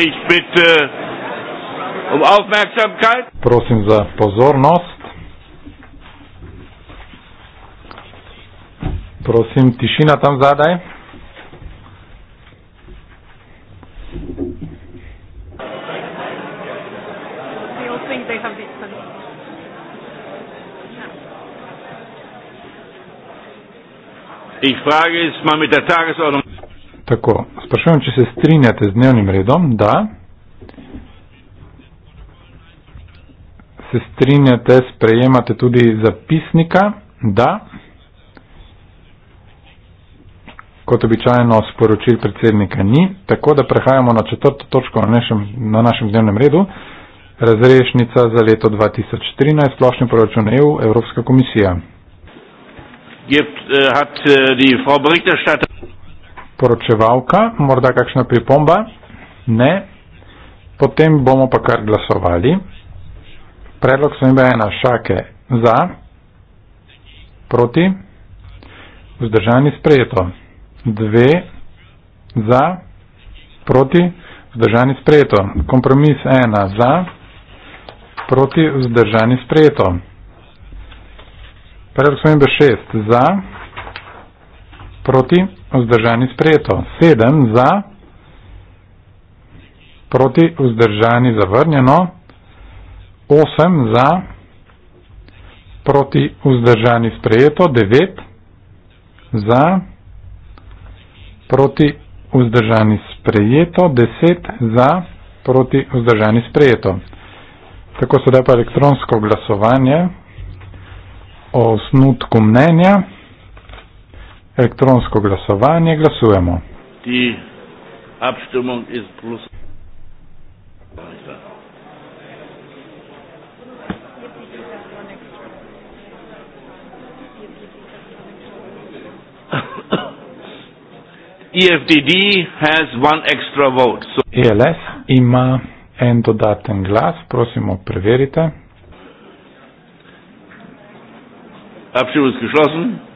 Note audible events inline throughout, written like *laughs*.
Ich bitte um Aufmerksamkeit. Prosim za pozornost. Prosim, tišina tam zadaj. Ich frage ist mal mit der Tagesordnung. Tako, sprašujem, če se strinjate z dnevnim redom, da se strinjate, sprejemate tudi zapisnika, da kot običajno sporočil predsednika ni, tako da prehajamo na četrto točko na našem, na našem dnevnem redu, razrešnica za leto 2013, splošni proračun EU, Evropska komisija. Gibt, äh, hat, äh, die Frau Berichterstatterin poročevalka, morda kakšna pripomba? Ne. Potem bomo pa kar glasovali. Predlog sem imel ena šake za, proti, vzdržani sprejeto. Dve za, proti, vzdržani sprejeto. Kompromis ena za, proti, vzdržani sprejeto. Predlog sem imel šest za, proti, vzdržani sprejeto. Sedem za, proti vzdržani zavrnjeno. Osem za, proti vzdržani sprejeto. Devet za, proti vzdržani sprejeto. Deset za, proti vzdržani sprejeto. Tako se da pa elektronsko glasovanje o snutku mnenja elektronsko glasovanje. Glasujemo. EFDD e has one extra vote. So ELS ima en dodaten glas, prosimo preverite. Absolutno izključen.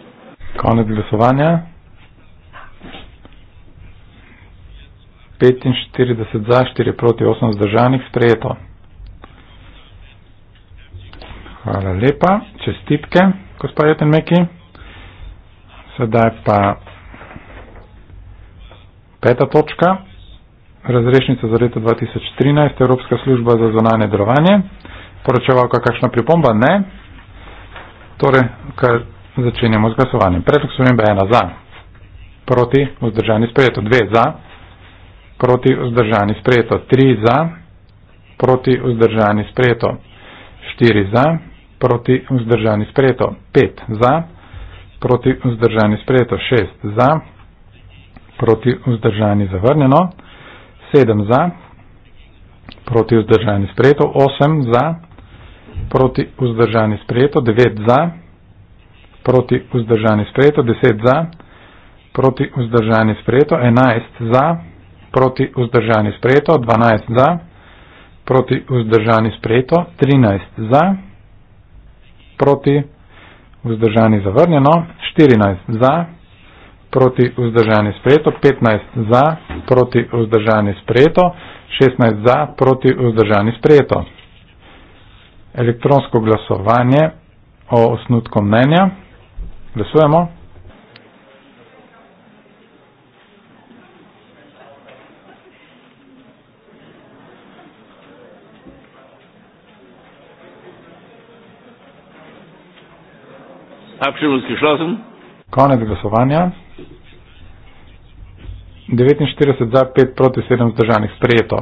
Konec glasovanja. 45 za, 4 proti 8 zdržanih, sprejeto. Hvala lepa. Čestitke, gospod Jotenmeki. Sedaj pa peta točka. Razrešnica za leto 2013, Evropska služba za zonanje delovanje. Poročevalka, kakšna pripomba? Ne. Torej, kar začenjamo z glasovanjem. Predlog spremembe ena za, proti, vzdržani sprejeto, dve za, proti, vzdržani sprejeto, tri za, proti, vzdržani sprejeto, štiri za, proti, vzdržani sprejeto, pet za, proti, vzdržani sprejeto, šest za, proti, vzdržani zavrnjeno, sedem za, proti, vzdržani sprejeto, osem za, proti, vzdržani sprejeto, devet za, proti, proti vzdržani sprejeto, 10 za, proti vzdržani sprejeto, 11 za, proti vzdržani sprejeto, 12 za, proti vzdržani sprejeto, 13 za, proti vzdržani zavrnjeno, 14 za, proti vzdržani sprejeto, 15 za, proti vzdržani sprejeto, 16 za, proti vzdržani sprejeto. Elektronsko glasovanje o osnutku mnenja. Glasujemo. Konec glasovanja. 49 za, 5 proti 7 zdržanih. Sprejeto.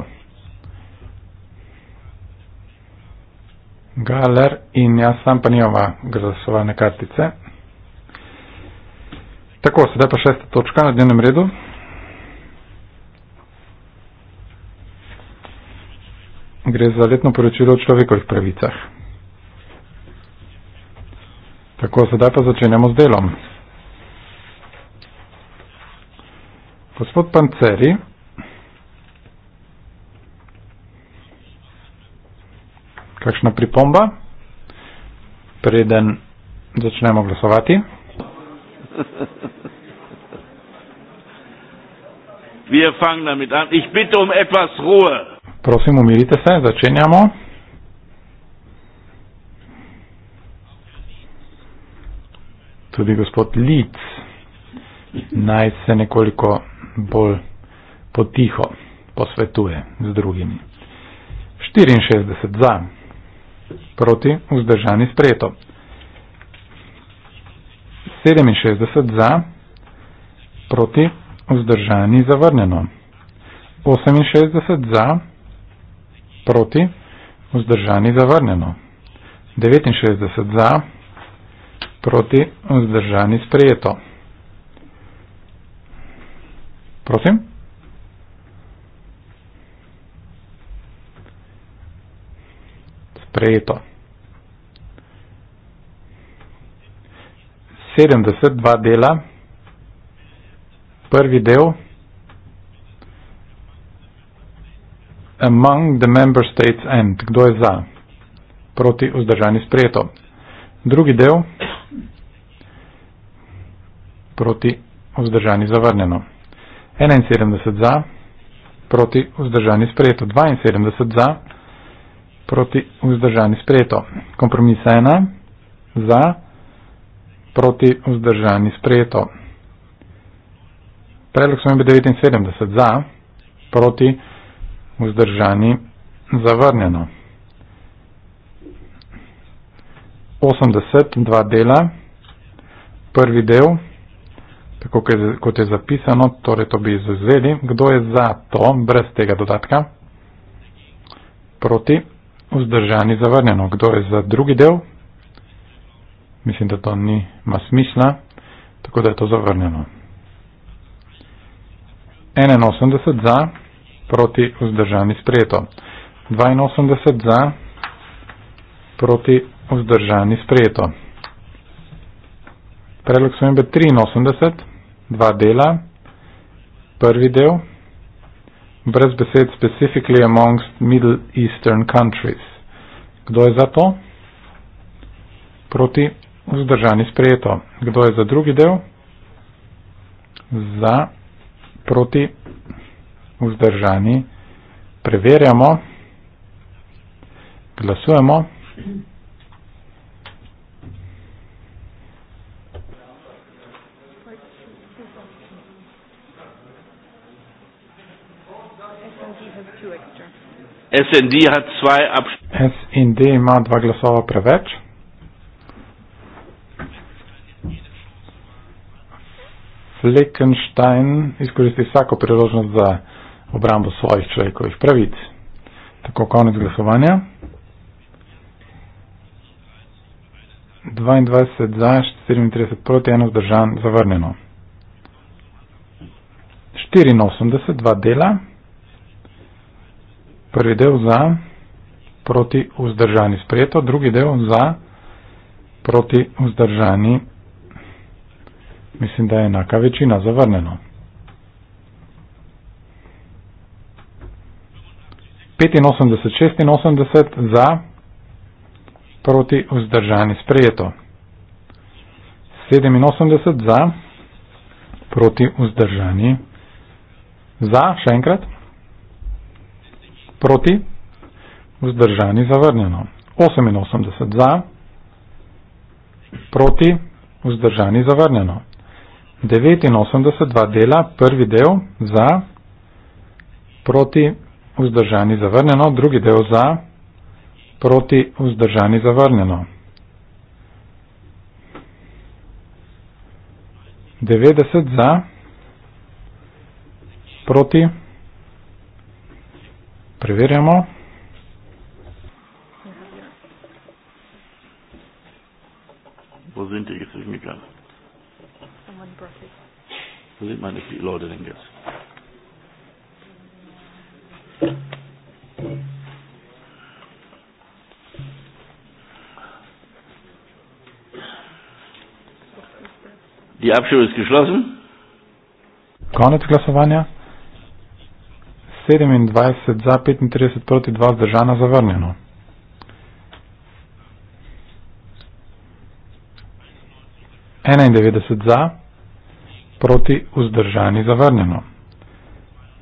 Galer in jaz sam pa nimam glasovalne kartice. Tako, sedaj pa šesta točka na dnevnem redu. Gre za letno poročilo o človekovih pravicah. Tako, sedaj pa začenjamo z delom. Gospod Panceri, kakšna pripomba, preden začnemo glasovati? *laughs* Wir fangen damit an. Ich bitte um etwas Ruhe. Prosim, umirite se, začenjamo. Tudi gospod Lic, naj se nekoliko bolj potiho posvetuje z drugimi. 64 za, proti, vzdržani sprejeto. 67 za, proti, vzdržani, zavrnjeno. 68 za, proti, vzdržani, zavrnjeno. 69 za, proti, vzdržani, sprejeto. Prosim. Sprejeto. 72 dela. Prvi del. Among the member states and. Kdo je za? Proti vzdržani sprejeto. Drugi del. Proti vzdržani zavrnjeno. 71 za. Proti vzdržani sprejeto. 72 za. Proti vzdržani sprejeto. Kompromis 1. Za proti vzdržani sprejeto. Predlog smo imeli 79 za, proti vzdržani zavrnjeno. 80, dva dela. Prvi del, tako kot je zapisano, torej to bi izuzeli. Kdo je za to, brez tega dodatka? Proti vzdržani zavrnjeno. Kdo je za drugi del? mislim, da to nima smisla, tako da je to zavrnjeno. 81 za, proti vzdržani sprejeto. 82 za, proti vzdržani sprejeto. Predlog so imbe 83, dva dela, prvi del, brez besed specifically amongst Middle Eastern countries. Kdo je za to? Proti vzdržani sprejeto. Kdo je za drugi del? Za proti vzdržani preverjamo, glasujemo. SND ima dva glasova preveč. Fleckenstein izkoristi vsako priložnost za obrambo svojih človekovih pravic. Tako konec glasovanja. 22 za, 34 proti, 1 vzdržan, zavrnjeno. 84, dva dela. Prvi del za, proti, vzdržani sprejeto, drugi del za, proti, vzdržani sprejeto. Mislim, da je enaka večina zavrnjeno. 85, 86 za, proti vzdržani sprejeto. 87 za, proti vzdržani. Za, še enkrat, proti vzdržani zavrnjeno. 88 za, proti vzdržani zavrnjeno. 89, 2 dela, prvi del za, proti, vzdržani, zavrnjeno, drugi del za, proti, vzdržani, zavrnjeno. 90 za, proti, preverjamo. Wo sieht man die Leute denn jetzt? Die Abschuhe ist geschlossen. Gar nicht Glasowania. Sedem in dvajset za, petintrideset proti, dva zdržana zavrnjeno. Enaindevetdeset za proti vzdržani zavrnjeno.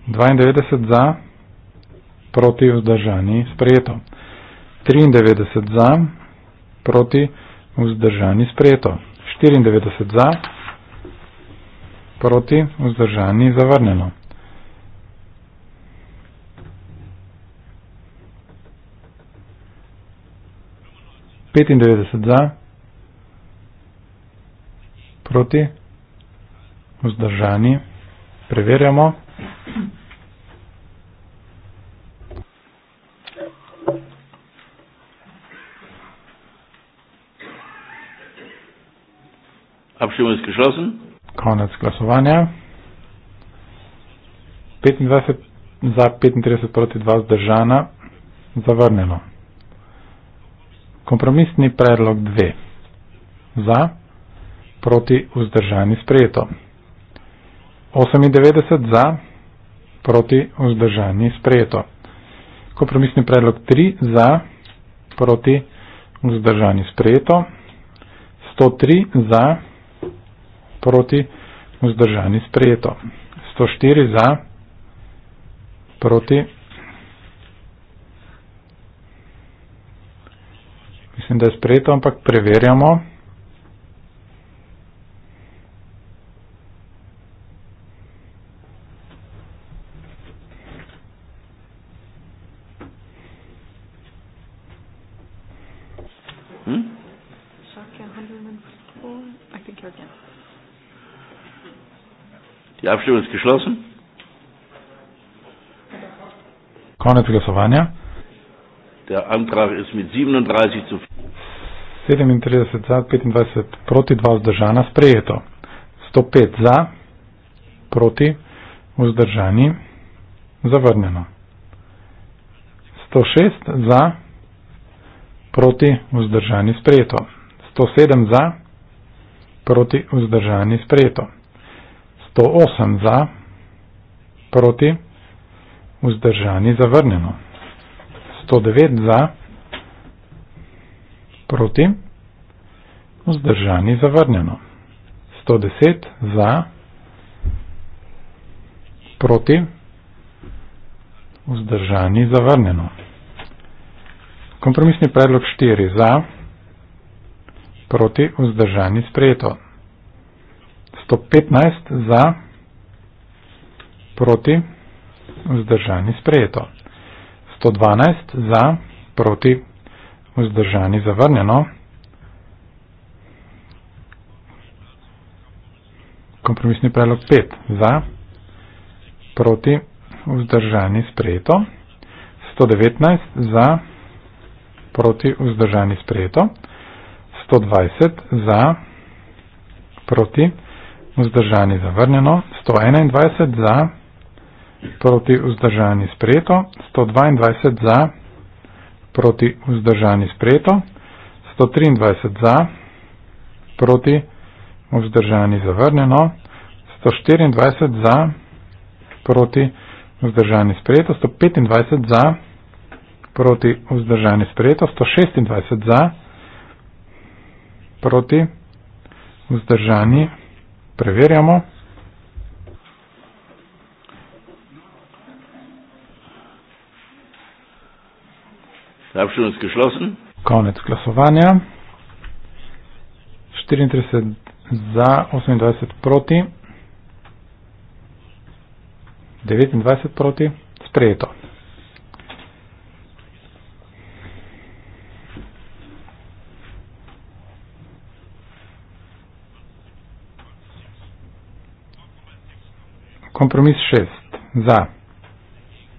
92 za, proti vzdržani sprejeto. 93 za, proti vzdržani sprejeto. 94 za, proti vzdržani zavrnjeno. 95 za, proti vzdržani, preverjamo. Konec glasovanja. 25 za 35 proti 2 zdržana, zavrnjeno. Kompromisni predlog 2 za proti vzdržani sprejeto. 98 za, proti vzdržanje sprejeto. Kompromisni predlog 3 za, proti vzdržanje sprejeto. 103 za, proti vzdržanje sprejeto. 104 za, proti. Mislim, da je sprejeto, ampak preverjamo. Die Abstimmung ist geschlossen. Keine Glasowania. Der Antrag ist mit 37 zu 37 za, 25 proti, 2 vzdržana sprejeto. 105 za, proti, vzdržani, zavrnjeno. 106 za, proti, vzdržani sprejeto. 107 za, proti, vzdržani sprejeto. 108 za, proti, vzdržani zavrnjeno. 109 za, proti, vzdržani zavrnjeno. 110 za, proti, vzdržani zavrnjeno. Kompromisni predlog 4 za, proti, vzdržani sprejeto. 115 za, proti, vzdržani, sprejeto. 112 za, proti, vzdržani, zavrnjeno. Kompromisni predlog 5 za, proti, vzdržani, sprejeto. 119 za, proti, vzdržani, sprejeto. 120 za, proti, vzdržani, sprejeto vzdržani zavrnjeno, 121 za, proti vzdržani sprejeto, 122 za, proti vzdržani sprejeto, 123 za, proti vzdržani zavrnjeno, 124 za, proti vzdržani sprejeto, 125 za, proti vzdržani sprejeto, 126 za, proti vzdržani sprejeto preverjamo. Konec glasovanja. 34 za, 28 proti, 29 proti, sprejeto. Kompromis šest. Za.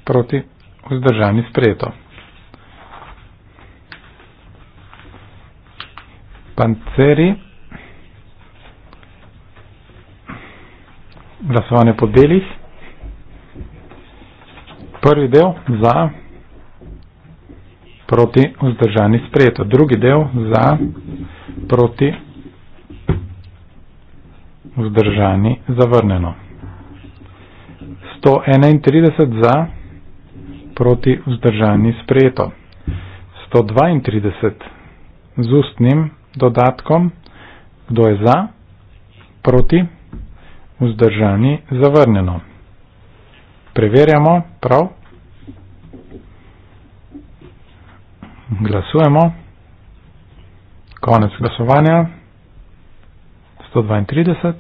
Proti. Vzdržani sprejeto. Panceri. Glasovanje po delih. Prvi del za, proti, vzdržani sprejeto. Drugi del za, proti, vzdržani zavrneno. 131 za, proti vzdržani sprejeto. 132 z ustnim dodatkom, kdo je za, proti vzdržani zavrnjeno. Preverjamo, prav. Glasujemo. Konec glasovanja. 132.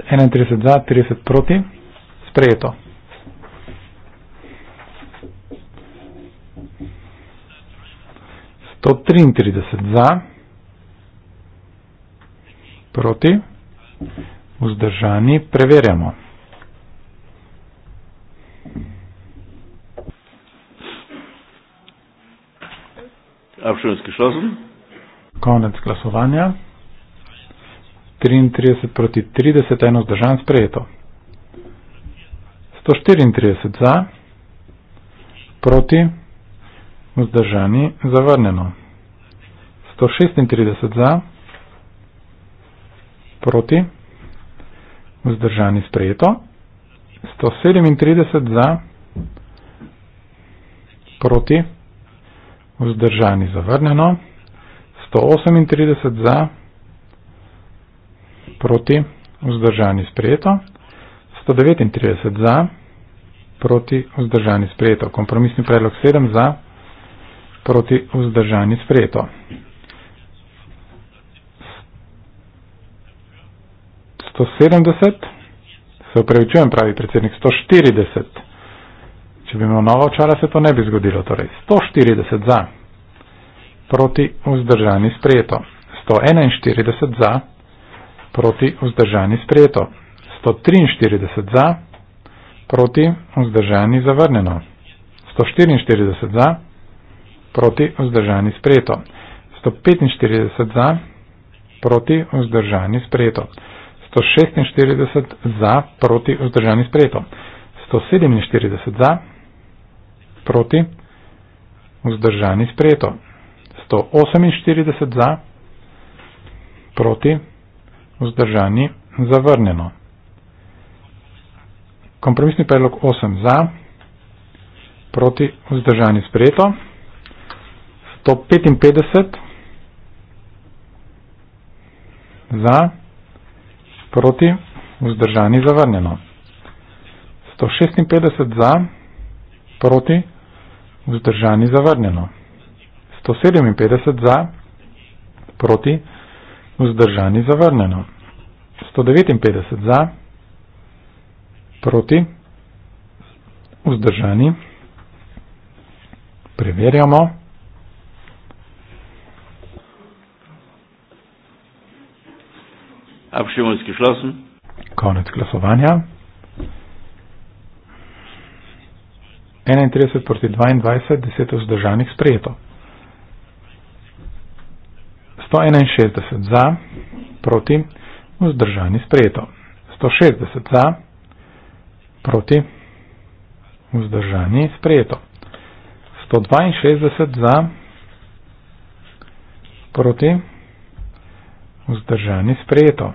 31 za, 30 proti. Sprejeto. To 33 za, proti, vzdržani, preverjamo. Avšenski šlozen. Konec glasovanja. 33 proti 30, eno zdržan sprejeto. 134 za, proti, vzdržani, zavrnjeno. 136 za, proti, vzdržani, sprejeto. 137 za, proti, vzdržani, zavrnjeno. 138 za, proti, vzdržani, zavrnjeno proti, vzdržani sprejeto, 139 za, proti, vzdržani sprejeto, kompromisni predlog 7 za, proti, vzdržani sprejeto. 170, se upravičujem, pravi predsednik, 140. Če bi imel nova očala, se to ne bi zgodilo. Torej, 140 za, proti, vzdržani sprejeto, 141 za, proti, vzdržani sprejeto proti vzdržani sprejeto, 143 za, proti vzdržani zavrnjeno, 144 za, proti vzdržani sprejeto, 145 za, proti vzdržani sprejeto, 146 za, proti vzdržani sprejeto, 147 za, proti vzdržani sprejeto, 148 za, proti vzdržani sprejeto vzdržani, zavrnjeno. Kompromisni predlog 8 za, proti vzdržani sprejeto. 155 za, proti vzdržani zavrnjeno. 156 za, proti vzdržani zavrnjeno. 157 za, proti vzdržani zavrnjeno vzdržani zavrnjeno. 159 za, proti, vzdržani, preverjamo. Abšimonski šlosen. Konec glasovanja. 31 proti 22, 10 vzdržanih sprejeto. 161 za, proti, vzdržani sprejeto. 160 za, proti, vzdržani sprejeto. 162 za, proti, vzdržani sprejeto.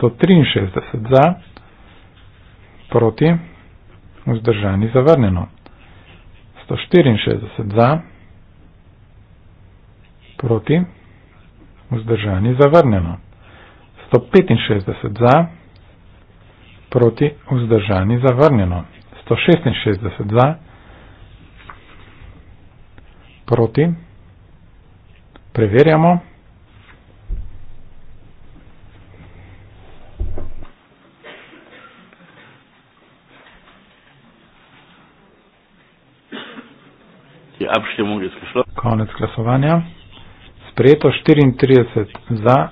163 za, proti, vzdržani zavrnjeno. 164 za, proti, vzdržani zavrnjeno. Proti vzdržani zavrnjeno. 165 za, proti vzdržani zavrnjeno. 166 za, proti, preverjamo. Konec glasovanja sprejeto 34 za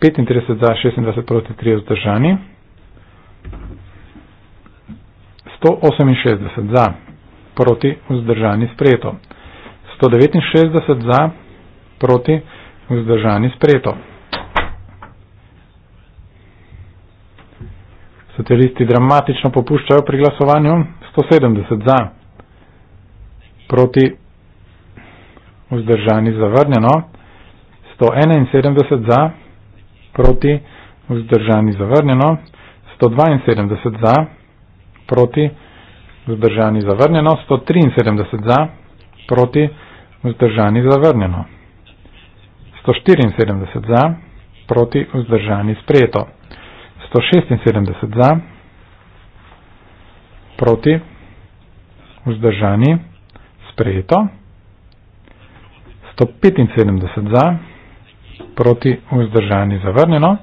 35 za 26 proti 3 vzdržani, 168 za proti vzdržani sprejeto, 169 za proti vzdržani sprejeto. Socialisti dramatično popuščajo pri glasovanju, 170 za proti vzdržani sprejeto vzdržani zavrnjeno, 171 za, proti, vzdržani zavrnjeno, 172 za, proti, vzdržani zavrnjeno, 173 za, proti, vzdržani zavrnjeno, 174 za, proti, vzdržani sprejeto, 176 za, proti, vzdržani sprejeto, 176 za, proti, vzdržani sprejeto, 175 za, proti vzdržani zavrnjeno,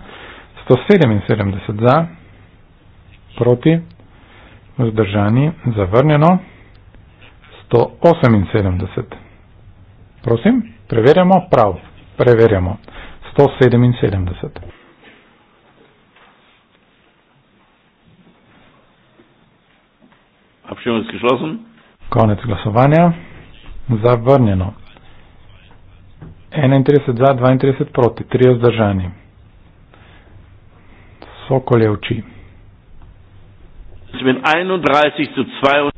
177 za, proti vzdržani zavrnjeno, 178. Prosim, preverjamo prav, preverjamo, 177. Konec glasovanja, zavrnjeno, 31 za, 32 proti, 3 vzdržani. Sokol je oči. 31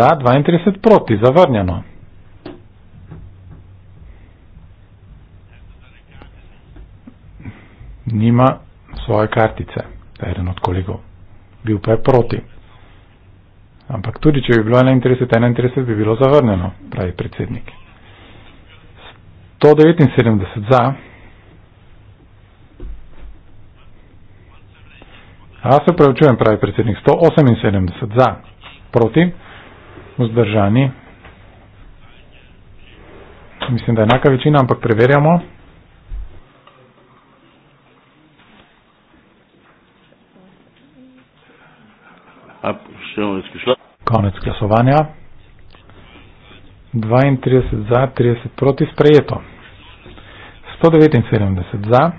za, 32 proti, zavrnjeno. Nima svoje kartice, eden od kolegov. Bil pa je proti. Ampak tudi, če bi bilo 31, 31 bi bilo zavrnjeno, pravi predsednik. 179 za. A se pravčujem, pravi predsednik, 178 za. Proti, vzdržani. Mislim, da je enaka večina, ampak preverjamo. Konec glasovanja. 32 za, 30 proti sprejeto. 179 za,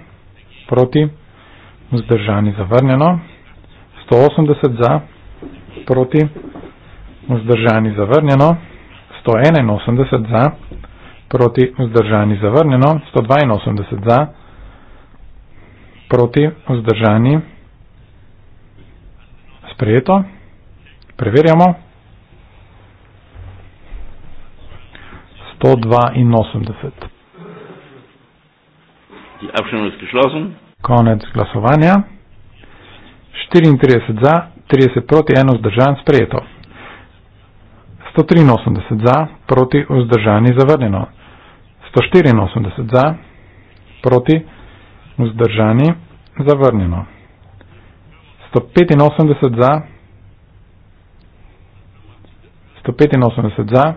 proti, vzdržani zavrnjeno. 180 za, proti, vzdržani zavrnjeno. 181 za, proti, vzdržani zavrnjeno. 182 za, proti, vzdržani sprejeto. Preverjamo. 182. Konec glasovanja. 34 za, 30 proti, 1 vzdržan, sprejeto. 183 za, proti, vzdržani, zavrnjeno. 184 za, proti, vzdržani, zavrnjeno. 185 za, 185 za,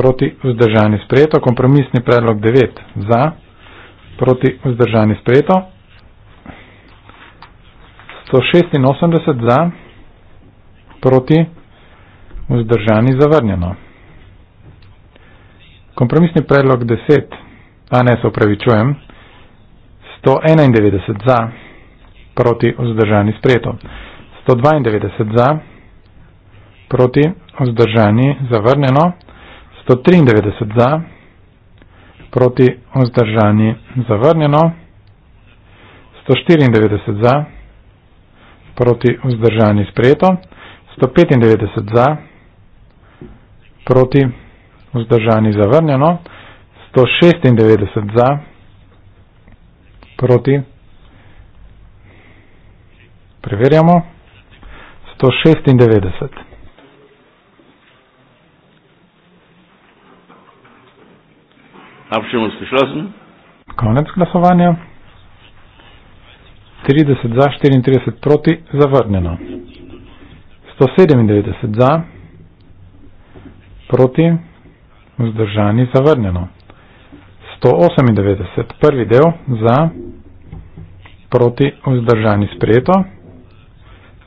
proti vzdržani sprejeto, kompromisni predlog 9 za, proti vzdržani sprejeto, 186 za, proti vzdržani zavrnjeno. Kompromisni predlog 10, a ne se upravičujem, 191 za, proti vzdržani sprejeto, 192 za, proti vzdržani zavrnjeno, 193 za, proti vzdržani zavrnjeno, 194 za, proti vzdržani sprejeto, 195 za, proti vzdržani zavrnjeno, 196 za, proti, preverjamo, 196 za. Abstimmung ist geschlossen. Konec glasovanja. 30 za, 34 proti, zavrnjeno. 197 za, proti, vzdržani, zavrnjeno. 198, prvi del, za, proti, vzdržani, sprejeto.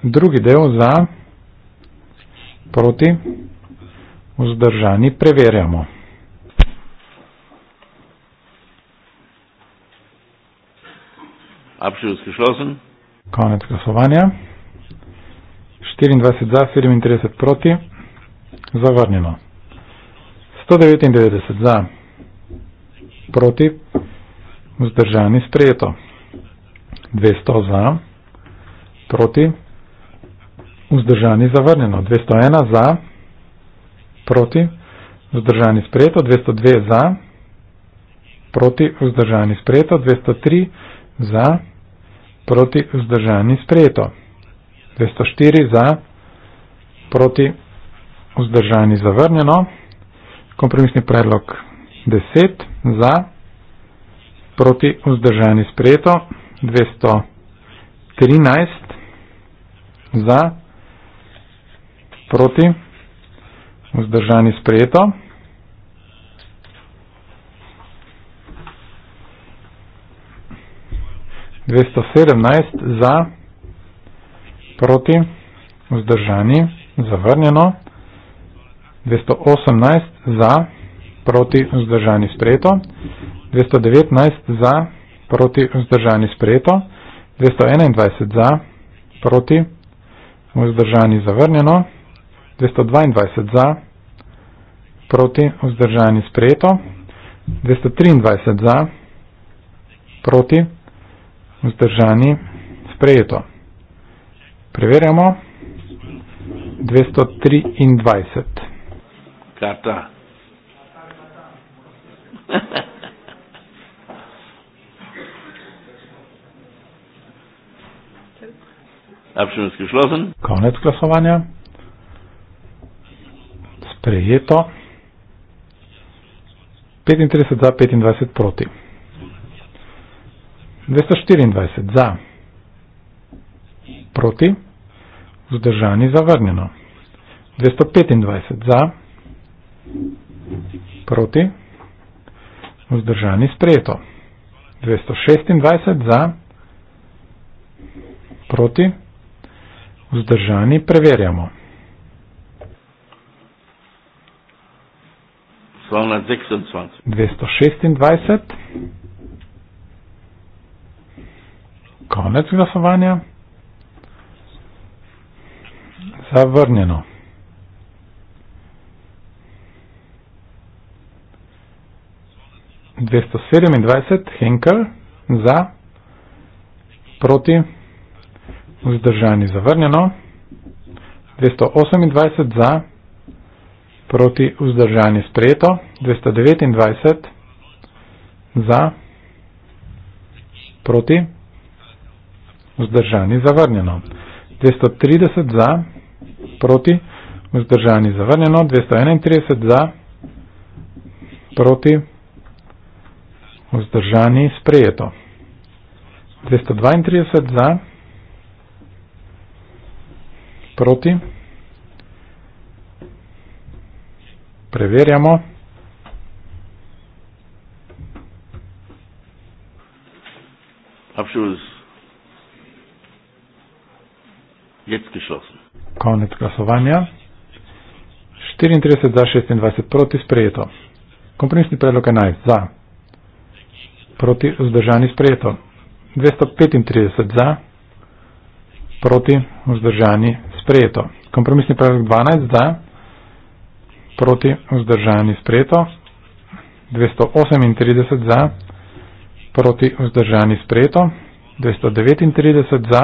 Drugi del, za, proti, vzdržani, preverjamo. Abschluss geschlossen. Konec glasovanja. 24 za, 37 proti. Zavrnjeno. 199 za, proti, vzdržani sprejeto. 200 za, proti, vzdržani zavrnjeno. 201 za, proti, vzdržani sprejeto. 202 za, proti, vzdržani sprejeto. 203 za, proti proti vzdržani sprejeto. 204 za, proti vzdržani zavrnjeno. Kompromisni predlog 10 za, proti vzdržani sprejeto. 213 za, proti vzdržani sprejeto. 217 za, proti, vzdržani, zavrnjeno, 218 za, proti, vzdržani, sprejeto, 219 za, proti, vzdržani, sprejeto, 221 za, proti, vzdržani, zavrnjeno, 222 za, proti, vzdržani, sprejeto, 223 za, proti, vzdržani, sprejeto, vzdržani, sprejeto. Preverjamo. 223. Karta. Abšenski šlozen. Konec glasovanja. Sprejeto. 35 za 25 proti. 224 za, proti, vzdržani zavrnjeno. 225 za, proti, vzdržani sprejeto. 226 za, proti, vzdržani preverjamo. Slavna 226. konec glasovanja. Zavrnjeno. Dvesto sedemindvajset Henkel za, proti, vzdržani zavrnjeno, dvesto osemindvajset za, proti, vzdržani sprejeto, dvesto devetindvajset za, proti, vzdržani zavrnjeno vzdržani zavrnjeno. 230 za, proti, vzdržani zavrnjeno, 231 za, proti, vzdržani sprejeto. 232 za, proti, preverjamo, Absolutely. jetzt geschlossen. Konec glasovanja. 34 za 26 proti sprejeto. Kompromisni predlog 11 za. Proti vzdržani sprejeto. 235 za. Proti vzdržani sprejeto. Kompromisni predlog 12 za. Proti vzdržani sprejeto. 238 za. Proti vzdržani sprejeto. 239 za.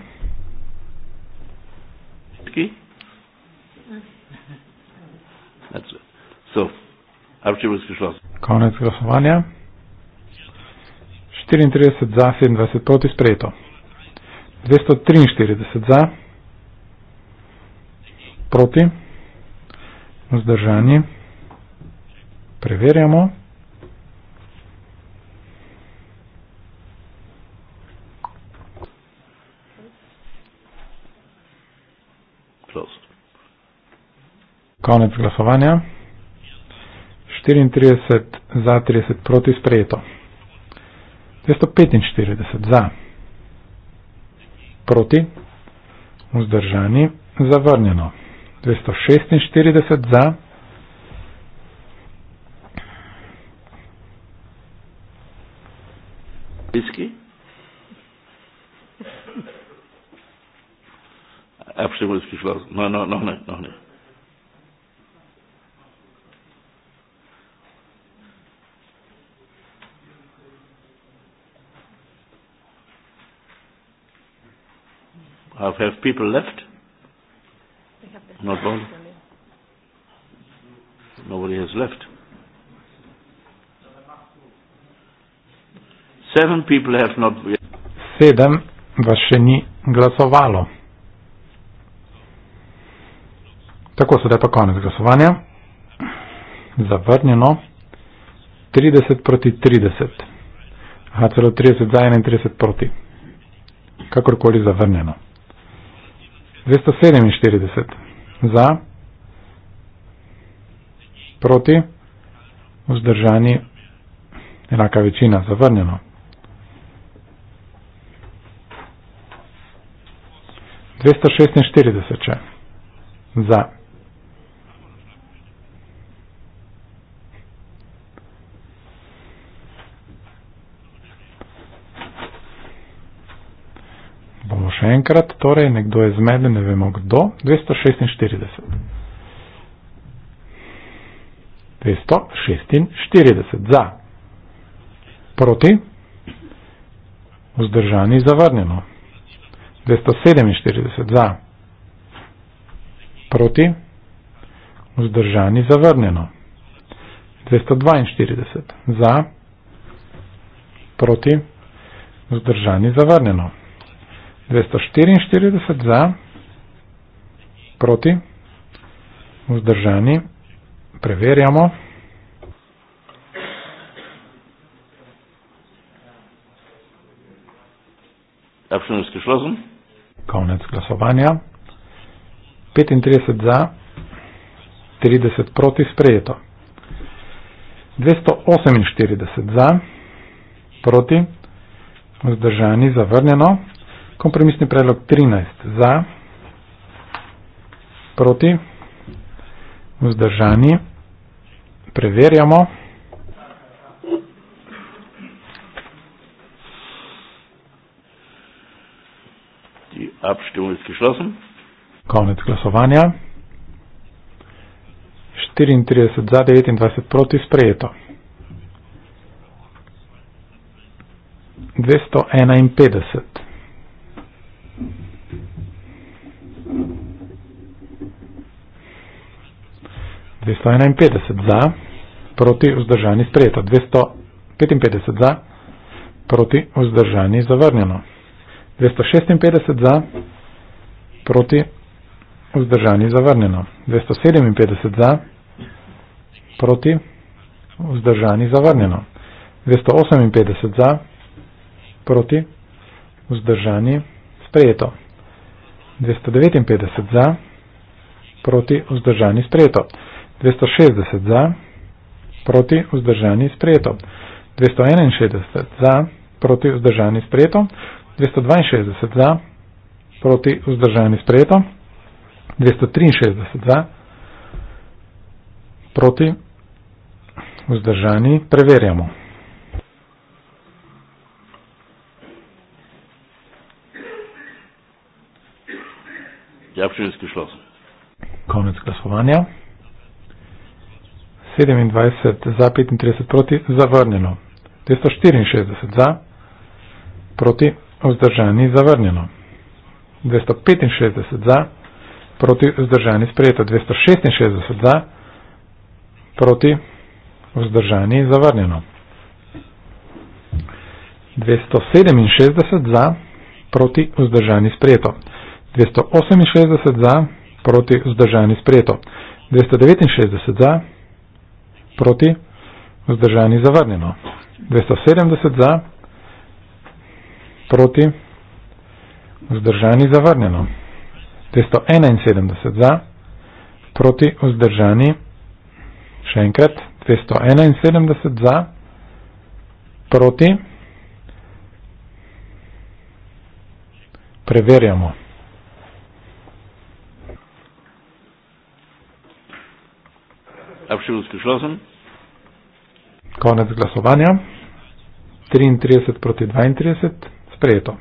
So, Arčevalsk je šlo. Konec glasovanja. 34 za, 27 proti sprejeto. 243 za, proti, vzdržani. Preverjamo. Konec glasovanja. 34 za, 30 proti sprejeto. 245 za, proti, vzdržani, zavrnjeno. 246 za, Viski? Absolutno, ki šlo. No, no, no, ne, no, ne. No. have people left? Have Not one. Nobody has left. Seven people have not. Seven vaše ni glasovalo. Tako sedaj pa konec glasovanja. Zavrnjeno. 30 proti 30. Aha, celo 30 za 31 proti. Kakorkoli zavrnjeno. 247 za, proti, vzdržani, enaka večina, zavrnjeno. Dvesto šestinštirideset, če za. še enkrat, torej nekdo je zmeden, ne vemo kdo, 246. 246 za, proti, vzdržani zavrnjeno, 247 za, proti, vzdržani zavrnjeno, 242 za, proti, vzdržani zavrnjeno. 244 za, proti, vzdržani, preverjamo. Konec glasovanja. 35 za, 30 proti, sprejeto. 248 za, proti, vzdržani, zavrnjeno. Kompromisni predlog 13 za, proti, vzdržani, preverjamo. Konec glasovanja. 34 za, 29 proti, sprejeto. 251. 251 za, proti vzdržani sprejeto. 255 za, proti vzdržani zavrnjeno. 256 za, proti vzdržani zavrnjeno. 257 za, proti vzdržani zavrnjeno. 258 za, proti vzdržani sprejeto. 259 za, proti vzdržani sprejeto. 260 za, proti vzdržani sprejeto. 261 za, proti vzdržani sprejeto. 262 za, proti vzdržani sprejeto. 263 za, proti vzdržani preverjamo. Ja, Konec glasovanja. 27 za, 35 proti, zavrnjeno. 264 za, proti, vzdržani, zavrnjeno. 265 za, proti, vzdržani, sprejeto. 266 za, proti, vzdržani, zavrnjeno. 267 za, proti, vzdržani, sprejeto. 268 za, proti, vzdržani, sprejeto. 269 za, proti, vzdržani zavrnjeno. 270 za, proti, vzdržani zavrnjeno. 271 za, proti, vzdržani, še enkrat, 271 za, proti, preverjamo. Abstimmung ist geschlossen. Konec glasovanja. 33 proti 32. Sprejeto.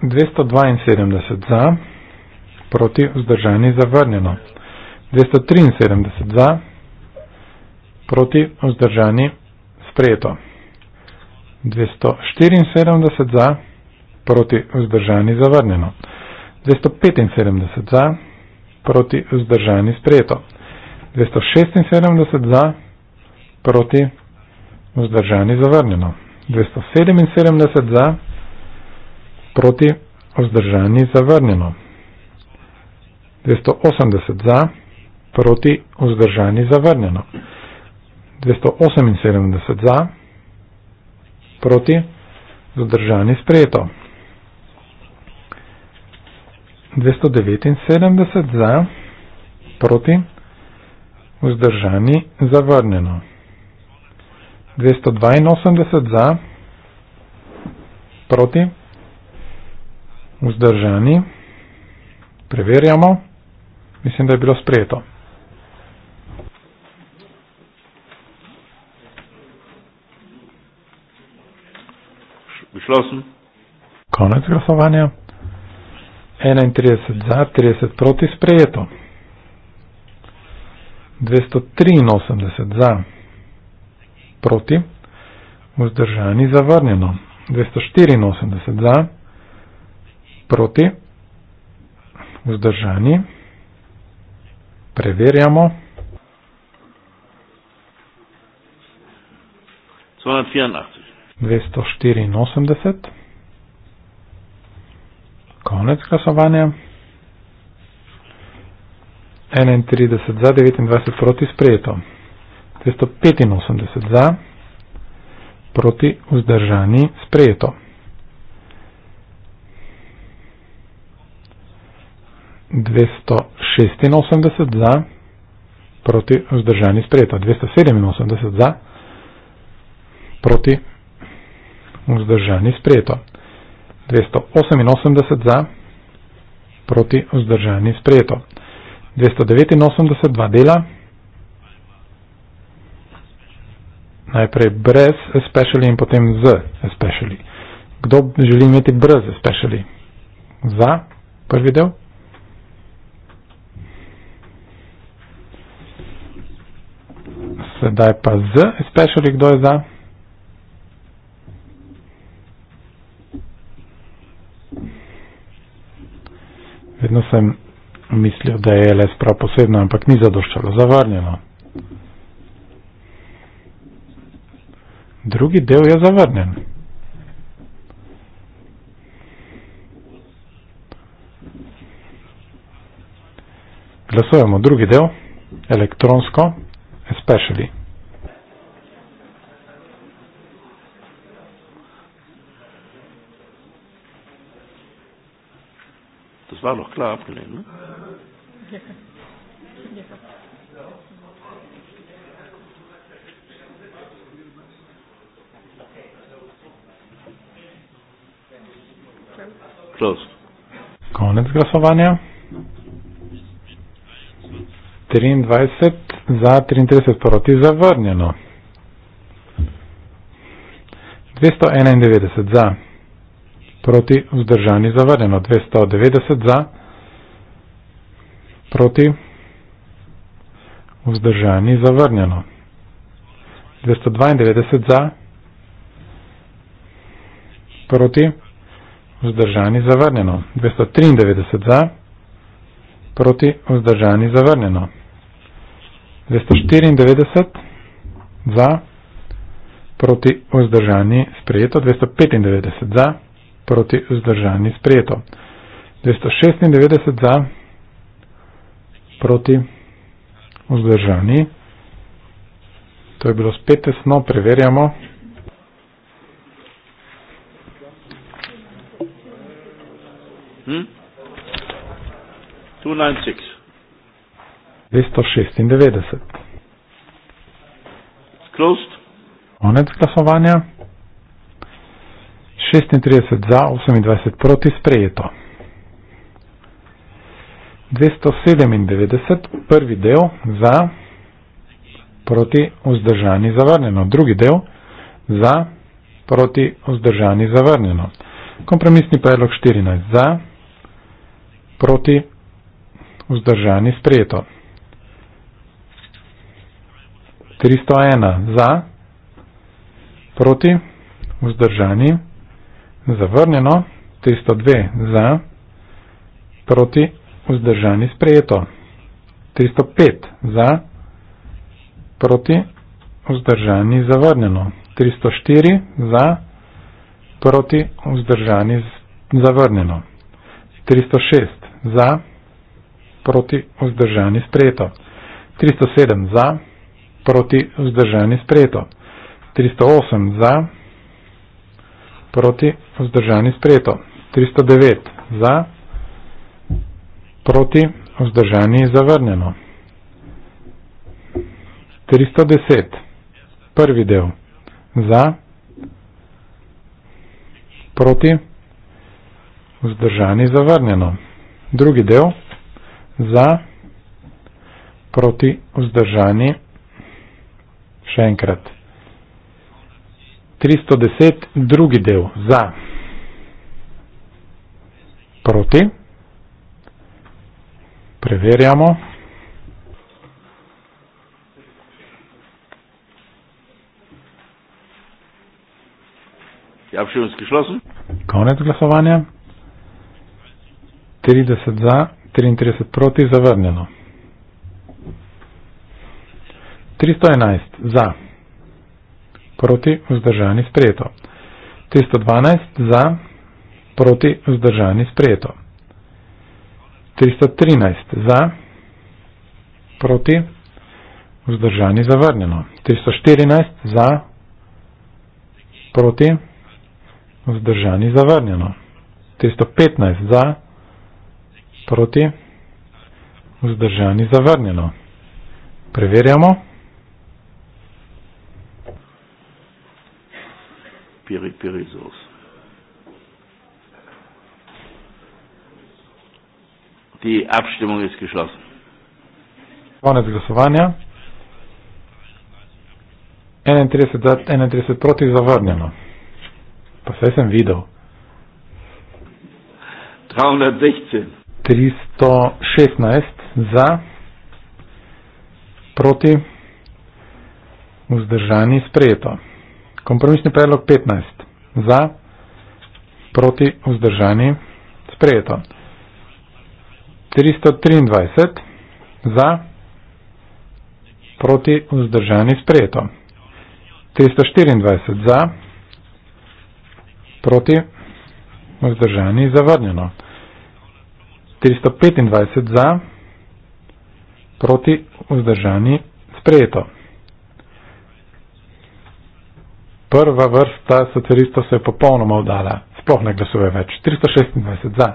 272 za, proti vzdržani zavrnjeno. 273 za, proti vzdržani sprejeto. 274 za, proti vzdržani zavrnjeno. 275 za, proti vzdržani zavrnjeno proti vzdržani sprejeto. 276 za proti vzdržani zavrnjeno. 277 za proti vzdržani zavrnjeno. 280 za proti vzdržani zavrnjeno. 278 za proti vzdržani sprejeto. 279 za, proti, vzdržani, zavrnjeno. 282 za, proti, vzdržani, preverjamo, mislim, da je bilo sprejeto. Konec glasovanja. 31 za, 30 proti sprejeto. 283 za, proti, vzdržani zavrnjeno. 284 za, proti, vzdržani, preverjamo. 284 konec glasovanja. 31 za, 29 proti sprejeto. 385 za, proti vzdržani sprejeto. dvesto šestinosemdeset za proti vzdržani sprejeto dvesto sedeminosemdeset za proti vzdržani sprejeto 288 za, proti vzdržani sprejeto. 289 dva dela, najprej brez especially in potem z especially. Kdo želi imeti brez especially? Za, prvi del. Sedaj pa z especially, kdo je za? Vedno sem mislil, da je LS prav posebno, ampak ni zadoščalo, zavrnjeno. Drugi del je zavrnjen. Glasujemo drugi del, elektronsko, especially. Das war doch klar abgelehnt, ne? Konec glasovanja. 23 za 33 proti zavrnjeno. 291 za proti vzdržani zavrnjeno, 290 za, proti vzdržani zavrnjeno, 292 za, proti vzdržani zavrnjeno, 293 za, proti vzdržani zavrnjeno, 294 za, proti vzdržani sprejeto, 295 za, proti vzdržani zavrnjeno, proti vzdržani sprejeto. 296 za proti vzdržani. To je bilo spet tesno, preverjamo. Hmm? 296. Closed. Konec glasovanja. 36 za, 28 proti sprejeto. 297, prvi del za, proti vzdržani zavrnjeno. Drugi del za, proti vzdržani zavrnjeno. Kompromisni predlog 14 za, proti vzdržani sprejeto. 301 za, proti vzdržani zavrnjeno zavrnjeno, 302 za, proti vzdržani sprejeto, 305 za, proti vzdržani zavrnjeno, 304 za, proti vzdržani zavrnjeno, 306 za, proti vzdržani sprejeto, 307 za, proti vzdržani sprejeto, 308 za, proti vzdržani sprejeto, proti, vzdržani sprejeto. 309 za, proti, vzdržani zavrnjeno. 310, prvi del, za, proti, vzdržani zavrnjeno. Drugi del, za, proti, vzdržani še enkrat. 310. 310, drugi del za proti. Preverjamo. Ja, všimski šlosom. Konec glasovanja. 30 za, 33 proti, zavrnjeno. 311 za proti vzdržani sprejeto. 312 za proti vzdržani sprejeto. 313 za proti vzdržani zavrnjeno. 314 za proti vzdržani zavrnjeno. 315 za proti vzdržani zavrnjeno. Preverjamo. perezos. Die Abstimmung ist geschlossen. Vorne ist Glossowania. 31 proti zavrnjeno. Pa vse sem videl. 316 za, proti, vzdržani sprejeto. Kompromisni predlog 15. Za, proti, vzdržani, sprejeto. 323. Za, proti, vzdržani, sprejeto. 324. Za, proti, vzdržani, zavrnjeno. 325. Za, proti, vzdržani, sprejeto. 326. prva vrsta socialistov se je popolnoma vdala, sploh ne glasuje več, 326 za.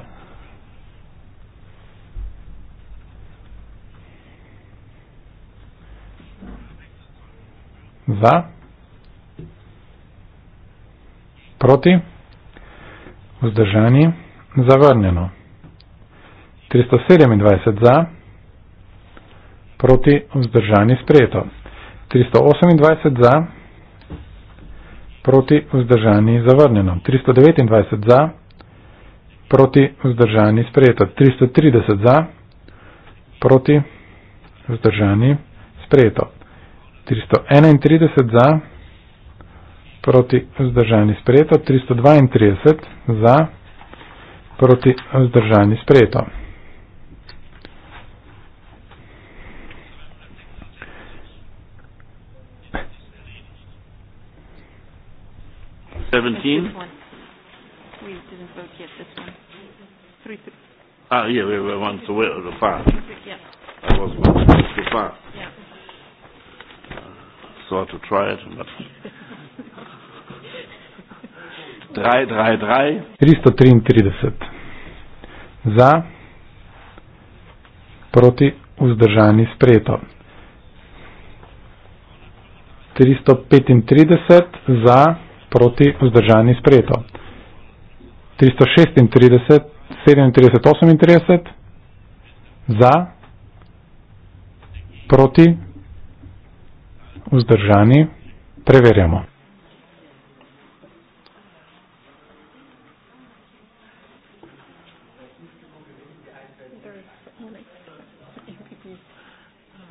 Za? Proti? Vzdržani? Zavrnjeno. 327 za? Proti? Vzdržani? Sprejeto. 328 za? proti vzdržani zavrnjeno, 329 za, proti vzdržani sprejeto, 330 za, proti vzdržani sprejeto, 331 za, proti vzdržani sprejeto, 332 za, proti vzdržani sprejeto. 17? We didn't vote yet, this one. Three, three. Ah, yeah, we were one to wait at the far. Yeah. I was one to the far. Yeah. Uh, so I had to try it, but... 333 za, proti vzdržani sprejeto. 335 za, proti vzdržani sprejeto. 336, 37, 38 za, proti vzdržani preverjamo.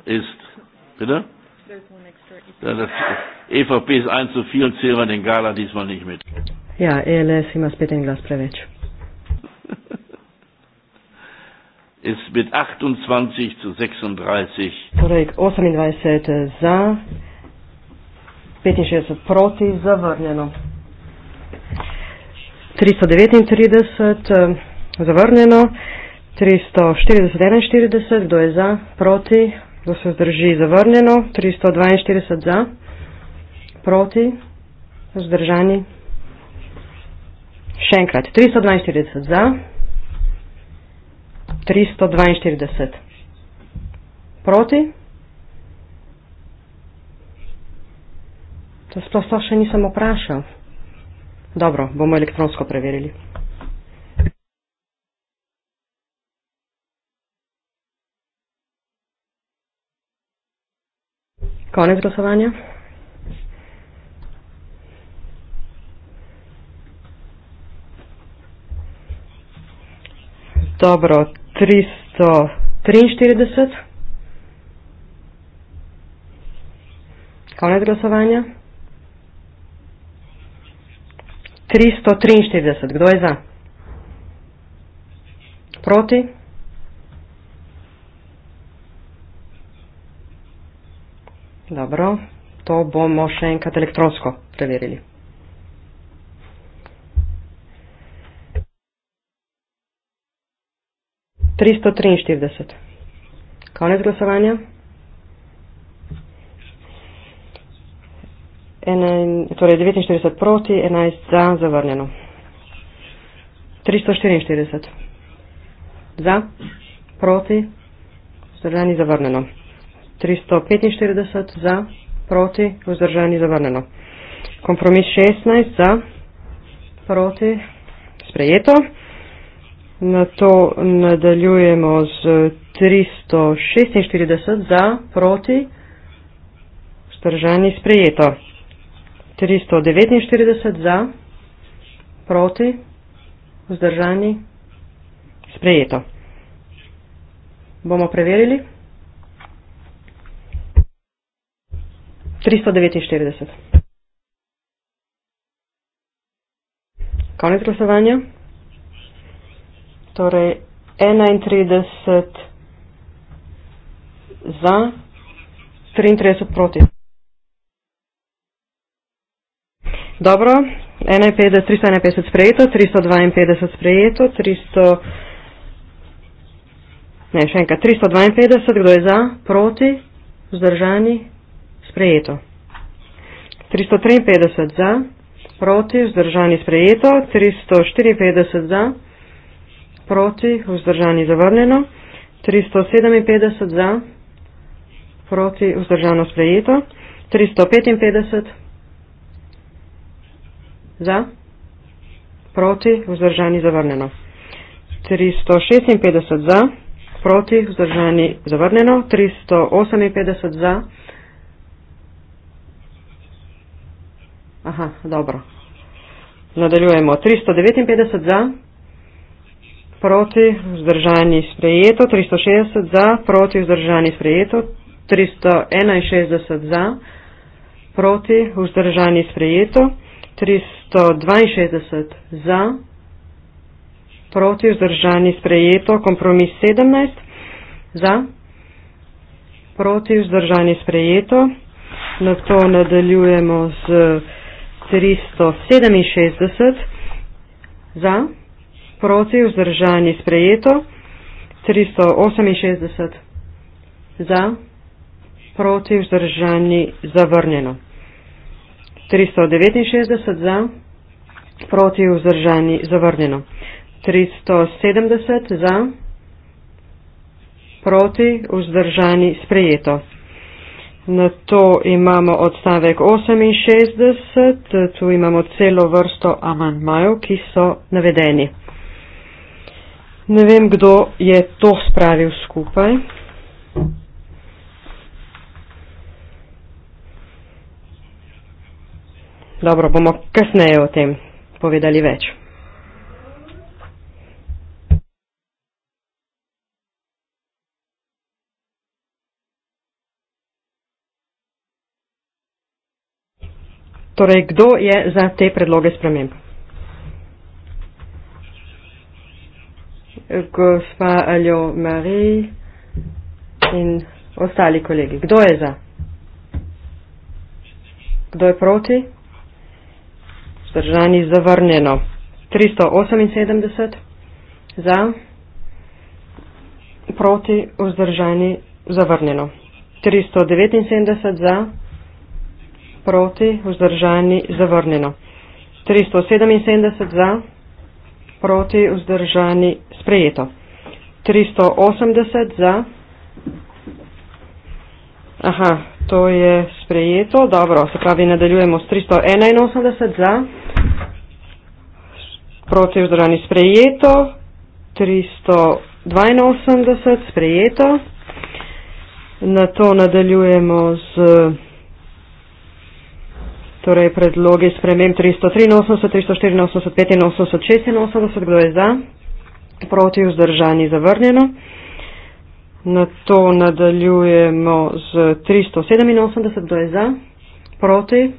Is, bitte? There's one extra. Ja, EVP ist eins zu viel und zählen wir den Gala diesmal nicht mit. Ja, ELS, ima spet en glas preveč. Es wird 28 zu 36. Torej, 28 za, 65 proti, zavrnjeno. 339 zavrnjeno, 340, 41, kdo je za, proti, kdo se zdrži, zavrnjeno, 342 za proti, vzdržani. Še enkrat, 342 za, 342 proti. To sploh to še nisem vprašal. Dobro, bomo elektronsko preverili. Konec glasovanja. Dobro, 343. Konec glasovanja. 343. Kdo je za? Proti? Dobro, to bomo še enkrat elektronsko preverili. 343. Konec glasovanja. 1, torej 49 proti, 11 za, zavrnjeno. 344. Za, proti, vzdržani, zavrnjeno. 345 za, proti, vzdržani, zavrnjeno. Kompromis 16 za, proti, sprejeto. Na to nadaljujemo z 346 za, proti, vzdržani sprejeto. 349 za, proti, vzdržani sprejeto. Bomo preverili. 349. Konec glasovanja torej 31 za, 33 proti. Dobro, 51, 351 sprejeto, 352 sprejeto, 300, ne še enkrat, 352, kdo je za, proti, vzdržani, sprejeto. 353 za, proti, vzdržani, sprejeto, 354 za proti, vzdržani zavrnjeno, 357 za, proti, vzdržano sprejeto, 355 za, proti, vzdržani zavrnjeno, 356 za, proti, vzdržani zavrnjeno, 358 za. Aha, dobro. Nadaljujemo. 359 za proti, vzdržani sprejeto, 360 za, proti, vzdržani sprejeto, 361 za, proti, vzdržani sprejeto, 362 za, proti, vzdržani sprejeto, kompromis 17 za, proti, vzdržani sprejeto, na to nadaljujemo z 367 za, proti vzdržani sprejeto, 368 za, proti vzdržani zavrnjeno, 369 za, proti vzdržani zavrnjeno, 370 za, proti vzdržani sprejeto. Na to imamo odstavek 68, tu imamo celo vrsto amantmajev, ki so navedeni. Ne vem, kdo je to spravil skupaj. Dobro, bomo kasneje o tem povedali več. Torej, kdo je za te predloge sprememb? gospa Aljo Mari in ostali kolegi. Kdo je za? Kdo je proti? Zdržani zavrnjeno. 378 za, proti, vzdržani, zavrnjeno. 379 za, proti, vzdržani, zavrnjeno. 377 za, proti, vzdržani, sprejeto. 380 za. Aha, to je sprejeto. Dobro, se pravi, nadaljujemo s 381 za. Proti, vzdržani, sprejeto. 382 sprejeto. Na to nadaljujemo z. Torej, predlogi spremem 383, 384, 385, 386, kdo je za, proti, vzdržani, zavrnjeno. Na to nadaljujemo z 387, kdo je za, proti,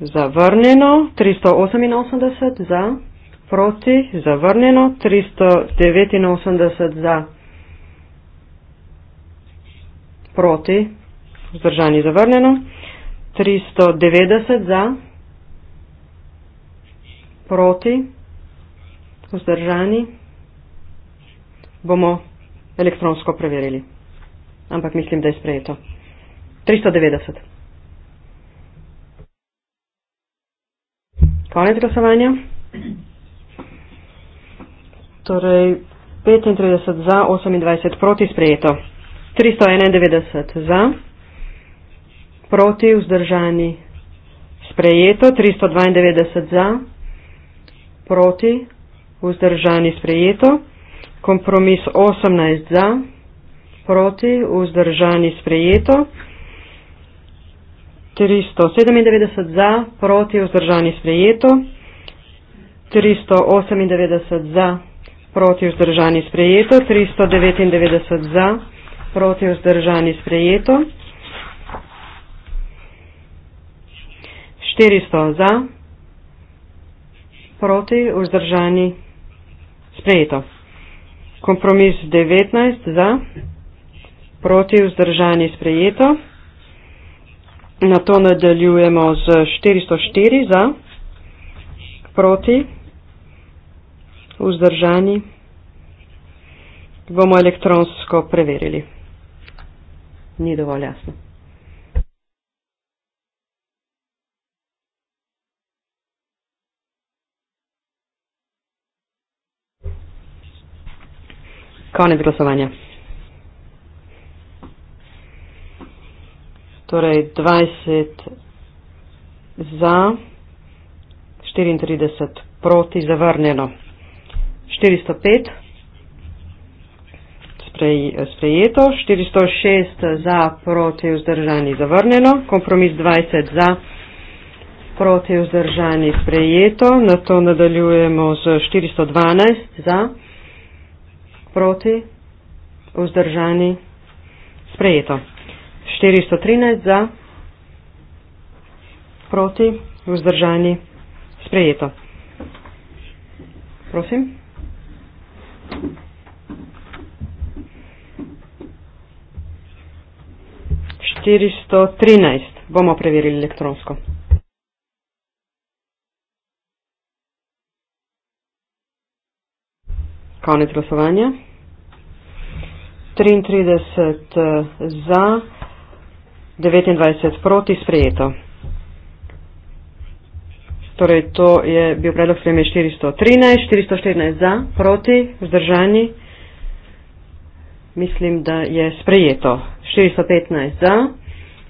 zavrnjeno, 388 za, proti, zavrnjeno, 389 za, proti, vzdržani, zavrnjeno. 390 za, proti, vzdržani, bomo elektronsko preverili. Ampak mislim, da je sprejeto. 390. Konec glasovanja. Torej, 35 za, 28 proti sprejeto. 391 za proti vzdržani. Sprejeto 392 za, proti vzdržani sprejeto. Kompromis 18 za, proti vzdržani sprejeto. 397 za, proti vzdržani sprejeto. 398 za, proti vzdržani sprejeto. 399 za, proti vzdržani sprejeto. 400 za, proti, vzdržani, sprejeto. Kompromis 19 za, proti, vzdržani, sprejeto. Na to nadaljujemo z 404 za, proti, vzdržani. Bomo elektronsko preverili. Ni dovolj jasno. Konec glasovanja. Torej 20 za, 34 proti, zavrnjeno. 405 sprejeto, 406 za, proti, vzdržani, zavrnjeno, kompromis 20 za, proti, vzdržani, sprejeto, na to nadaljujemo z 412 za proti, vzdržani, sprejeto. 413 za, proti, vzdržani, sprejeto. Prosim. Štiristo trinajst bomo preverili elektronsko. Konec glasovanja. 33 eh, za, 29 proti sprejeto. Torej, to je bil predlog sprejme 413, 414 za, proti, vzdržani. Mislim, da je sprejeto. 415 za,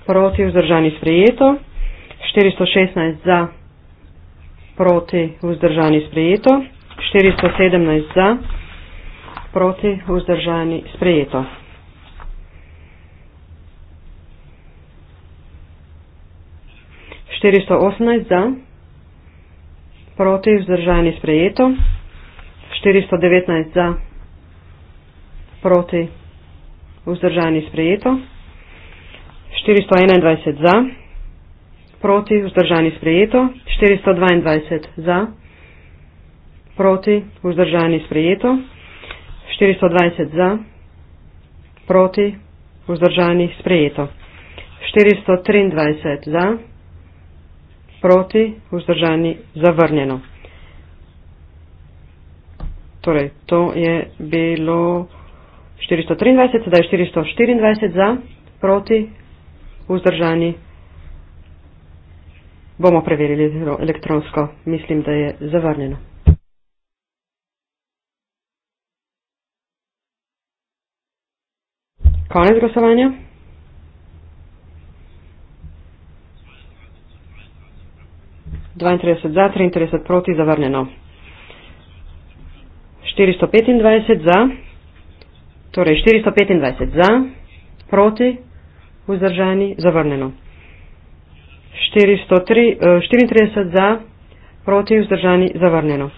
proti, vzdržani sprejeto. 416 za, proti, vzdržani sprejeto. 417 za proti vzdržani sprejeto. štiristo osemnajst za proti vzdržani sprejeto štiristo devetnajst za proti vzdržani sprejeto štiristo enaindvajset za proti vzdržani sprejeto štiristo dvaindvajset za proti vzdržani sprejeto 420 za, proti, vzdržani, sprejeto. 423 za, proti, vzdržani, zavrnjeno. Torej, to je bilo 423, sedaj 424 za, proti, vzdržani. Bomo preverili elektronsko, mislim, da je zavrnjeno. Konec glasovanja. Dvaintrideset za, triintrideset proti, zavrnjeno. Štiristo petindvajset za, torej štiristo petindvajset za, proti, vzdržani, zavrnjeno. Eh, štiriintrideset za, proti, vzdržani, zavrnjeno.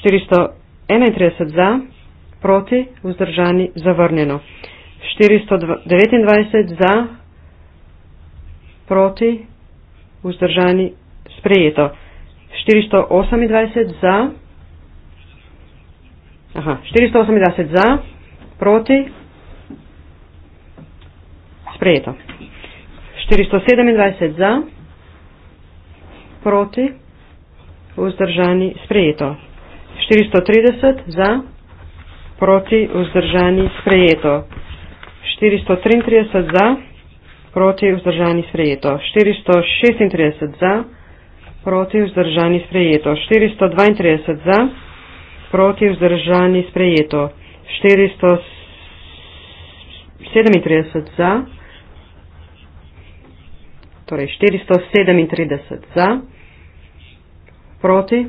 Štiristo enaintrideset za, proti, vzdržani, zavrnjeno. 429 za, proti, vzdržani, sprejeto. 428 za, aha, 428 za, proti, sprejeto. 427 za, proti, vzdržani, sprejeto. 430 za, proti, vzdržani, sprejeto. 433 za, proti, vzdržani, sprejeto. 436 za, proti, vzdržani, sprejeto. 432 za, proti, vzdržani, sprejeto. 437 za, torej 437 za, proti,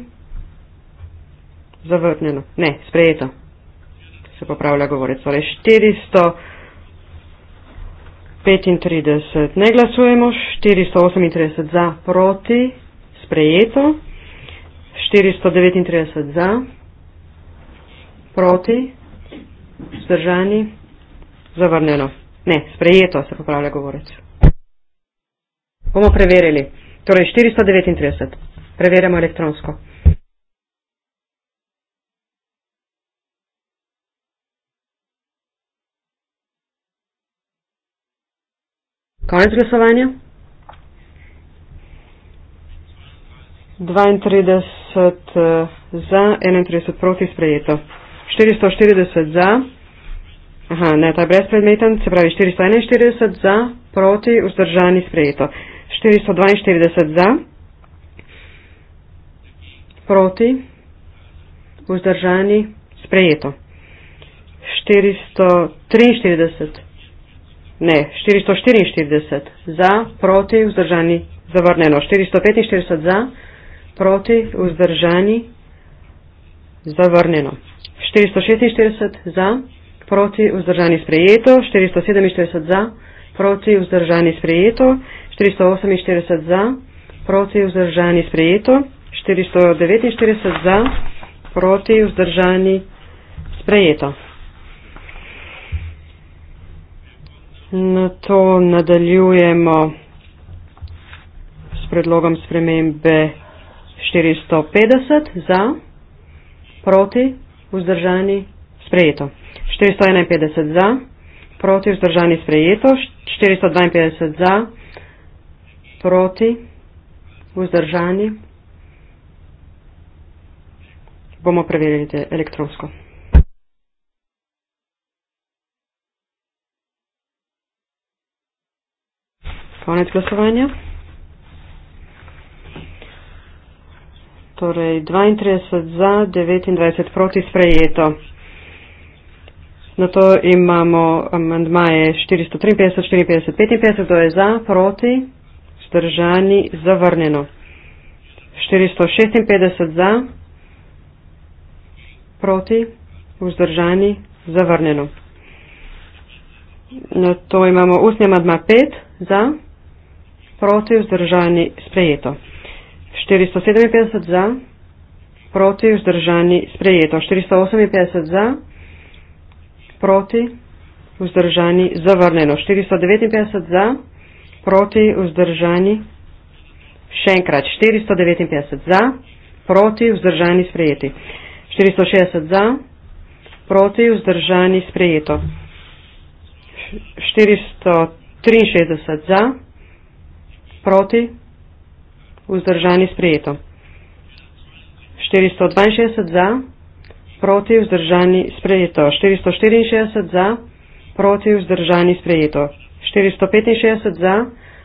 zavrnjeno, ne, sprejeto se popravlja govorec. Torej 435 ne glasujemo, 438 za proti, sprejeto, 439 za proti, zdržani, zavrnjeno. Ne, sprejeto se popravlja govorec. Bomo preverili. Torej 439. Preverjamo elektronsko. Konec glasovanja. 32 eh, za, 31 proti sprejeto. 440 za. Aha, ne, ta je brezpredmeten, se pravi 441 za, proti, vzdržani sprejeto. 442 za, proti, vzdržani sprejeto. 443. Ne, 444 za, proti, vzdržani, zavrneno. 445 za, proti, vzdržani, zavrneno. 446 za, proti, vzdržani, sprejeto. 447 za, proti, vzdržani, sprejeto. 448 za, proti, vzdržani, sprejeto. 449 za, proti, vzdržani, sprejeto. Na to nadaljujemo s predlogom spremembe 450 za, proti, vzdržani, sprejeto. 451 za, proti, vzdržani, sprejeto. 452 za, proti, vzdržani. Bomo preverili elektronsko. Konec glasovanja. Torej 32 za, 29 proti sprejeto. Na to imamo amandmaje 453, 454, 55, to je za, proti, zdržani, zavrnjeno. 456 za, proti, vzdržani, zavrnjeno. Na to imamo ustni amandma 5 za proti vzdržani sprejeto. 457 za, proti vzdržani sprejeto. 458 za, proti vzdržani zavrnjeno. 459 za, proti vzdržani še enkrat. 459 za, proti vzdržani sprejeti. 460 za, proti vzdržani sprejeto. 463 za, proti, vzdržani sprejeto. 462 za, proti, vzdržani sprejeto. 464 za, proti, vzdržani sprejeto. 465 za,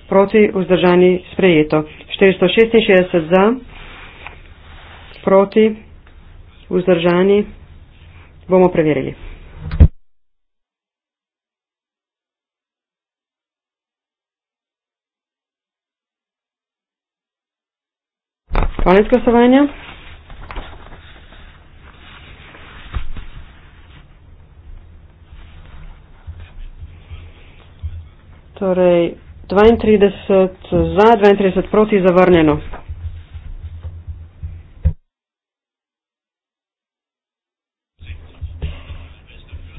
proti, vzdržani sprejeto. 466 za, proti, vzdržani bomo preverili. konec glasovanja. Torej, 32 za, 32 proti, zavrnjeno.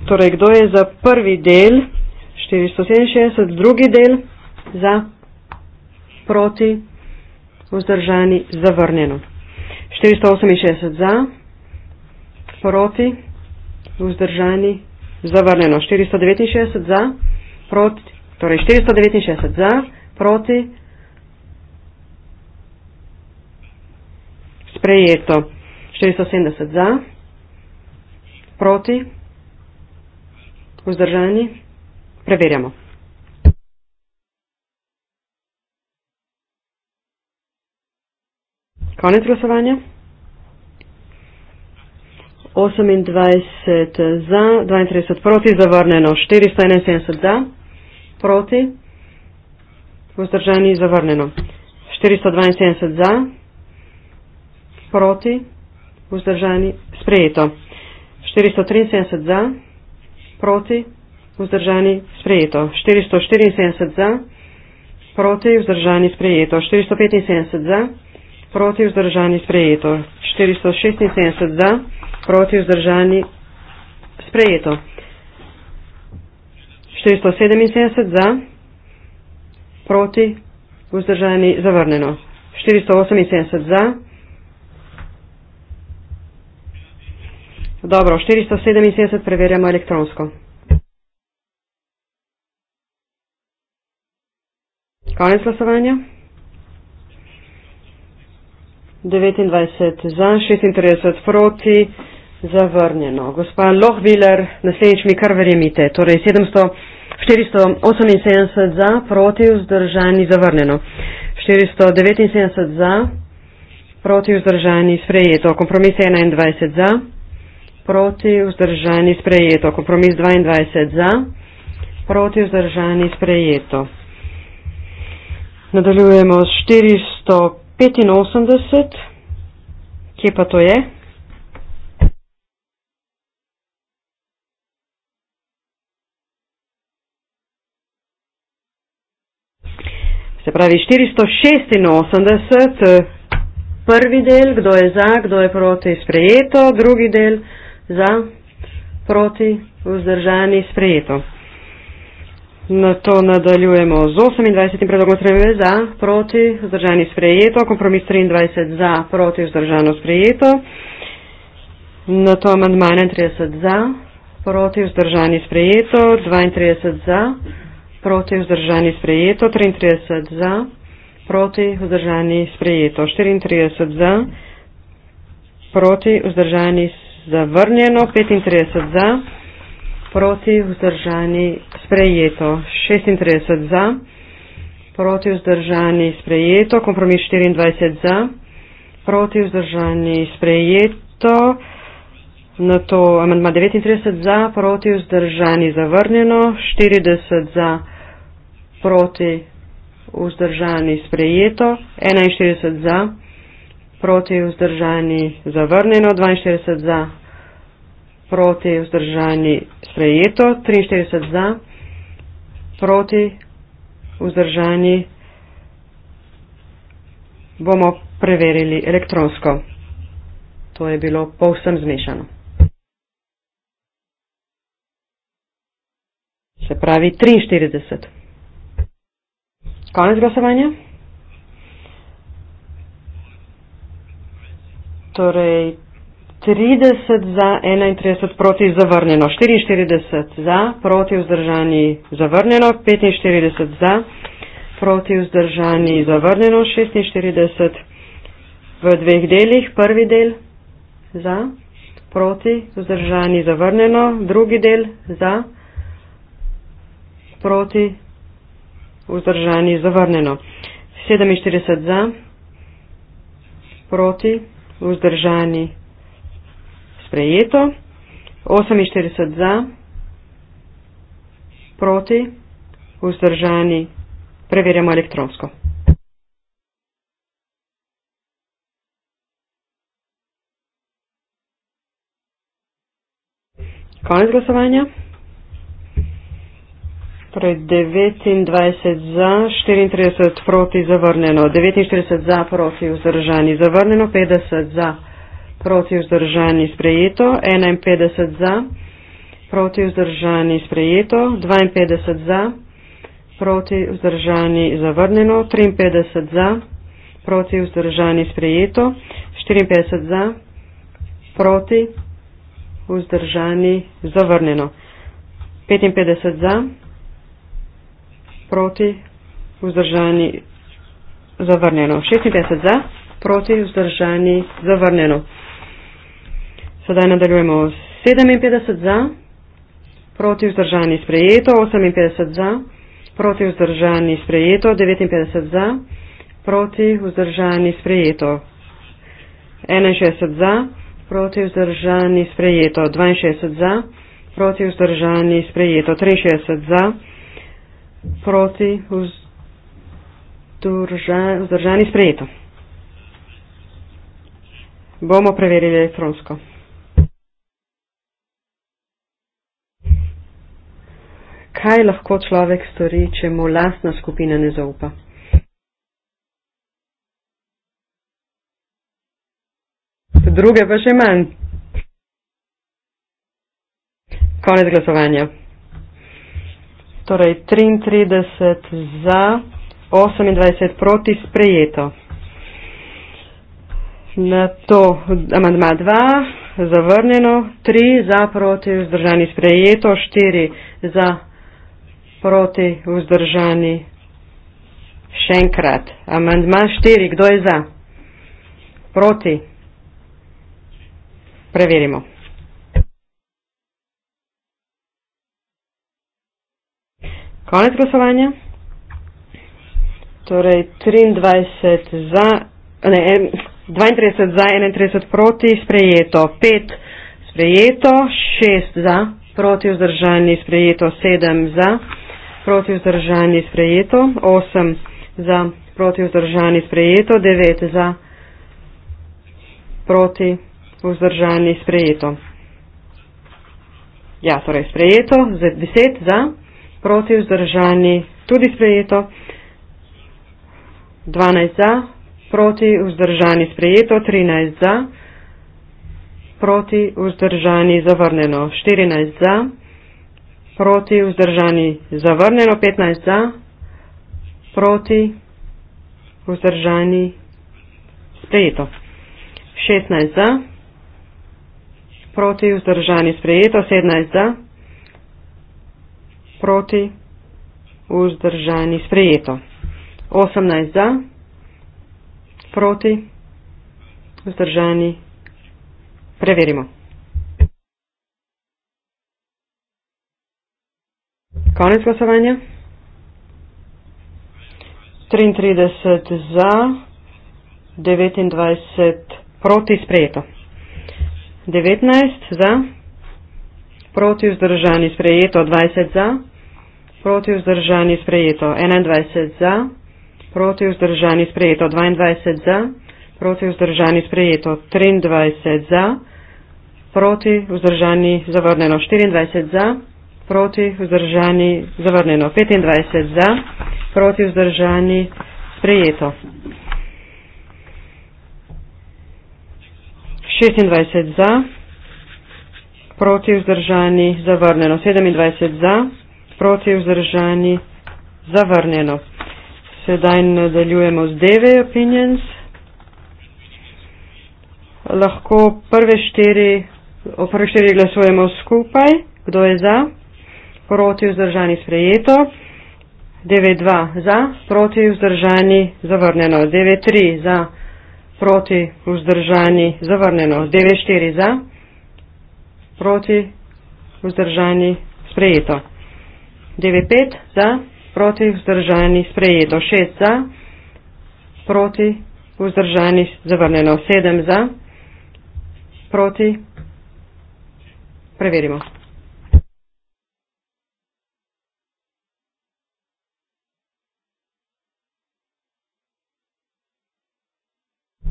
Torej, kdo je za prvi del? 467, drugi del za proti vzdržani zavrnjeno. 468 za, proti, vzdržani zavrnjeno. 469 za, proti, torej 469 za, proti, sprejeto. 470 za, proti, vzdržani, preverjamo. Konec glasovanja. 28 za, 32 proti, zavrnjeno 471 za, proti, vzdržani zavrnjeno 472 za, proti, vzdržani sprejeto 473 za, proti, vzdržani sprejeto 474 za, proti, vzdržani sprejeto 475 za proti vzdržani sprejeto. 476 za, proti vzdržani sprejeto. 477 za, proti vzdržani zavrnjeno. 478 za. Dobro, 477 preverjamo elektronsko. Konec glasovanja. 29 za, 36 proti, zavrnjeno. Gospa Lohviler, naslednjič mi kar verjemite, torej 478 za, proti, vzdržani, zavrnjeno. 479 za, proti, vzdržani, sprejeto. Kompromis 21 za, proti, vzdržani, sprejeto. Kompromis 22 za, proti, vzdržani, sprejeto. Nadaljujemo s 400. 85, kje pa to je? Se pravi 486, prvi del, kdo je za, kdo je proti, sprejeto, drugi del, za, proti, vzdržani, sprejeto. Na to nadaljujemo z 28 predlogom spremembe za, proti, vzdržani sprejeto, kompromis 23 za, proti, vzdržano sprejeto. Na to amandma 31 za, proti, vzdržani sprejeto, 32 za, proti, vzdržani sprejeto, 33 za, proti, vzdržani sprejeto, 34 za, proti, vzdržani zavrnjeno, 35 za proti vzdržani sprejeto, 36 za, proti vzdržani sprejeto, kompromis 24 za, proti vzdržani sprejeto, na to amantma 39 za, proti vzdržani zavrnjeno, 40 za, proti vzdržani sprejeto, 41 za, proti vzdržani zavrnjeno, 42 za proti vzdržani sprejeto, 43 za, proti vzdržani bomo preverili elektronsko. To je bilo povsem zmešano. Se pravi 43. Konec glasovanja. Torej 30 za, 31 proti zavrnjeno, 44 za, proti vzdržani zavrnjeno, 45 za, proti vzdržani zavrnjeno, 46 v dveh delih, prvi del za, proti vzdržani zavrnjeno, drugi del za, proti vzdržani zavrnjeno, 47 za, proti vzdržani zavrnjeno sprejeto. 48 za, proti, vzdržani, preverjamo elektronsko. Konec glasovanja. Torej 29 za, 34 proti, zavrnjeno. 49 za, proti, vzdržani, zavrnjeno. 50 za proti vzdržani sprejeto, 51 za, proti vzdržani sprejeto, 52 za, proti vzdržani zavrnjeno, 53 za, proti vzdržani sprejeto, 54 za, proti vzdržani zavrnjeno, 55 za, proti vzdržani zavrnjeno, 56 za, proti vzdržani zavrnjeno. Sedaj nadaljujemo. 57 za, proti vzdržani sprejeto, 58 za, proti vzdržani sprejeto, 59 za, proti vzdržani sprejeto, 61 za, proti vzdržani sprejeto, 62 za, proti vzdržani sprejeto, 63 za, proti vzdržani sprejeto. Bomo preverili elektronsko. kaj lahko človek stori, če mu lastna skupina ne zaupa. Druge pa že manj. Konec glasovanja. Torej 33 za, 28 proti sprejeto. Na to amandma 2, zavrnjeno, 3 za proti, vzdržani sprejeto, 4 za proti vzdržani. Še enkrat, amandma štiri, kdo je za? Proti. Preverimo. Konec glasovanja. Torej 23 za, ne, 32 za, 31 proti, sprejeto 5, sprejeto 6 za, proti vzdržani, sprejeto 7 za proti vzdržani sprejeto, 8 za proti vzdržani sprejeto, 9 za proti vzdržani sprejeto. Ja, torej sprejeto, 10 za proti vzdržani tudi sprejeto, 12 za proti vzdržani sprejeto, 13 za proti vzdržani zavrneno, 14 za proti vzdržani sprejeto proti, vzdržani, zavrnjeno, 15 za, proti, vzdržani, sprejeto. 16 za, proti, vzdržani, sprejeto, 17 za, proti, vzdržani, sprejeto. 18 za, proti, vzdržani, preverimo. Konec glasovanja. 33 za, 29 proti sprejeto. 19 za, proti vzdržani sprejeto, 20 za, proti vzdržani sprejeto, 21 za, proti vzdržani sprejeto, 22 za, proti vzdržani sprejeto, 23 za, proti vzdržani zavrneno, 24 za proti vzdržani, zavrnjeno 25 za, proti vzdržani sprejeto. 26 za, proti vzdržani zavrnjeno 27 za, proti vzdržani zavrnjeno. Sedaj nadaljujemo z deve opinions. Lahko prve štiri, o prve štiri glasujemo skupaj. Kdo je za? proti vzdržani sprejeto, 9-2 za, proti vzdržani zavrnjeno, 9-3 za, proti vzdržani zavrnjeno, 9-4 za, proti vzdržani sprejeto, 9-5 za, proti vzdržani sprejeto, 6 za, proti vzdržani zavrnjeno, 7 za, proti. Preverimo.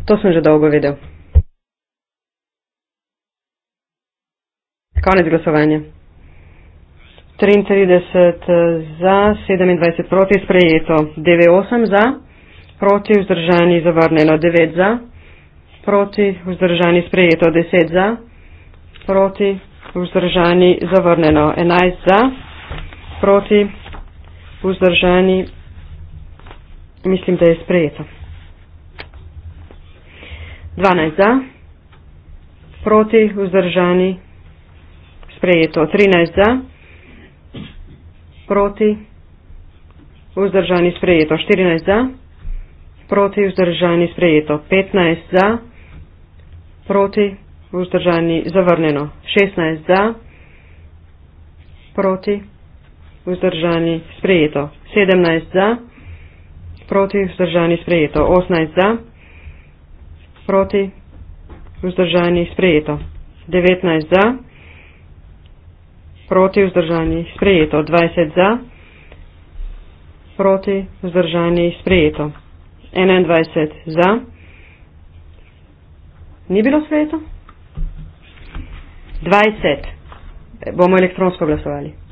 To sem že dolgo videl. Konec glasovanja. 33 eh, za, 27 proti, sprejeto. 9-8 za, proti, vzdržani, zavrnjeno. 9 za, proti, vzdržani, sprejeto. 10 za, proti, vzdržani, zavrnjeno. 11 za, proti, vzdržani, mislim, da je sprejeto. 12 za, proti, vzdržani, sprejeto. 13 za, proti, vzdržani, sprejeto. 14 za, proti, vzdržani, sprejeto. 15 za, proti, vzdržani, zavrnjeno. 16 za, proti, vzdržani, sprejeto. 17 za, proti, vzdržani, sprejeto. 18 za, proti, vzdržani, sprejeto proti, vzdržani, sprejeto. 19 za, proti, vzdržani, sprejeto. 20 za, proti, vzdržani, sprejeto. 21 za, ni bilo sprejeto. 20 bomo elektronsko glasovali.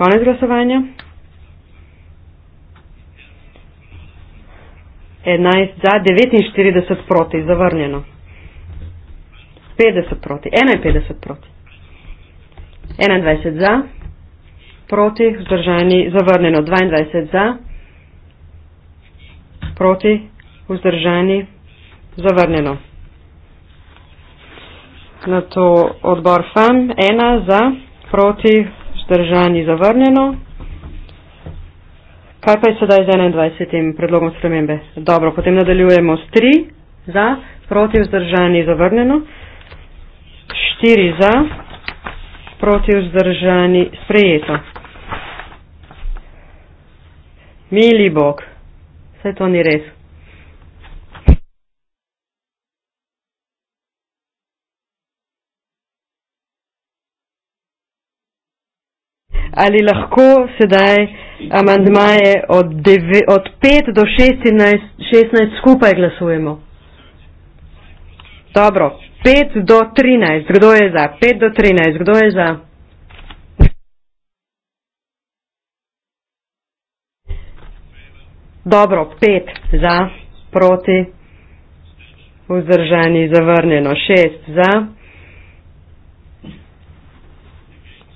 Konec glasovanja. 11 za, 49 proti, zavrnjeno. 50 proti, 51 proti. 21 za, proti, vzdržani, zavrnjeno. 22 za, proti, vzdržani, zavrnjeno. Na to odbor FAM, 1 za, proti, vzdržani zavrnjeno. Kaj pa je sedaj z 21. predlogom spremembe? Dobro, potem nadaljujemo s 3 za, proti vzdržani zavrnjeno, 4 za, proti vzdržani sprejeto. Mili Bog, vse to ni res. ali lahko sedaj amandmaje od, deve, od 5 do 16, 16 skupaj glasujemo. Dobro, 5 do 13, kdo je za? 5 do 13, kdo je za? Dobro, 5 za, proti, vzdržani, zavrnjeno, 6 za,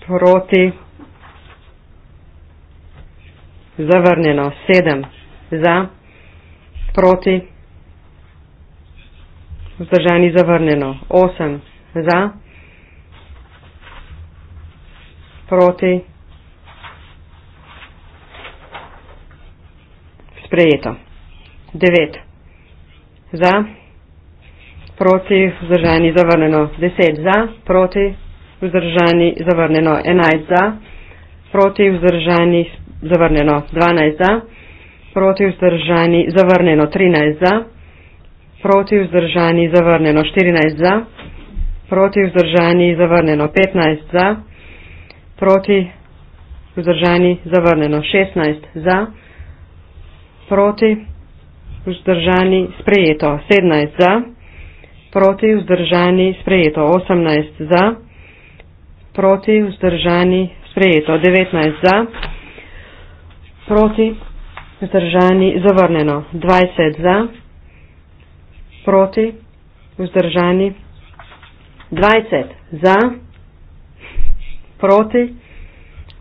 proti, zavrnjeno, sedem za, proti, vzdržani zavrnjeno, osem za, proti, sprejeto, devet za, proti, vzdržani zavrnjeno, deset za, proti, vzdržani zavrnjeno, enajst za, proti vzdržani zavrnjeno 12 za, proti vzdržani zavrnjeno 13 za, proti vzdržani zavrnjeno 14 za, proti vzdržani zavrnjeno 15 za, proti vzdržani zavrnjeno 16 za, proti vzdržani sprejeto 17 za, proti vzdržani sprejeto 18 za, proti vzdržani sprejeto, 19 za, proti, vzdržani, zavrnjeno, 20 za, proti, vzdržani, 20 za, proti,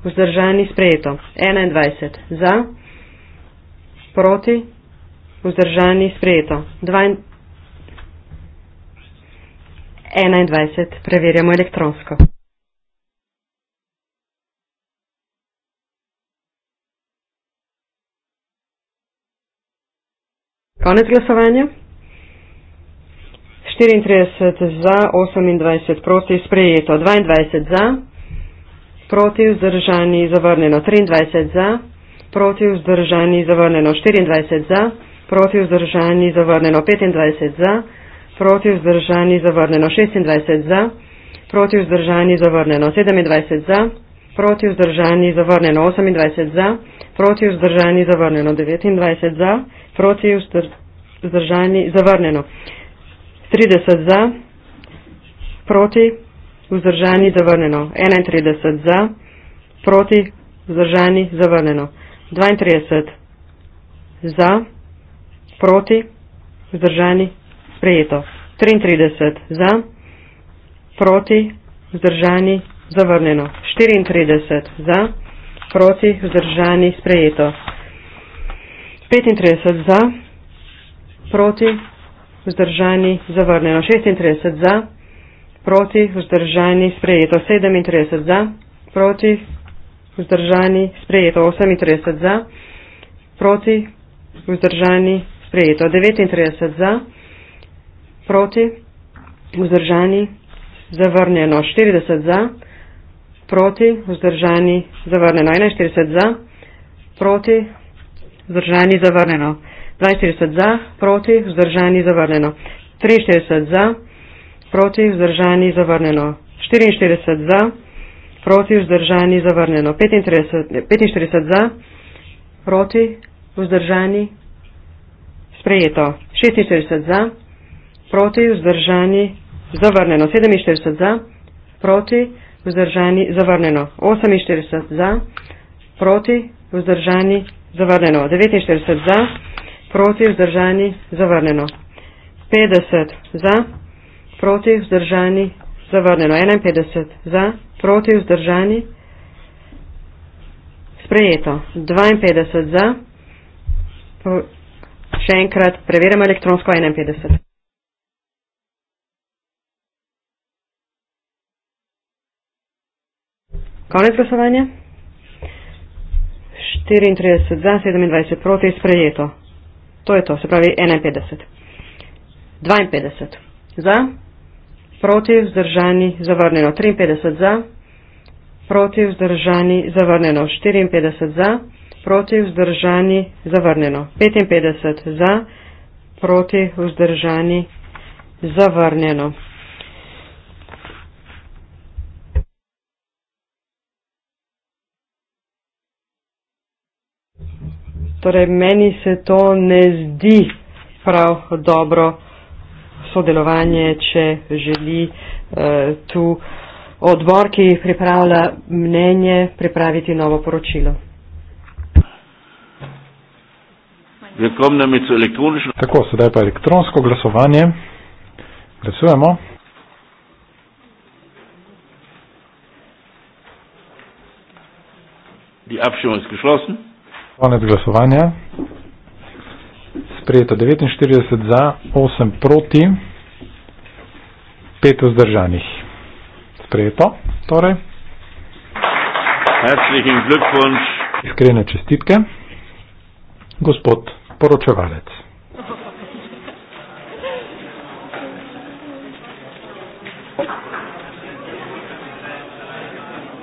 vzdržani, sprejeto, 21 za, proti, vzdržani, sprejeto, 22. 21. Preverjamo elektronsko. Konec glasovanja. 34 za, 28 proti, sprejeto 22 za, proti vzdržani zavrnjeno 23 za, proti vzdržani zavrnjeno 24 za, proti vzdržani zavrnjeno 25 za, proti vzdržani zavrnjeno 26 za, proti vzdržani zavrnjeno 27 za, proti vzdržani zavrnjeno 28 za, proti vzdržani zavrnjeno 29 za proti vzdržani zavrnjeno. 30 za, proti vzdržani zavrnjeno. 31 za, proti vzdržani zavrnjeno. 32 za, proti vzdržani sprejeto. 33 za, proti vzdržani zavrnjeno. 34 za, proti vzdržani sprejeto. 35 za, proti, vzdržani, zavrnjeno. 36 za, proti, vzdržani, sprejeto. 37 za, proti, vzdržani, sprejeto. 38 za, proti, vzdržani, sprejeto. 39 za, proti, vzdržani, zavrnjeno. 40 za, proti, vzdržani, zavrnjeno. 41 za, proti, Zdržani zavrnjeno. 42 za, proti, vzdržani zavrnjeno. 43 za, proti, vzdržani zavrnjeno. 44 za, proti, vzdržani zavrnjeno. 45 za, proti, vzdržani sprejeto. 46 za, proti, vzdržani zavrnjeno. 47 za, proti, vzdržani zavrnjeno. 48 za, proti, vzdržani zavrnjeno zavrnjeno. 49 za, proti vzdržani, zavrnjeno. 50 za, proti vzdržani, zavrnjeno. 51 za, proti vzdržani, sprejeto. 52 za, še enkrat preverjamo elektronsko 51. Konec glasovanja. 34 za, 27 proti, sprejeto. To je to, se pravi 51. 52 za, proti, vzdržani, zavrnjeno. 53 za, proti, vzdržani, zavrnjeno. 54 za, proti, vzdržani, zavrnjeno. 55 za, proti, vzdržani, zavrnjeno. Torej, meni se to ne zdi prav dobro sodelovanje, če želi eh, tu odbor, ki pripravlja mnenje, pripraviti novo poročilo. Tako, sedaj pa elektronsko glasovanje. Glasujemo. Die Abstimmung ist geschlossen. Konec glasovanja. Sprejeto 49 za, 8 proti, 5 vzdržanih. Sprejeto, torej. Herzlichen Glückwunsch. Iskrene čestitke. Gospod poročevalec.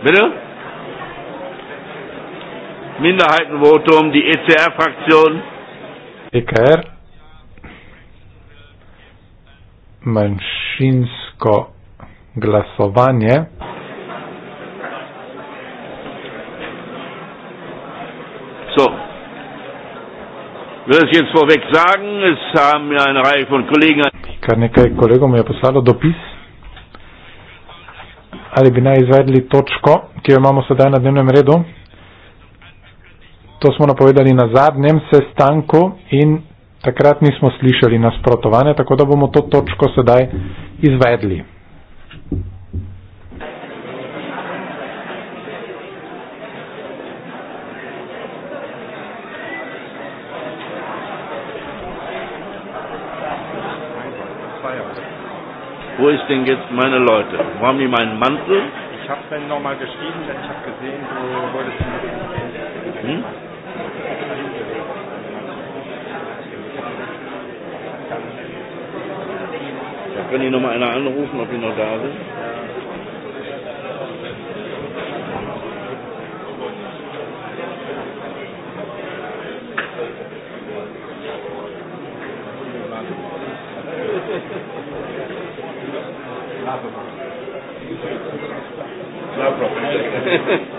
Bitte? Minderheitenvotum, die ECR-Fraktion. EKR. Manšinsko glasovanje. So. Will ich jetzt vorweg sagen, es haben mir ja eine Reihe von Kollegen. Kar nekaj kolegov mi je poslalo dopis, ali bi naj izvedli točko, ki jo imamo sedaj na dnevnem redu to smo napovedali na zadnjem sestanku in takrat nismo slišali nasprotovanja, tako da bomo to točko sedaj izvedli. Wo ist denn jetzt meine Leute? Wo haben die meinen Mantel? Ich habe es dann nochmal geschrieben, denn ich habe gesehen, du wolltest ihn nicht. Hm? Kann ich nochmal einer anrufen, ob ich noch da bin? Ja. *laughs*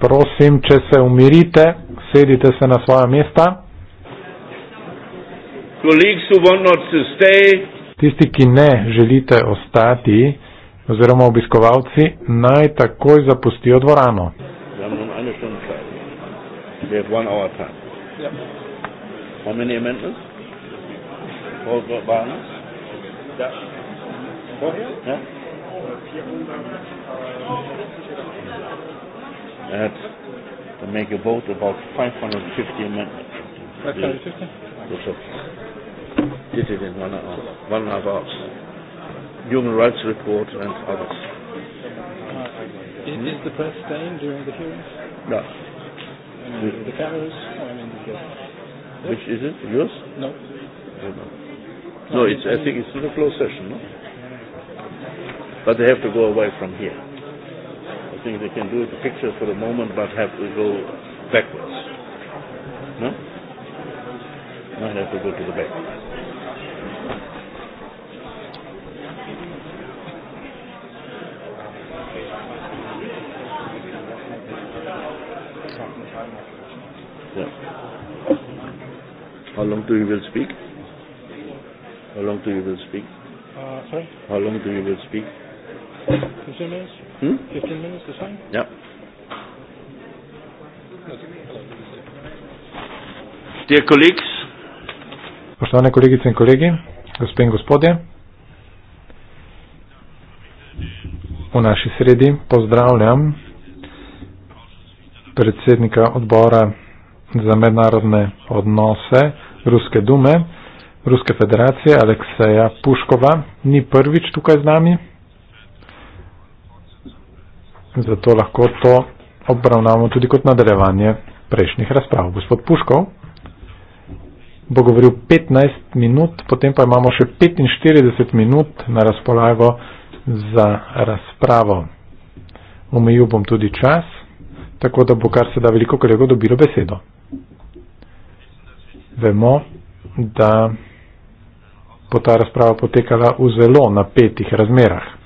Prosim, če se umirite, sedite se na svoja mesta. Tisti, ki ne želite ostati, oziroma obiskovalci, naj takoj zapustijo dvorano. Ja. Ja. Yeah. Okay. Yeah. That's to make a vote about 550 amendments. 550? Did it in one and a half Human rights report and others. Is the press staying during the hearings? No. I mean, the, the cameras? I mean, the which is it? Yours? No. I don't know. No, no it's, I think it's in a closed session, no? Yeah but they have to go away from here. I think they can do the picture for the moment, but have to go backwards. No? Now they have to go to the back. How long do you will speak? How long do you will speak? Uh, sorry? How long do you will speak? 15 minutes? Hmm? 15 ja. minutes the same? Yep. Dear colleagues, Poštovane kolegice in kolegi, gospe in gospodje, v naši sredi pozdravljam predsednika odbora za mednarodne odnose Ruske dume, Ruske federacije, Alekseja Puškova. Ni prvič tukaj z nami, zato lahko to obravnavamo tudi kot nadaljevanje prejšnjih razprav. Gospod Puškov bo govoril 15 minut, potem pa imamo še 45 minut na razpolago za razpravo. Omejil bom tudi čas, tako da bo kar se da veliko kolego dobilo besedo. Vemo, da bo ta razprava potekala v zelo napetih razmerah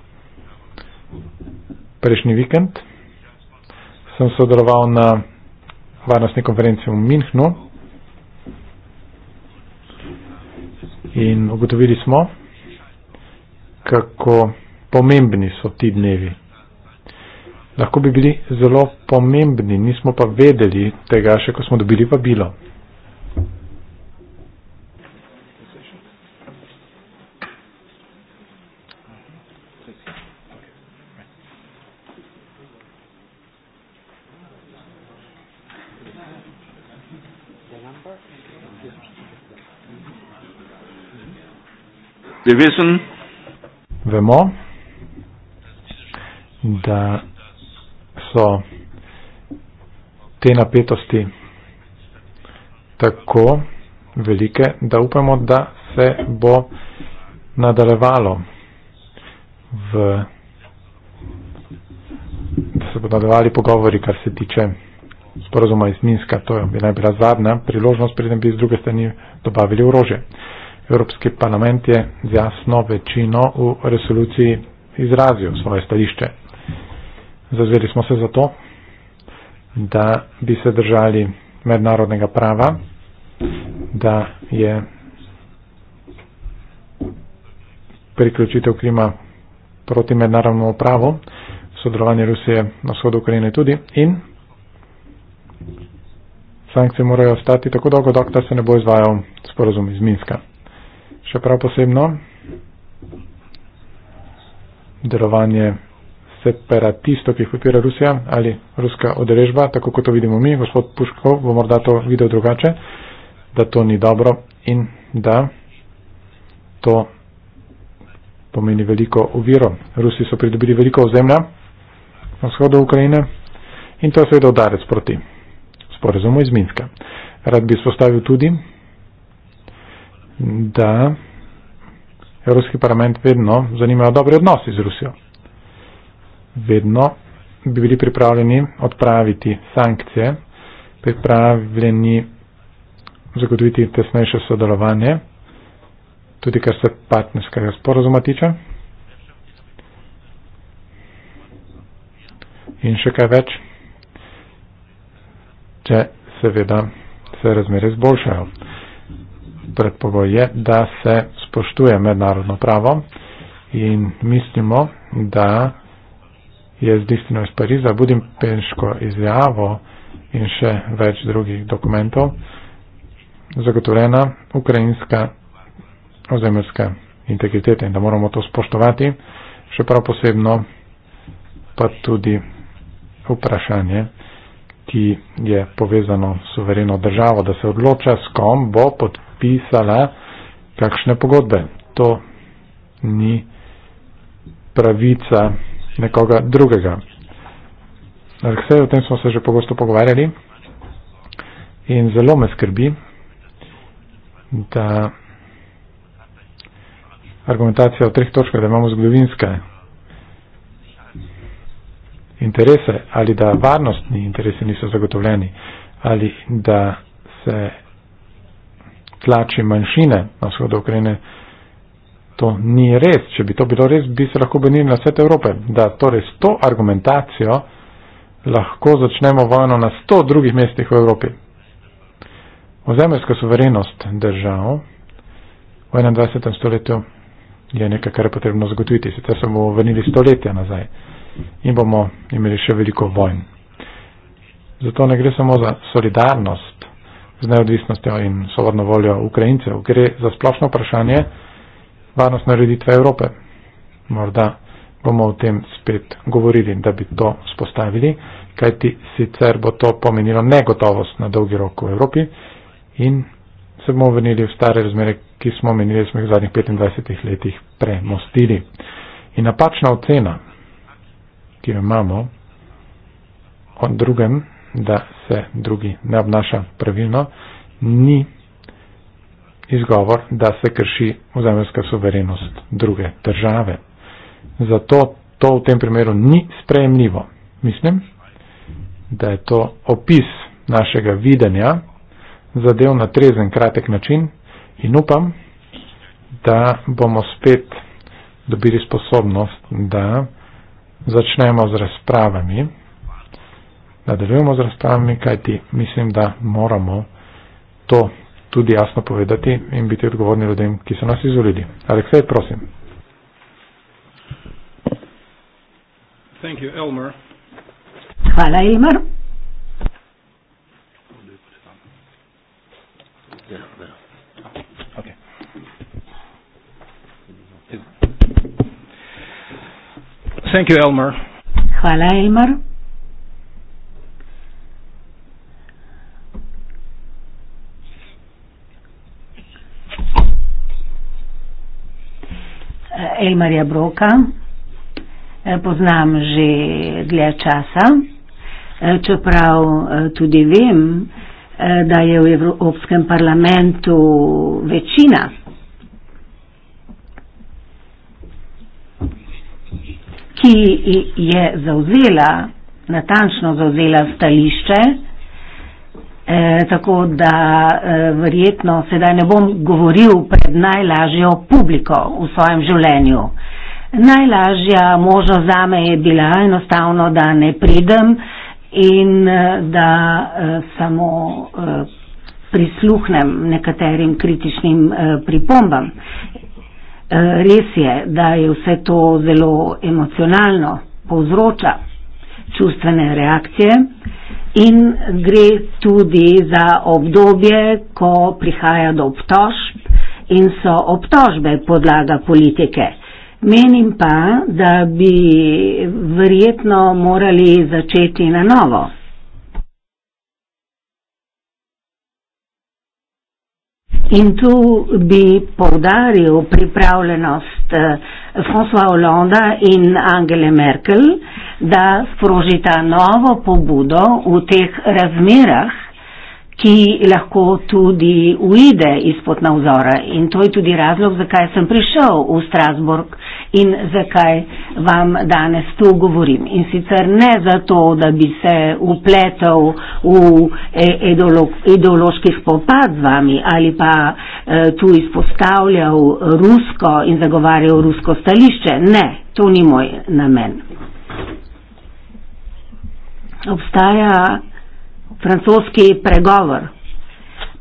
prejšnji vikend. Sem sodeloval na varnostni konferenci v Minhnu in ugotovili smo, kako pomembni so ti dnevi. Lahko bi bili zelo pomembni, nismo pa vedeli tega, še ko smo dobili vabilo. Wir wissen, Vemo, da so te napetosti tako velike, da upamo, da se bo nadaljevalo v da se bodo nadaljevali pogovori, kar se tiče sporozuma iz Minska. To je bi najbila zadnja priložnost, preden bi z druge strani dobavili orože. Evropski parlament je z jasno večino v resoluciji izrazil svoje stališče. Zazveli smo se zato, da bi se držali mednarodnega prava, da je priključitev Krima proti mednarodnemu pravu, sodelovanje Rusije na vzhodu Ukrajine tudi in sankcije morajo ostati tako dolgo, dokler se ne bo izvajal sporozum iz Minska še prav posebno delovanje separatistov, ki jih podpira Rusija ali ruska odrežba, tako kot to vidimo mi. Gospod Puškov bo morda to videl drugače, da to ni dobro in da to pomeni veliko uviro. Rusi so pridobili veliko ozemlja na vzhodu Ukrajine in to je seveda udarec proti sporezumu iz Minska. Rad bi spostavil tudi, da Evropski parlament vedno zanimajo dobri odnosi z Rusijo. Vedno bi bili pripravljeni odpraviti sankcije, pripravljeni zagotoviti tesnejše sodelovanje, tudi kar se partnerskega sporozuma tiče. In še kaj več, če seveda se razmere izboljšajo predpogoje, da se spoštuje mednarodno pravo in mislimo, da je z listino iz Pariza Budimpeško izjavo in še več drugih dokumentov zagotovljena ukrajinska ozemljska integriteta in da moramo to spoštovati, še prav posebno pa tudi vprašanje, ki je povezano s suvereno državo, da se odloča, s kom bo podpisano podpisala kakšne pogodbe. To ni pravica nekoga drugega. Arksej, o tem smo se že pogosto pogovarjali in zelo me skrbi, da argumentacija o treh točkah, da imamo zgodovinske interese ali da varnostni interesi niso zagotovljeni ali da se tlači manjšine na vzhodu Ukrajine. To ni res. Če bi to bilo res, bi se lahko obrnili na svet Evrope. Da torej s to argumentacijo lahko začnemo vojno na sto drugih mestih v Evropi. Ozemeljska suverenost držav v 21. stoletju je nekaj, kar je potrebno zagotoviti. Sicer se bomo vrnili stoletja nazaj in bomo imeli še veliko vojn. Zato ne gre samo za solidarnost z neodvisnostjo in svobodno voljo Ukrajincev. Gre za splošno vprašanje varnostne ureditve Evrope. Morda bomo o tem spet govorili, da bi to spostavili, kajti sicer bo to pomenilo negotovost na dolgi rok v Evropi in se bomo vrnili v stare razmere, ki smo menili, da smo jih v zadnjih 25 letih premostili. In napačna ocena, ki jo imamo, o drugem da se drugi ne obnaša pravilno, ni izgovor, da se krši ozemljska suverenost druge države. Zato to v tem primeru ni sprejemljivo. Mislim, da je to opis našega videnja zadev na trezen kratek način in upam, da bomo spet dobili sposobnost, da začnemo z razpravami nadaljujemo z razpravami, kajti mislim, da moramo to tudi jasno povedati in biti odgovorni ljudem, ki so nas izvolili. Aleksej, prosim. You, Elmer. Hvala, Elmar. Thank you, Elmer. Hvala, Elmar. Elmarja Broka, e, poznam že dlje časa, e, čeprav e, tudi vem, da je v Evropskem parlamentu večina. ki je zauzela, natančno zauzela stališče, E, tako da e, verjetno sedaj ne bom govoril pred najlažjo publiko v svojem življenju. Najlažja možnost zame je bila enostavno, da ne pridem in e, da e, samo e, prisluhnem nekaterim kritičnim e, pripombam. E, res je, da je vse to zelo emocionalno, povzroča čustvene reakcije. E, in gre tudi za obdobje, ko prihaja do obtožb in so obtožbe podlaga politike. Menim pa, da bi verjetno morali začeti na novo. In tu bi povdaril pripravljenost eh, François Hollande in Angele Merkel, da sprožita novo pobudo v teh razmerah, ki lahko tudi uide izpod navzora. In to je tudi razlog, zakaj sem prišel v Strasburg in zakaj vam danes to govorim. In sicer ne zato, da bi se upletel v e, ideološki spopad z vami ali pa e, tu izpostavljal rusko in zagovarjal rusko stališče. Ne, to ni moj namen. Obstaja francoski pregovor.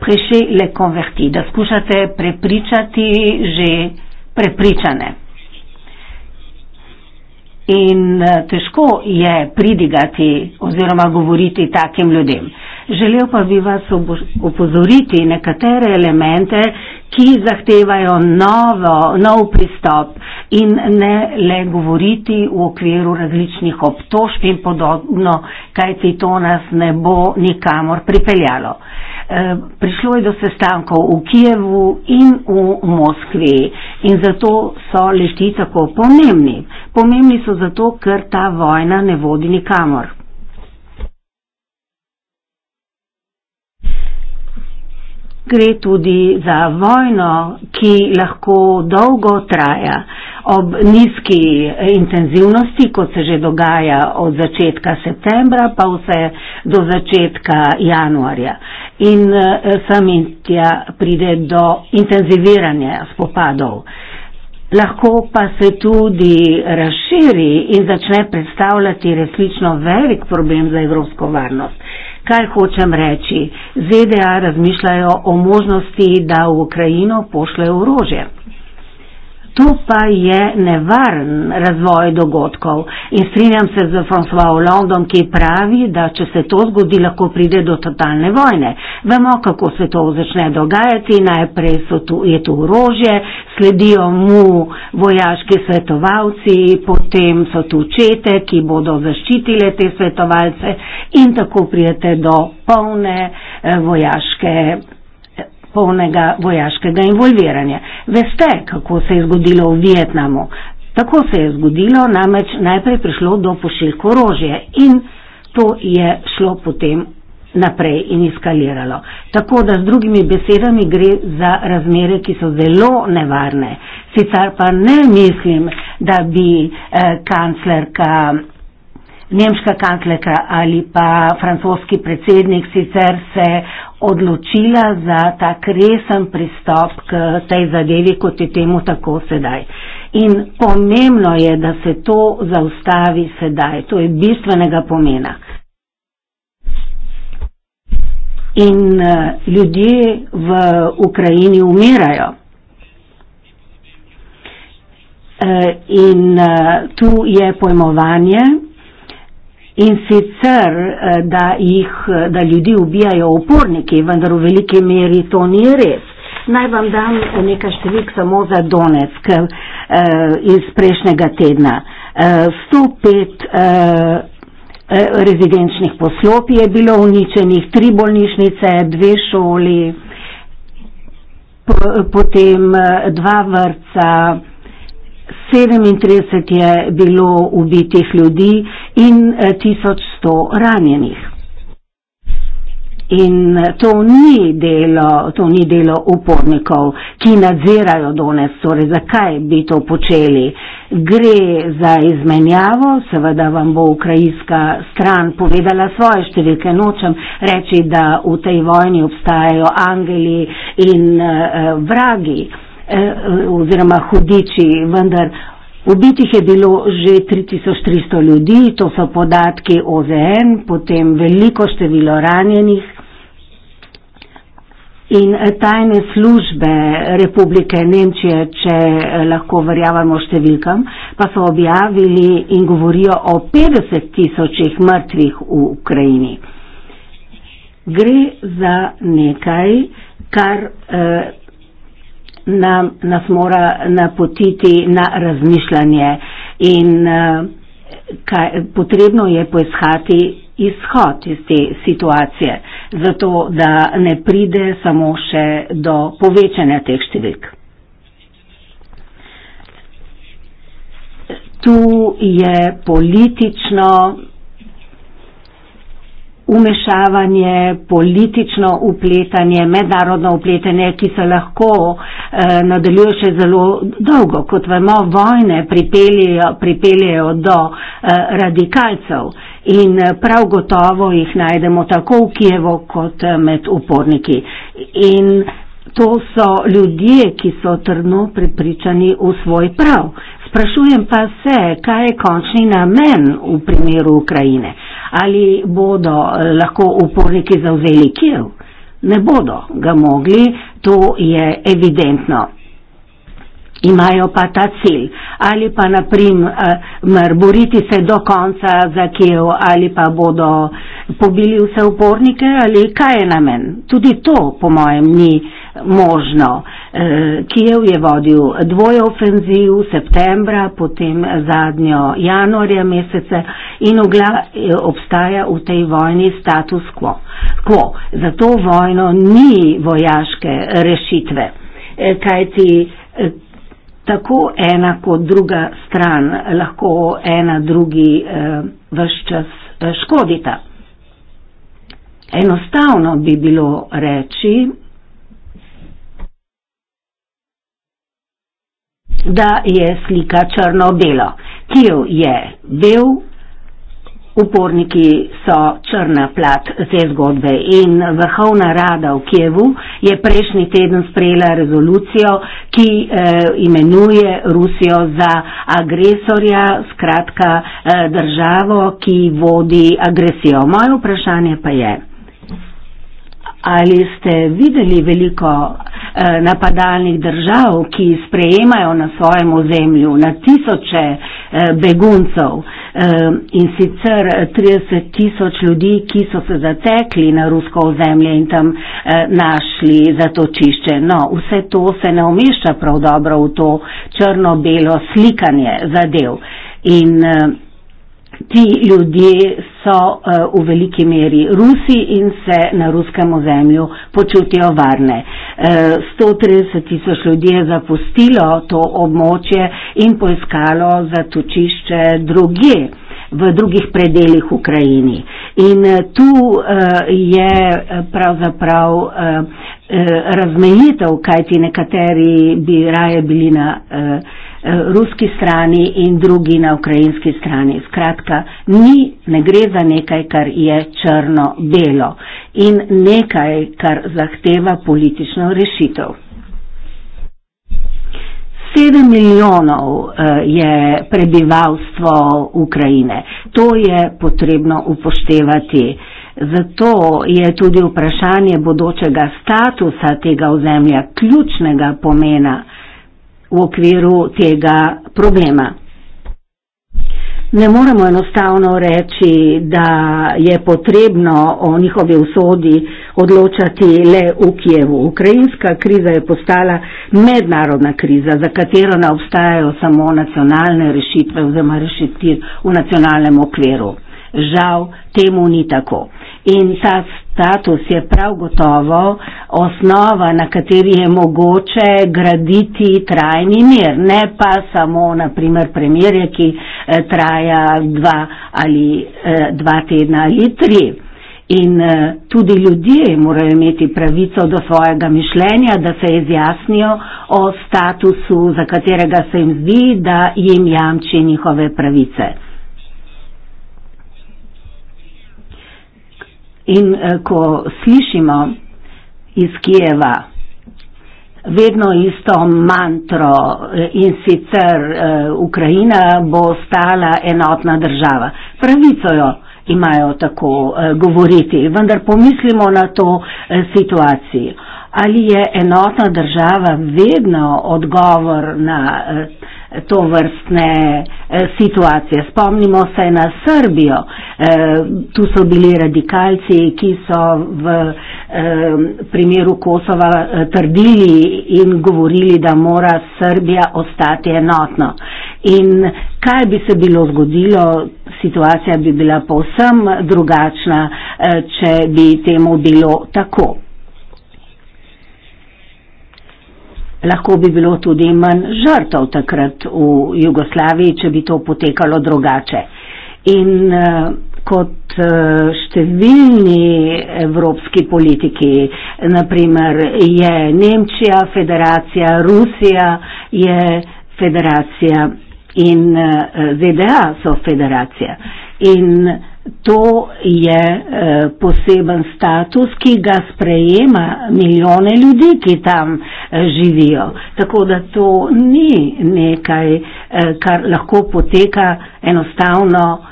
Prešej le konverti, da skušate prepričati že prepričane in eh, težko je pridigati oziroma govoriti takim ljudem. Želel pa bi vas upozoriti nekatere elemente, ki zahtevajo novo, nov pristop in ne le govoriti v okviru različnih obtožb in podobno, kajti to nas ne bo nikamor pripeljalo. Ehm, prišlo je do sestankov v Kijevu in v Moskvi in zato so lešti tako pomembni. Pomembni so zato, ker ta vojna ne vodi nikamor. Gre tudi za vojno, ki lahko dolgo traja. Uh, ob nizki intenzivnosti, kot se že dogaja od začetka septembra pa vse do začetka januarja. In eh, sam in tja pride do intenziviranja spopadov. Lahko pa se tudi razširi in začne predstavljati resnično velik problem za evropsko varnost. Kaj hočem reči? ZDA razmišljajo o možnosti, da v Ukrajino pošljejo orožje. Tu pa je nevaren razvoj dogodkov in strinjam se z François Hollandom, ki pravi, da če se to zgodi, lahko pride do totalne vojne. Vemo, kako se to začne dogajati. Najprej tu, je tu orožje, sledijo mu vojaški svetovalci, potem so tu čete, ki bodo zaščitile te svetovalce in tako prijete do polne eh, vojaške polnega vojaškega involviranja. Veste, kako se je zgodilo v Vietnamu. Tako se je zgodilo, namreč najprej prišlo do pošiljko orožje in to je šlo potem naprej in eskaliralo. Tako da z drugimi besedami gre za razmere, ki so zelo nevarne. Sicer pa ne mislim, da bi eh, kanclerka, nemška kanclerka ali pa francoski predsednik sicer se odločila za tak resen pristop k tej zadevi, kot je temu tako sedaj. In pomembno je, da se to zaustavi sedaj. To je bistvenega pomena. In eh, ljudje v Ukrajini umirajo. Eh, in eh, tu je pojmovanje, in sicer, eh, da, jih, eh, da ljudi ubijajo uporniki, vendar v veliki meri to ni res. Naj vam dam nekaj številk samo za donec k, eh, iz prejšnjega tedna. Eh, 105 eh, eh, rezidenčnih poslop je bilo uničenih, tri bolnišnice, dve šoli, po, potem dva vrca. 37 je bilo ubitih ljudi in 1100 eh, ranjenih. In eh, to ni delo, to ni delo upornikov, ki nadzirajo danes, torej zakaj bi to počeli. Gre za izmenjavo, seveda vam bo ukrajinska stran povedala svoje številke. Nočem reči, da v tej vojni obstajajo angeli in uh, vragi. Uh, Eh, oziroma hudiči, vendar ubitih je bilo že 3300 ljudi, to so podatki OZN, potem veliko število ranjenih. In eh, tajne službe Republike Nemčije, če eh, lahko verjamemo številkam, pa so objavili in govorijo o 50 tisočih mrtvih v Ukrajini. Gre za nekaj, kar eh, nam, nas mora napotiti na razmišljanje in eh, kaj, potrebno je poiskati izhod iz te situacije, zato da ne pride samo še do povečanja teh številk. Tu je politično umešavanje, politično upletanje, mednarodno upletanje, ki se lahko eh, nadaljuje še zelo dolgo. Kot vemo, vojne pripeljejo, pripeljejo do eh, radikalcev in eh, prav gotovo jih najdemo tako v Kijevu kot eh, med uporniki. In to so ljudje, ki so trdno pripričani v svoj prav. Eh, Sprašujem pa se, kaj je končni namen v primeru Ukrajine. Ali bodo eh, lahko uporniki zauzeli Kijev? Ne bodo ga mogli, to je evidentno. Imajo pa ta cilj. Ali pa naprimer eh, boriti se do konca za Kijev, ali pa bodo pobili vse upornike, ali kaj je namen. Tudi to, po mojem, ni možno. Eh, Kijev je vodil dvoje ofenziv, septembra, potem zadnjo januarja mesece in ugla, eh, obstaja v tej vojni status quo. quo. Za to vojno ni vojaške rešitve, eh, kajti tako ena kot druga stran lahko ena drugi vse čas škodita. Enostavno bi bilo reči, da je slika črno-belo. Kijev je bil, uporniki so črna plat te zgodbe in vrhovna rada v Kijevu je prejšnji teden sprejela rezolucijo, ki eh, imenuje Rusijo za agresorja, skratka eh, državo, ki vodi agresijo. Moje vprašanje pa je. Ali ste videli veliko eh, napadalnih držav, ki sprejemajo na svojem ozemlju na tisoče eh, beguncev eh, in sicer 30 eh, tisoč ljudi, ki so se zatekli na rusko ozemlje in tam eh, našli zatočišče? No, vse to se ne umešča prav dobro v to črno-belo slikanje zadev. In, eh, ti ljudje so eh, v veliki meri Rusi in se na ruskem ozemlju počutijo varne. 130 eh, tisoč ljudi je zapustilo to območje in poiskalo zatočišče druge v drugih predeljih Ukrajini. In eh, tu je pravzaprav razmejitev, kajti nekateri bi raje bili na Eh, ruski strani in drugi na ukrajinski strani. Skratka, ni, ne gre za nekaj, kar je črno-belo in nekaj, kar zahteva politično rešitev. Sedem milijonov eh, je prebivalstvo Ukrajine. To je potrebno upoštevati. Zato je tudi vprašanje bodočega statusa tega ozemlja ključnega pomena v okviru tega problema. Ne moremo enostavno reči, da je potrebno o njihovi usodi odločati le v Kijevu. Ukrajinska kriza je postala mednarodna kriza, za katero ne obstajajo samo nacionalne rešitve oziroma rešitir v nacionalnem okviru. Žal temu ni tako. In ta status je prav gotovo osnova, na kateri je mogoče graditi trajni mir, ne pa samo naprimer premirje, ki eh, traja dva, ali, eh, dva tedna ali tri. In eh, tudi ljudje morajo imeti pravico do svojega mišljenja, da se izjasnijo o statusu, za katerega se jim zdi, da jim jamči njihove pravice. In eh, ko slišimo iz Kijeva vedno isto mantro eh, in sicer eh, Ukrajina bo stala enotna država. Pravico jo imajo tako govoriti, vendar pomislimo na to situacijo. Ali je enotna država vedno odgovor na to vrstne eh, situacije. Spomnimo se na Srbijo, eh, tu so bili radikalci, ki so v eh, primeru Kosova trdili in govorili, da mora Srbija ostati enotno. In kaj bi se bilo zgodilo, situacija bi bila povsem drugačna, če bi temu bilo tako. lahko bi bilo tudi manj žrtev takrat v Jugoslaviji, če bi to potekalo drugače. In eh, kot eh, številni evropski politiki, naprimer je Nemčija federacija, Rusija je federacija in eh, ZDA so federacija. In To je eh, poseben status, ki ga sprejema milijone ljudi, ki tam eh, živijo. Tako da to ni nekaj, eh, kar lahko poteka enostavno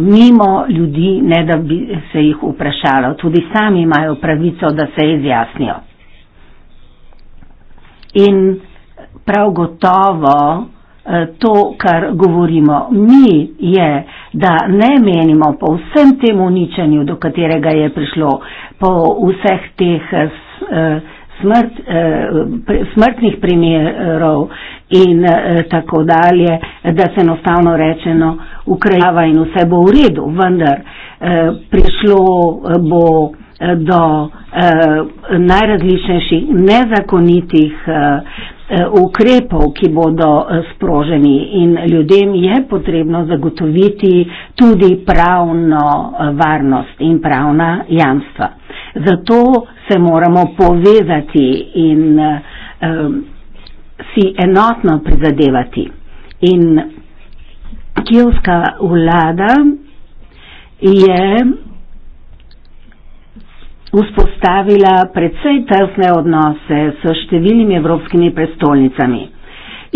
mimo ljudi, ne da bi se jih vprašalo. Tudi sami imajo pravico, da se izjasnijo. In prav gotovo. Eh, to, kar govorimo mi, je, da ne menimo po vsem tem uničenju, do katerega je prišlo, po vseh teh eh, eh, smrt, smrtnih primerov in tako dalje, da se enostavno rečeno ukrajava in vse bo v redu, vendar prišlo bo do najrazličnejših nezakonitih Eh, ukrepov, ki bodo eh, sproženi in ljudem je potrebno zagotoviti tudi pravno eh, varnost in pravna jamstva. Zato se moramo povezati in si enotno prizadevati. In kijevska vlada je vzpostavila predvsej tesne odnose s številnimi evropskimi prestolnicami.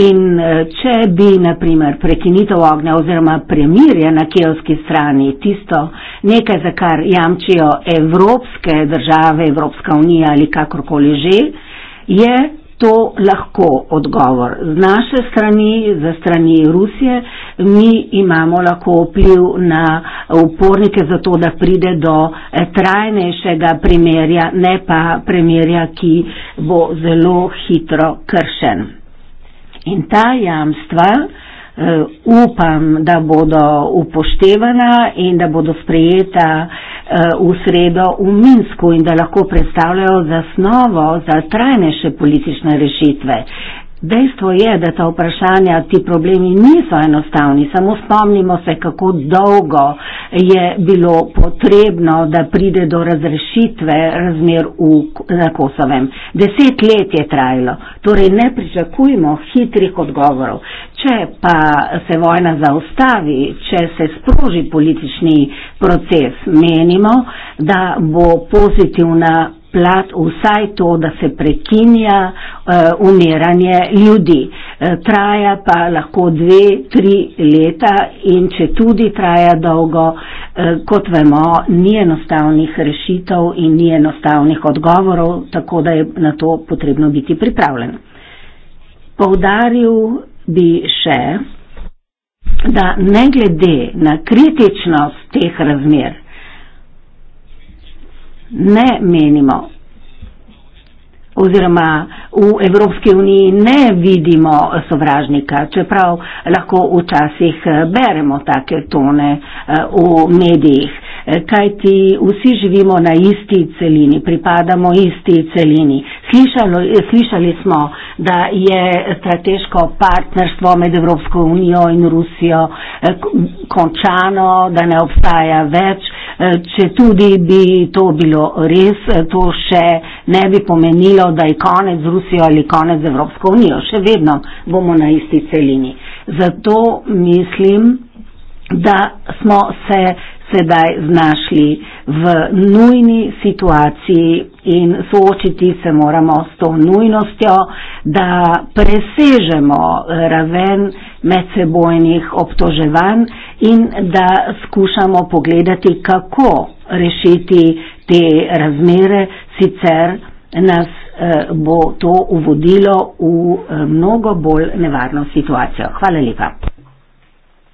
In eh, če bi, naprimer, prekinitev ognja oziroma premirje na kielski strani tisto nekaj, za kar jamčijo evropske države, Evropska unija ali kakorkoli že, je to lahko odgovor. Z naše strani, za strani Rusije, mi imamo lahko vpliv na upornike za to, da pride do eh, trajnejšega primerja, ne pa primerja, ki bo zelo hitro kršen. In ta jamstva, Eh, upam, da bodo upoštevana in da bodo sprejeta eh, v sredo v Minsku in da lahko predstavljajo zasnovo za trajnejše politične rešitve. Dejstvo je, da ta vprašanja, ti problemi niso enostavni. Samo spomnimo se, kako dolgo je bilo potrebno, da pride do razrešitve razmer v, na Kosovem. Deset let je trajalo. Torej ne pričakujmo hitrih odgovorov. Če pa se vojna zaustavi, če se sproži politični proces, menimo, da bo pozitivna plat vsaj to, da se prekinja uh, umiranje ljudi. Uh, traja pa lahko dve, tri leta in če tudi traja dolgo, uh, kot vemo, ni enostavnih rešitev in ni enostavnih odgovorov, tako da je na to potrebno biti pripravljen. Povdaril bi še, da ne glede na kritičnost teh razmer, ne menimo oziroma v Evropski uniji ne vidimo sovražnika, čeprav lahko včasih beremo take tone eh, v medijih. Eh, kajti vsi živimo na isti celini, pripadamo isti celini. Slišali, slišali smo, da je strateško partnerstvo med Evropsko unijo in Rusijo eh, končano, da ne obstaja več. Eh, Če tudi bi to bilo res, to še ne bi pomenilo, da je konec z Rusijo ali konec z Evropsko unijo. Še vedno bomo na isti celini. Zato mislim, da smo se sedaj znašli v nujni situaciji in soočiti se moramo s to nujnostjo, da presežemo raven medsebojnih obtoževanj in da skušamo pogledati, kako rešiti te razmere, sicer nas eh, bo to uvodilo v eh, mnogo bolj nevarno situacijo. Hvala lepa.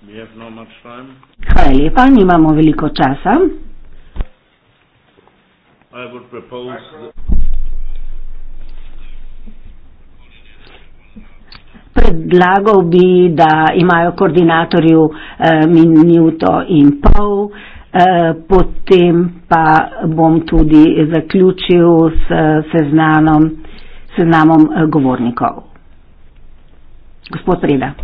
Wir haben noch mal Hvala lepa, nimamo veliko časa. Predlagal bi, da imajo koordinatorju eh, minuto in pol, eh, potem pa bom tudi zaključil s eh, seznanom, seznamom eh, govornikov. Gospod Preda.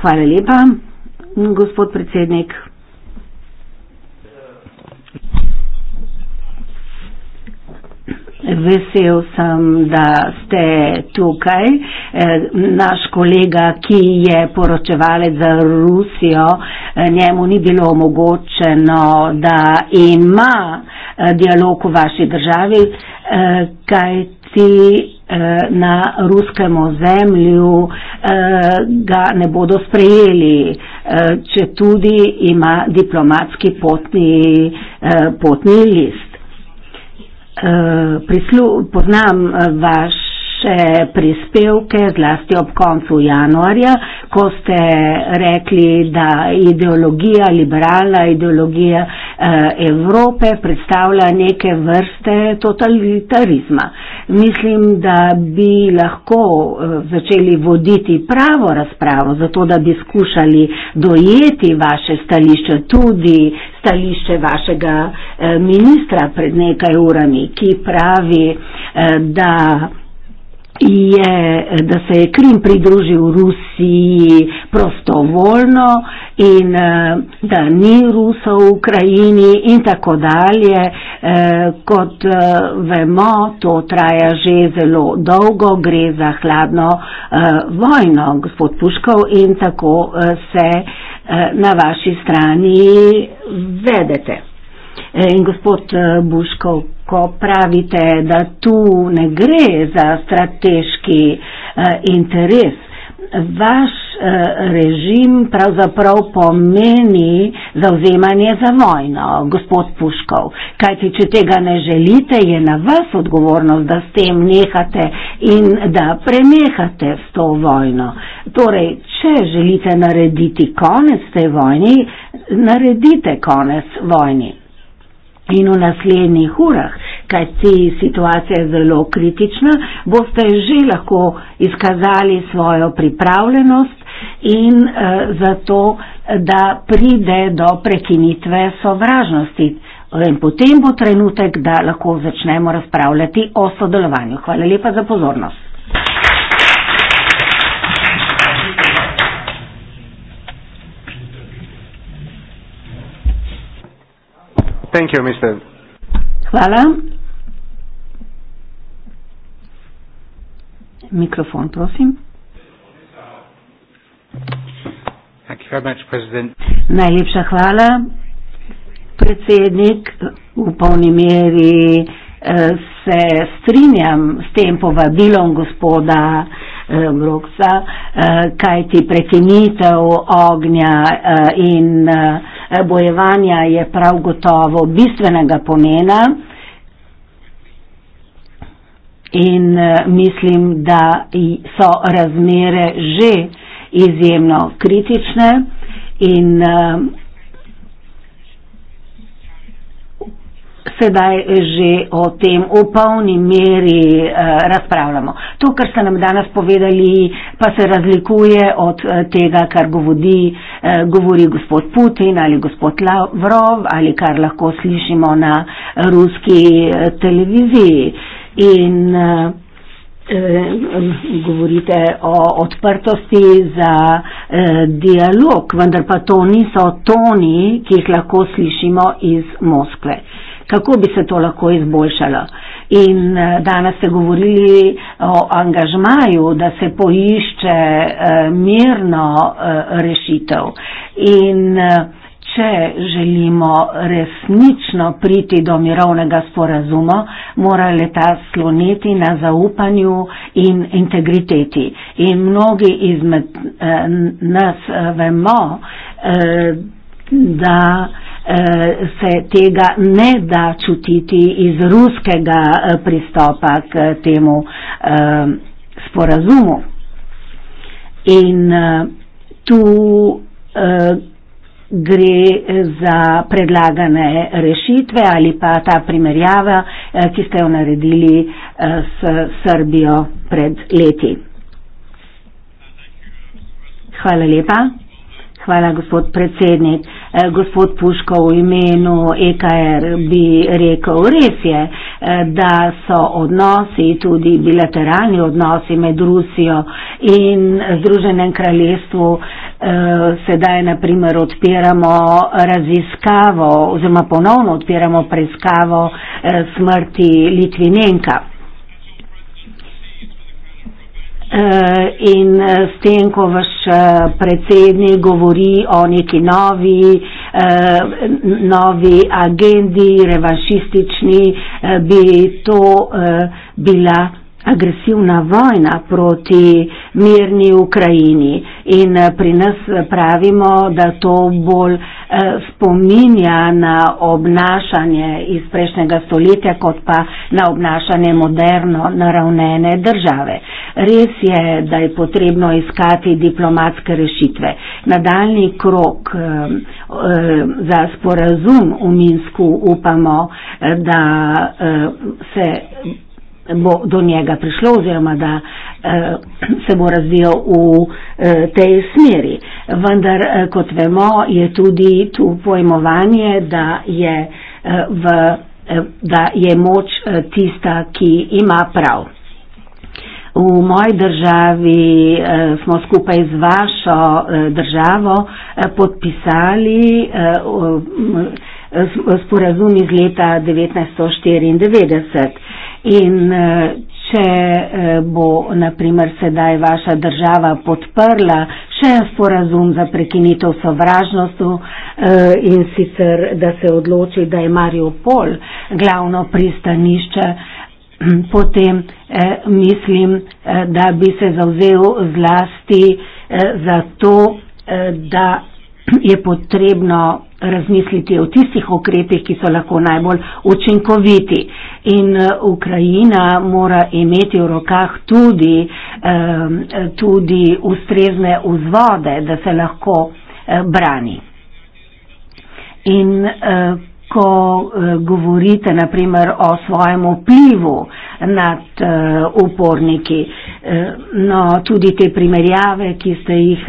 Hvala lepa gospod predsednik. Vesel sem, da ste tukaj. Eh, naš kolega, ki je poročevalec za Rusijo, eh, njemu ni bilo omogočeno, da ima eh, dialog v vaši državi, kajti Eh, na ruskem ozemlju eh, ga ne bodo sprejeli, eh, če tudi ima diplomatski potni, potni list. Prislu, poznam vaš vaše prispevke, zlasti ob koncu januarja, ko ste rekli, da ideologija, liberalna ideologija eh, Evrope predstavlja neke vrste totalitarizma. Mislim, da bi lahko eh, začeli voditi pravo razpravo, zato da bi skušali dojeti vaše stališče, tudi stališče vašega eh, ministra pred nekaj urami, ki pravi, da je, da se je Krim pridružil Rusiji prostovoljno in eh, da ni Rusa v Ukrajini in tako dalje. Eh, kot eh, vemo, to traja že zelo dolgo, gre za hladno vojno, gospod Puškov, in tako se na vaši strani vedete. Eh, in gospod eh, Buško, ko pravite, da tu ne gre za strateški eh, interes, vaš režim pravzaprav pomeni zauzemanje za vojno, gospod Puškov. Kajti, če tega ne želite, je na vas odgovornost, da s tem nehate in da prenehate s to vojno. Torej, če želite narediti konec tej vojni, naredite konec vojni in v naslednjih urah, kaj ti situacija je zelo kritična, boste že lahko izkazali svojo pripravljenost in eh, zato, da pride do prekinitve sovražnosti. In potem bo trenutek, da lahko začnemo razpravljati o sodelovanju. Hvala lepa za pozornost. Thank you, mister. Hvala. Mikrofon, prosim. Thank you very much, president. Najlepša hvala. Predsednik, v polni meri eh, se strinjam s tem povabilom gospoda. Mruksa, eh, eh, kaj ti prekinitev ognja eh, in bojevanja je prav gotovo bistvenega pomena. In mislim, da so razmere že izjemno kritične in sedaj že o tem v polni meri uh, razpravljamo. To, kar ste nam danes povedali, pa se razlikuje od uh, tega, kar govori, uh, govori gospod Putin ali gospod Lavrov ali kar lahko slišimo na ruski uh, televiziji. In uh, um, govorite o odprtosti za uh, dialog, vendar pa to niso toni, ki jih lahko slišimo iz Moskve. Uh, kako bi se to lahko izboljšalo. In eh, danes ste govorili eh, o angažmaju, da se poišče eh, mirno rešitev. In če želimo resnično priti do mirovnega sporazuma, mora leta sloniti na zaupanju in integriteti. In mnogi izmed nas vemo, da Eh, se tega ne da čutiti iz ruskega eh, pristopa k eh, temu sporazumu. In tu gre za predlagane rešitve ali pa ta primerjava, ki ste jo naredili s Srbijo pred leti. Hvala lepa. Hvala, gospod predsednik. Eh, gospod Puško v imenu EKR bi rekel, res je, eh, da so odnosi, tudi bilateralni odnosi med Rusijo in Združenem kraljestvu, eh, sedaj naprimer odpiramo raziskavo oziroma ponovno odpiramo preiskavo smrti Litvinenka. Eh, in eh, s tem, ko vaš eh, predsednik govori o neki novi, novi agendi, revanšistični, bi to bila agresivna vojna proti mirni Ukrajini. In pri nas pravimo, da to bolj Eh, spominja na obnašanje iz prejšnjega stoletja kot pa na obnašanje moderno naravnene države. Res je, da je potrebno iskati diplomatske rešitve. Nadaljni krok eh, eh, za sporazum v Minsku upamo, da se bo do njega prišlo oziroma da eh, se bo razvijal v eh, tej smeri. Vendar, eh, kot vemo, je tudi tu pojmovanje, da je, v, da je moč tista, ki ima prav. V moji državi smo skupaj z vašo državo podpisali sporazum iz leta 1994. In, eh, Če eh, bo naprimer sedaj vaša država podprla še en sporazum za prekinitev sovražnosti eh, in sicer, da se odloči, da je Mariupol glavno pristanišče, *clears throat* potem mislim, da bi se zauzel zlasti za to, da je potrebno razmisliti o tistih okrepih, ki so lahko najbolj učinkoviti. In eh, Ukrajina mora imeti v rokah tudi, ehm, tudi ustrezne vzvode, da se lahko eh, brani. In eh, ko eh, govorite naprimer o svojem vplivu nad eh, uporniki. Eh, no, tudi te primerjave, ki ste jih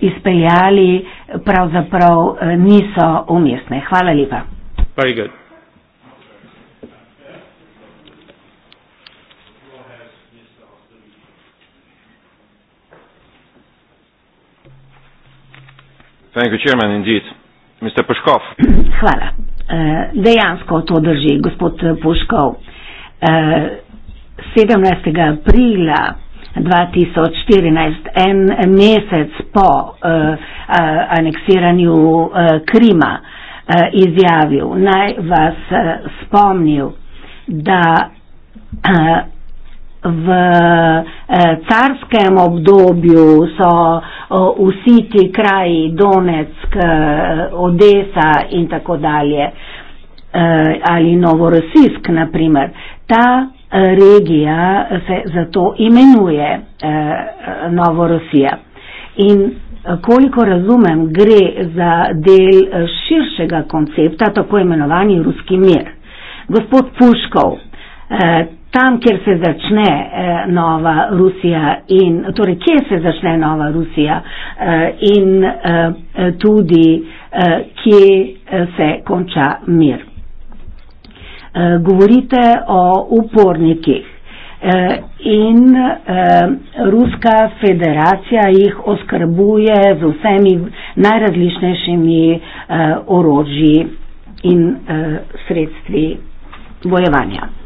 izpeljali, pravzaprav niso umestne. Hvala lepa. Thank you, Chairman, indeed. Mr. Poškov. *clears throat* Hvala. Eh, dejansko to drži, gospod Poškov. 17. Eh, aprila 2014, en mesec po eh, aneksiranju Krima, izjavil, naj vas spomnil, da v eh, carskem obdobju so oh, vsi ti kraji Donetsk, eh, Odessa in tako dalje eh, ali Novorosijsk naprimer. Ta eh, regija se zato imenuje eh, Novorosija. In eh, koliko razumem, gre za del eh, širšega koncepta, tako imenovani ruski mir. Gospod Puškov, eh, tam, kjer se začne eh, nova Rusija in torej, kje se začne nova Rusija eh, in eh, tudi, eh, kje eh, se konča mir. Eh, govorite o upornikih eh, in eh, Ruska federacija jih oskrbuje z vsemi najrazličnejšimi eh, orožji in eh, sredstvi bojevanja.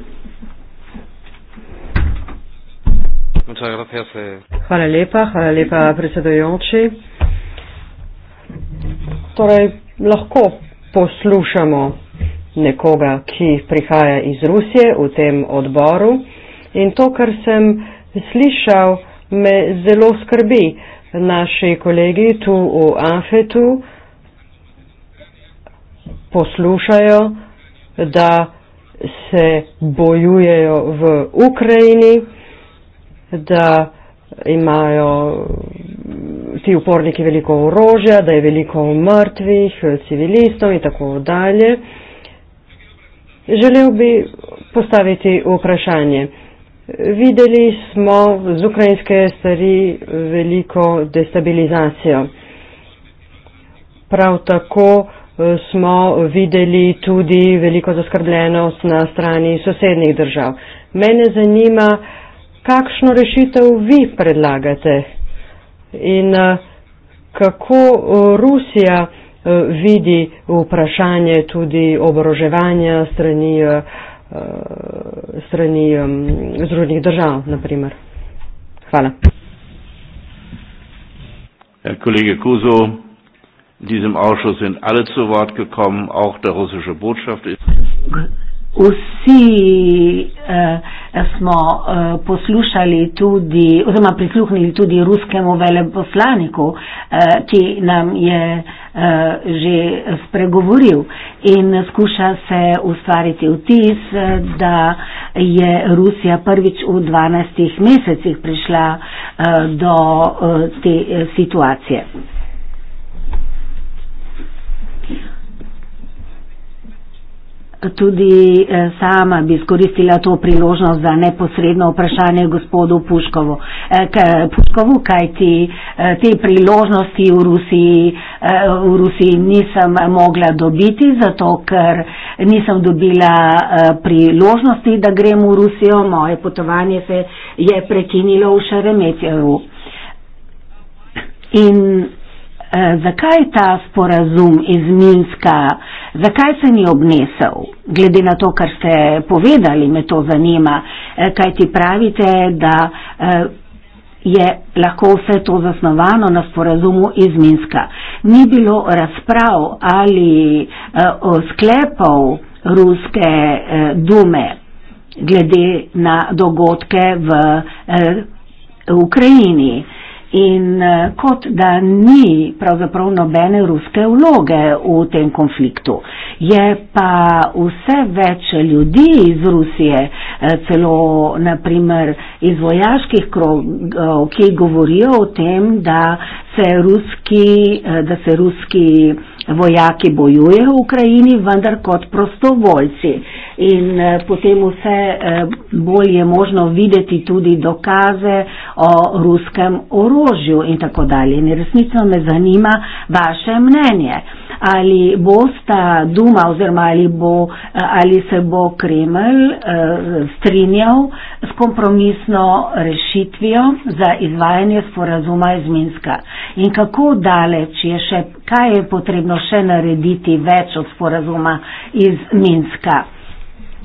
Hvala lepa, hvala lepa predsedojoči. Torej, lahko poslušamo nekoga, ki prihaja iz Rusije v tem odboru in to, kar sem slišal, me zelo skrbi. Naši kolegi tu v Afetu poslušajo, da se bojujejo v Ukrajini da imajo ti uporniki veliko orožja, da je veliko mrtvih, civilistov in tako dalje. Želel bi postaviti vprašanje. Videli smo z ukrajinske stvari veliko destabilizacijo. Prav tako eh, smo videli tudi veliko zaskrbljenost na strani sosednjih držav. Mene zanima, kakšno rešitev vi predlagate in eh, kako eh, Rusija eh, vidi vprašanje tudi obroževanja strani, strani mm, Združenih držav, naprimer. Hvala. Ja, Kolege Kuzo, diesem Ausschuss sind alle zu Wort gekommen, auch der russische Botschafter ist vsi eh, smo eh, poslušali tudi, oziroma prisluhnili tudi ruskemu veleposlaniku, eh, ki nam je eh, že spregovoril in skuša se ustvariti vtis, da je Rusija prvič v 12 mesecih prišla eh, do eh, te eh, situacije. Tudi eh, sama bi skoristila to priložnost za neposredno vprašanje gospodu Puškovu, eh, Puškovu kaj ti eh, te priložnosti v Rusiji, v Rusiji nisem mogla dobiti, zato ker nisem dobila priložnosti, da grem v Rusijo. Moje potovanje se je prekinilo v Šeremetjevu. In Eh, zakaj ta sporazum iz Minska, zakaj se ni obnesel? Glede na to, kar ste povedali, me to zanima, eh, kaj ti pravite, da eh, je lahko vse to zasnovano na sporazumu iz Minska. Ni bilo razprav ali sklepov ruske dume glede na dogodke v Ukrajini in eh, kot da ni pravzaprav nobene ruske vloge v tem konfliktu. Je pa vse več ljudi iz Rusije, eh, celo naprimer iz vojaških krogov, ki govorijo o tem, da se ruski, eh, da se ruski vojaki bojujejo v Ukrajini, vendar kot prostovoljci. In eh, potem vse eh, bolj je možno videti tudi dokaze o ruskem orožju in tako dalje. In resnično me zanima vaše mnenje ali bo sta Duma oziroma ali, bo, ali se bo Kremelj eh, strinjal s kompromisno rešitvijo za izvajanje sporazuma iz Minska. In kako daleč je še, kaj je potrebno še narediti več od sporazuma iz Minska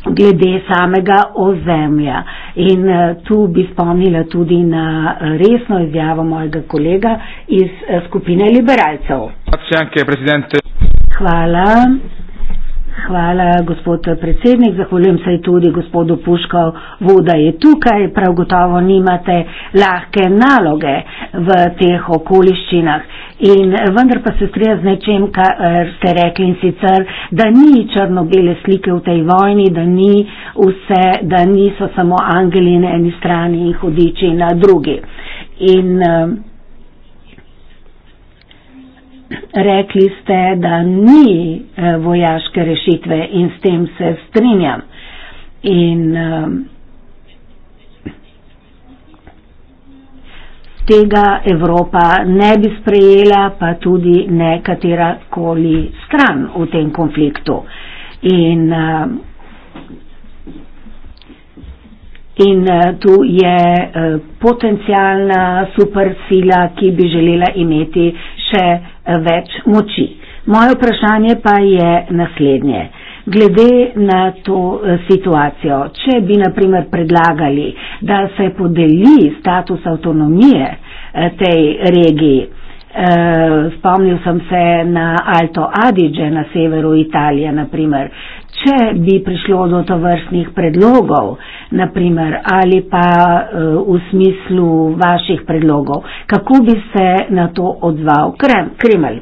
glede samega ozemlja. In eh, tu bi spomnila tudi na eh, resno izjavo mojega kolega iz eh, skupine liberalcev. Hvala hvala, gospod predsednik. Zahvaljujem se tudi gospodu Puškov, voda je tukaj. Prav gotovo nimate lahke naloge v teh okoliščinah. In vendar pa se strija z nečem, kar eh, ste rekli in sicer, da ni črno-bele slike v tej vojni, da ni vse, da niso samo angeli na eni strani in hudiči na drugi. In, uh, rekli ste, da ni eh, vojaške rešitve in s tem se strinjam. In eh, tega Evropa ne bi sprejela, pa tudi ne katerakoli stran v tem konfliktu. In, eh, in tu je potencijalna supersila, ki bi želela imeti še več moči. Moje vprašanje pa je naslednje. Glede na to eh, situacijo, če bi naprimer predlagali, da se podeli status avtonomije eh, tej regiji, eh, spomnil sem se na Alto Adige na severu Italije naprimer, če bi prišlo do tovrstnih predlogov, naprimer, ali pa eh, v smislu vaših predlogov, kako bi se na to odzval Kremelj?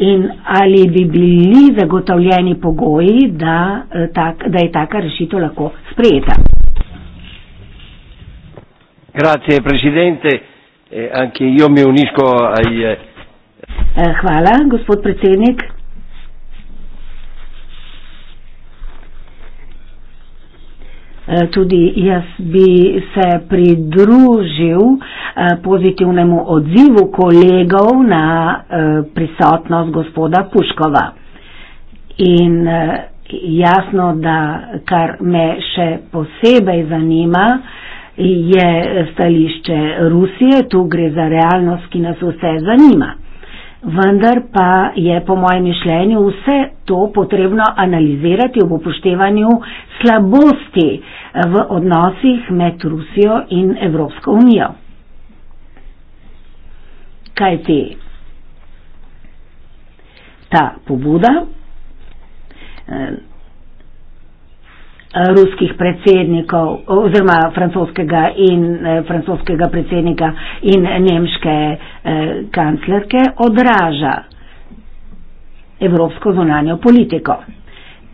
In ali bi bili zagotovljeni pogoji, da, eh, tak, da je taka rešitev lahko sprejeta? Grazie, presidente. Eh, anche io mi unisco ai. Hvala, gospod predsednik. Eh, tudi jaz bi se pridružil eh, pozitivnemu odzivu kolegov na eh, prisotnost gospoda Puškova. In jasno, da kar me še posebej zanima, je stališče Rusije, tu gre za realnost, ki nas vse zanima. Vendar pa je po mojem mišljenju vse to potrebno analizirati ob upoštevanju slabosti eh, v odnosih med Rusijo in Evropsko unijo. Kaj ti ta pobuda eh, ruskih predsednikov oziroma francoskega in eh, francoskega predsednika in nemške eh, kanclerke odraža evropsko zunanjo politiko.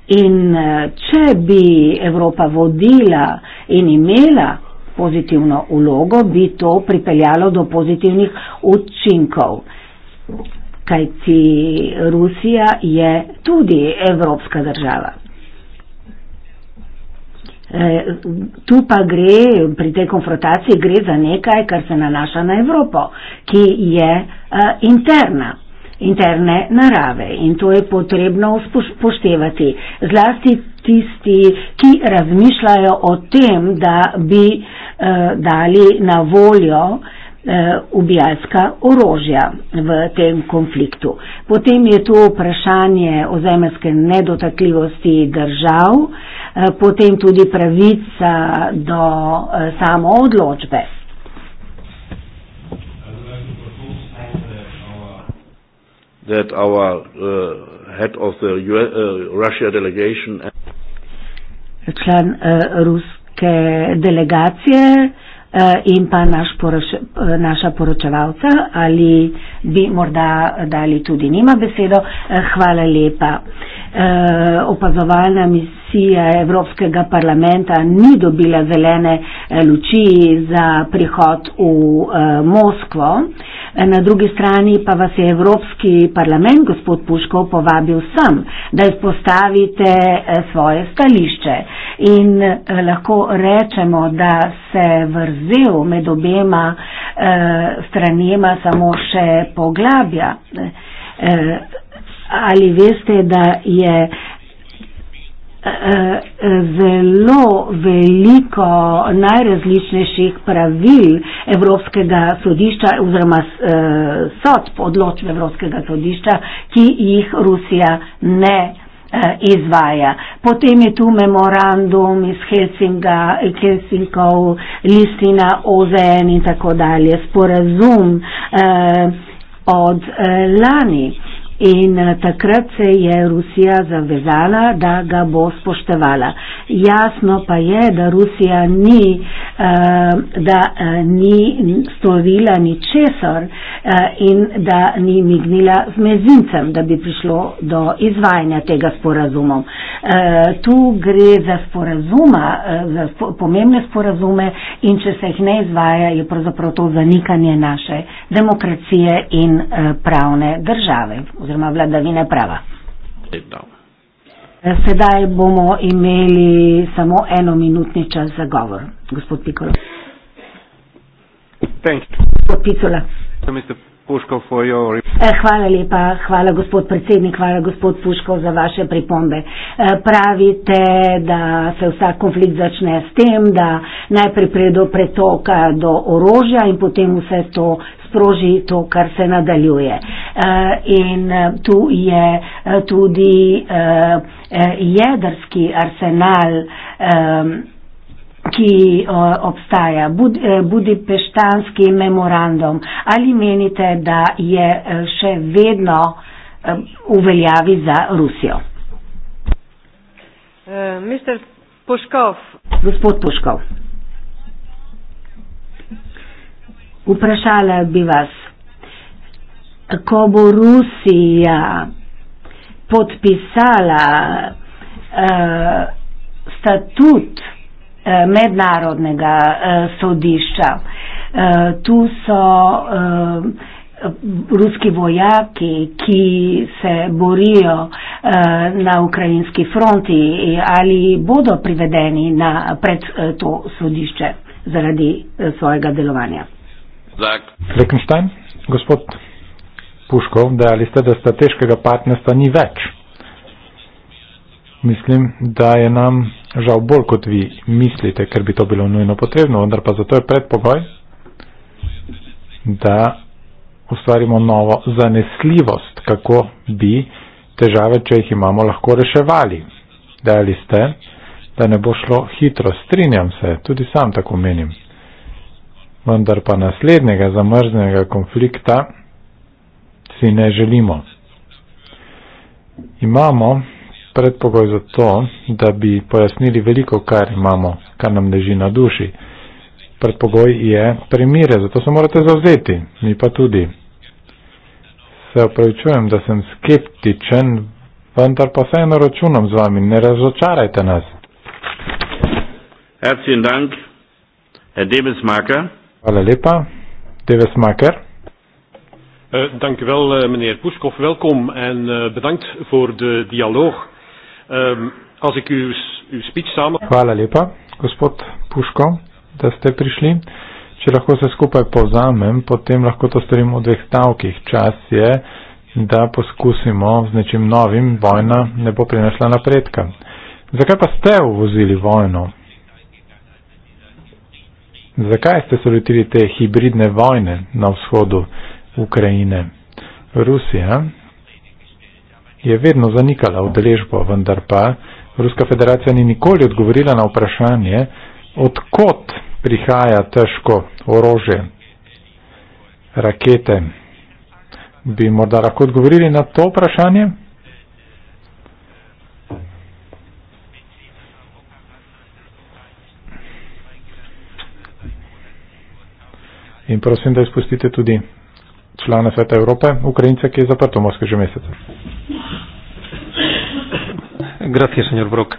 In eh, če bi Evropa vodila in imela pozitivno ulogo, bi to pripeljalo do pozitivnih učinkov. Kajti Rusija je tudi evropska država. Eh, tu pa gre pri tej konfrontaciji gre za nekaj, kar se nanaša na Evropo, ki je eh, interna interne narave in to je potrebno spoštevati. Zlasti tisti, ki razmišljajo o tem, da bi eh, dali na voljo eh, ubijalska orožja v tem konfliktu. Potem je to vprašanje o zemljske nedotakljivosti držav, eh, potem tudi pravica do eh, samoodločbe. that our uh, head of the U uh, Russia delegation član uh, ruske delegacije uh, in pa naš poroč uh, naša poročevalca ali uh, bi morda dali tudi njima besedo. Eh, hvala lepa. Eh, opazovalna misija Evropskega parlamenta ni dobila zelene eh, luči za prihod v Moskvo. Na drugi strani pa vas je Evropski parlament, gospod Puškov, povabil sem, da izpostavite svoje stališče. In lahko rečemo, da se vrzel med obema stranima samo še poglablja. E, ali veste, da je e, e, zelo veliko najrazličnejših pravil Evropskega sodišča oziroma sodb odločb Evropskega sodišča, ki jih Rusija ne izvaja. Potem je tu memorandum iz Helsinga, Helsinkov, listina OZN in tako dalje, sporazum. Eh, od eh, lani. In eh, takrat se je Rusija zavezala, da ga bo spoštevala. Jasno pa je, da Rusija ni, eh, da eh, ni storila ničesar in da ni mignila z mezincem, da bi prišlo do izvajanja tega sporazuma. Tu gre za sporazuma, za pomembne sporazume in če se jih ne izvaja, je pravzaprav to zanikanje naše demokracije in pravne države oziroma vladavine prava. E, sedaj bomo imeli samo eno minutni čas za govor. Gospod Pikolo. Gospod Picola. Puško for your eh, Hvala lepa, hvala gospod predsednik, hvala gospod Puško za vaše pripombe. Eh, pravite, da se vsak konflikt začne s tem, da najprej pride do pretoka do orožja in potem vse to sproži to, kar se nadaljuje. Eh, in tu je tudi jedrski arsenal ki eh, obstaja, eh, Budipeštanski memorandum. Ali menite, da je eh, še vedno v veljavi za Rusijo? Mister Poškov. Gospod Poškov. Vprašala bi vas, ko bo Rusija podpisala uh, statut Eh, mednarodnega eh, sodišča. Eh, tu so ruski vojaki, ki se borijo na ukrajinski fronti ali bodo privedeni na, pred to sodišče zaradi svojega delovanja. Frekenstein, gospod Puškov, dejali ste, da strateškega partnerstva ni več. Mislim, da je nam žal bolj kot vi mislite, ker bi to bilo nujno potrebno, vendar pa zato je predpogoj, da ustvarimo novo zanesljivost, kako bi težave, če jih imamo, lahko reševali. Dejali ste, da ne bo šlo hitro, strinjam se, tudi sam tako menim. Vendar pa naslednjega zamrznega konflikta si ne želimo. Imamo predpogoj za to, da bi pojasnili veliko, kar imamo, kar nam leži na duši. Predpogoj je premire, zato se morate zavzeti, mi pa tudi. Se opravičujem, da sem skeptičen, vendar pa vseeno računam z vami, ne razočarajte nas. Herzlichen Dank, Herr Debesmaker. Hvala lepa, Debesmaker. Uh, eh, dank u wel, uh, meneer Puskov. Welkom en uh, bedankt voor de dialoog. Um, als ik uw, uw speech samen... Hvala lepa, gospod Puško, da ste prišli. Če lahko se skupaj povzamem, potem lahko to storimo v dveh stavkih. Čas je, da poskusimo z nečim novim, vojna ne bo prinašla napredka. Zakaj pa ste uvozili vojno? Zakaj ste se lotili te hibridne vojne na vzhodu Ukrajine? Rusija, je vedno zanikala udeležbo, vendar pa Ruska federacija ni nikoli odgovorila na vprašanje, odkot prihaja težko orože, rakete. Bi morda lahko odgovorili na to vprašanje? In prosim, da izpustite tudi člane Sveta Evrope, Ukrajince, ki je zaprto v Moskvi že mesece. Gracias, señor Brok.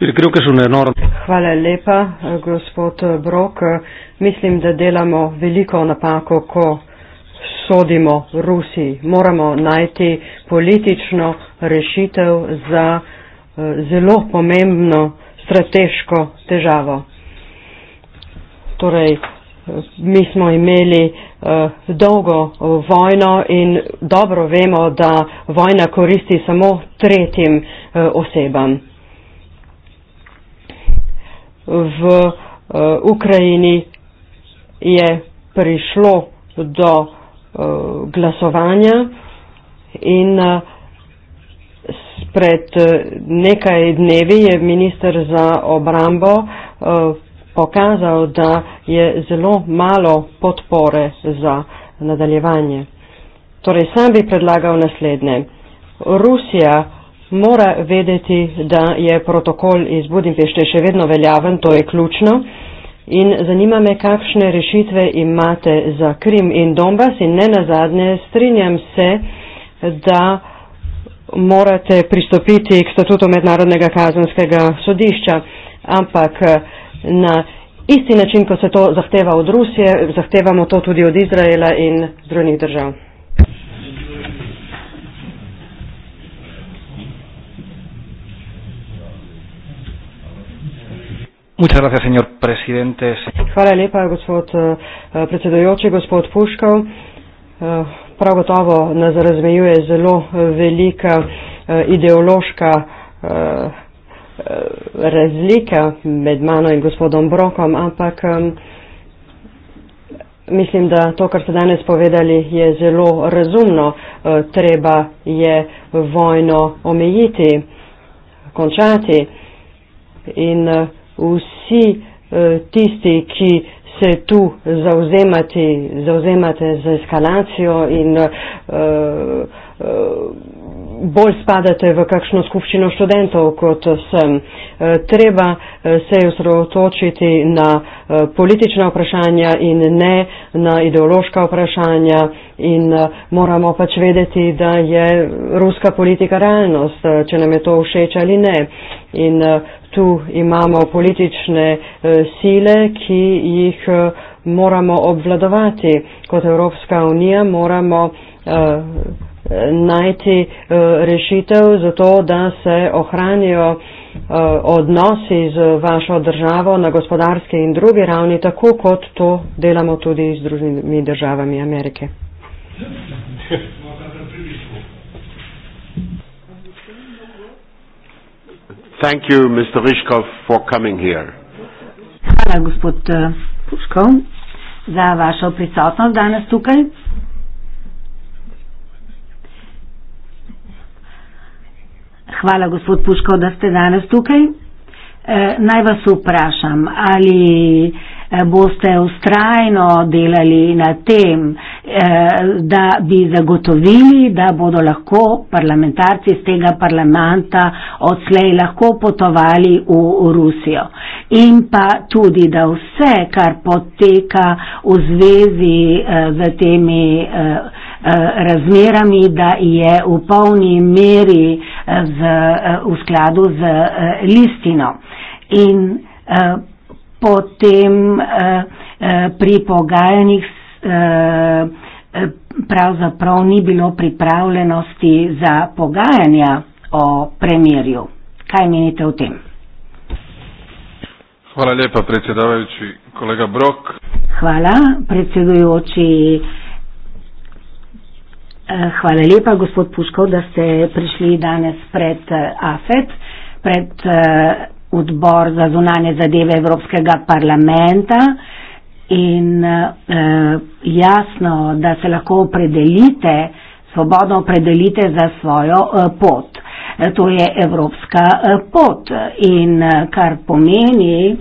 Creo que es un enorme... Hvala lepa, gospod Brok. Mislim, da delamo veliko napako, ko sodimo Rusiji. Moramo najti politično rešitev za eh, zelo pomembno strateško težavo. Torej, mi smo imeli uh, dolgo eh, vojno in dobro vemo, da vojna koristi samo tretjim uh, osebam. V uh, Ukrajini je prišlo do uh, glasovanja in uh, pred uh, nekaj dnevi je minister za obrambo uh, pokazal, da je zelo malo podpore za nadaljevanje. Torej, sam bi predlagal naslednje. Rusija mora vedeti, da je protokol iz Budimpešte še vedno veljaven, to je ključno. In zanima me, kakšne rešitve imate za Krim in Donbas. In ne nazadnje, strinjam se, da morate pristopiti k statutu Mednarodnega kazanskega sodišča. Ampak na isti način, ko se to zahteva od Rusije, zahtevamo to tudi od Izraela in drugih držav. Gracias, Hvala lepa, gospod eh, predsedujoči, gospod Puškov. Eh, prav gotovo nas razmejuje zelo velika eh, ideološka Eh, razlike med mano in gospodom Brokom, ampak um, mislim, da to, kar ste danes povedali, je zelo razumno. Uh, treba je vojno omejiti, končati in uh, vsi uh, tisti, ki se tu zauzemate za eskalacijo in uh, uh, bolj spadate v kakšno skupščino študentov kot sem. E, treba e, se je osredotočiti na e, politična vprašanja in ne na ideološka vprašanja in moramo pač vedeti, da je ruska politika realnost, če nam je to všeč ali ne. In tu imamo politične sile, ki jih moramo obvladovati. Kot Evropska unija moramo najti eh, rešitev za to, da se ohranijo eh, odnosi z vašo državo na gospodarski in drugi ravni, tako kot to delamo tudi z drugimi državami Amerike. You, Hvala, gospod eh, Puškov, za vašo prisotnost danes tukaj. Hvala, gospod Puško, da ste danes tukaj. Eh, naj vas vprašam, ali eh, boste ustrajno delali na tem, eh, da bi zagotovili, da bodo lahko parlamentarci iz tega parlamenta odslej lahko potovali v Rusijo. In pa tudi, da vse, kar poteka v zvezi z temi Eh, razmerami, da je v polni meri eh, z, eh, v skladu z listino. In potem pri pogajanjih pravzaprav ni bilo pripravljenosti za pogajanja o premirju. Kaj menite o tem? Hvala lepa, predsedavajoči kolega Brok. Hvala, predsedujoči. Eh, hvala lepa, gospod Puškov, da ste prišli danes pred eh, AFET, pred eh, odbor za zunanje zadeve Evropskega parlamenta. In eh, jasno, da se lahko opredelite, svobodno opredelite za svojo eh, pot. E, to je evropska eh, pot. In eh, kar pomeni,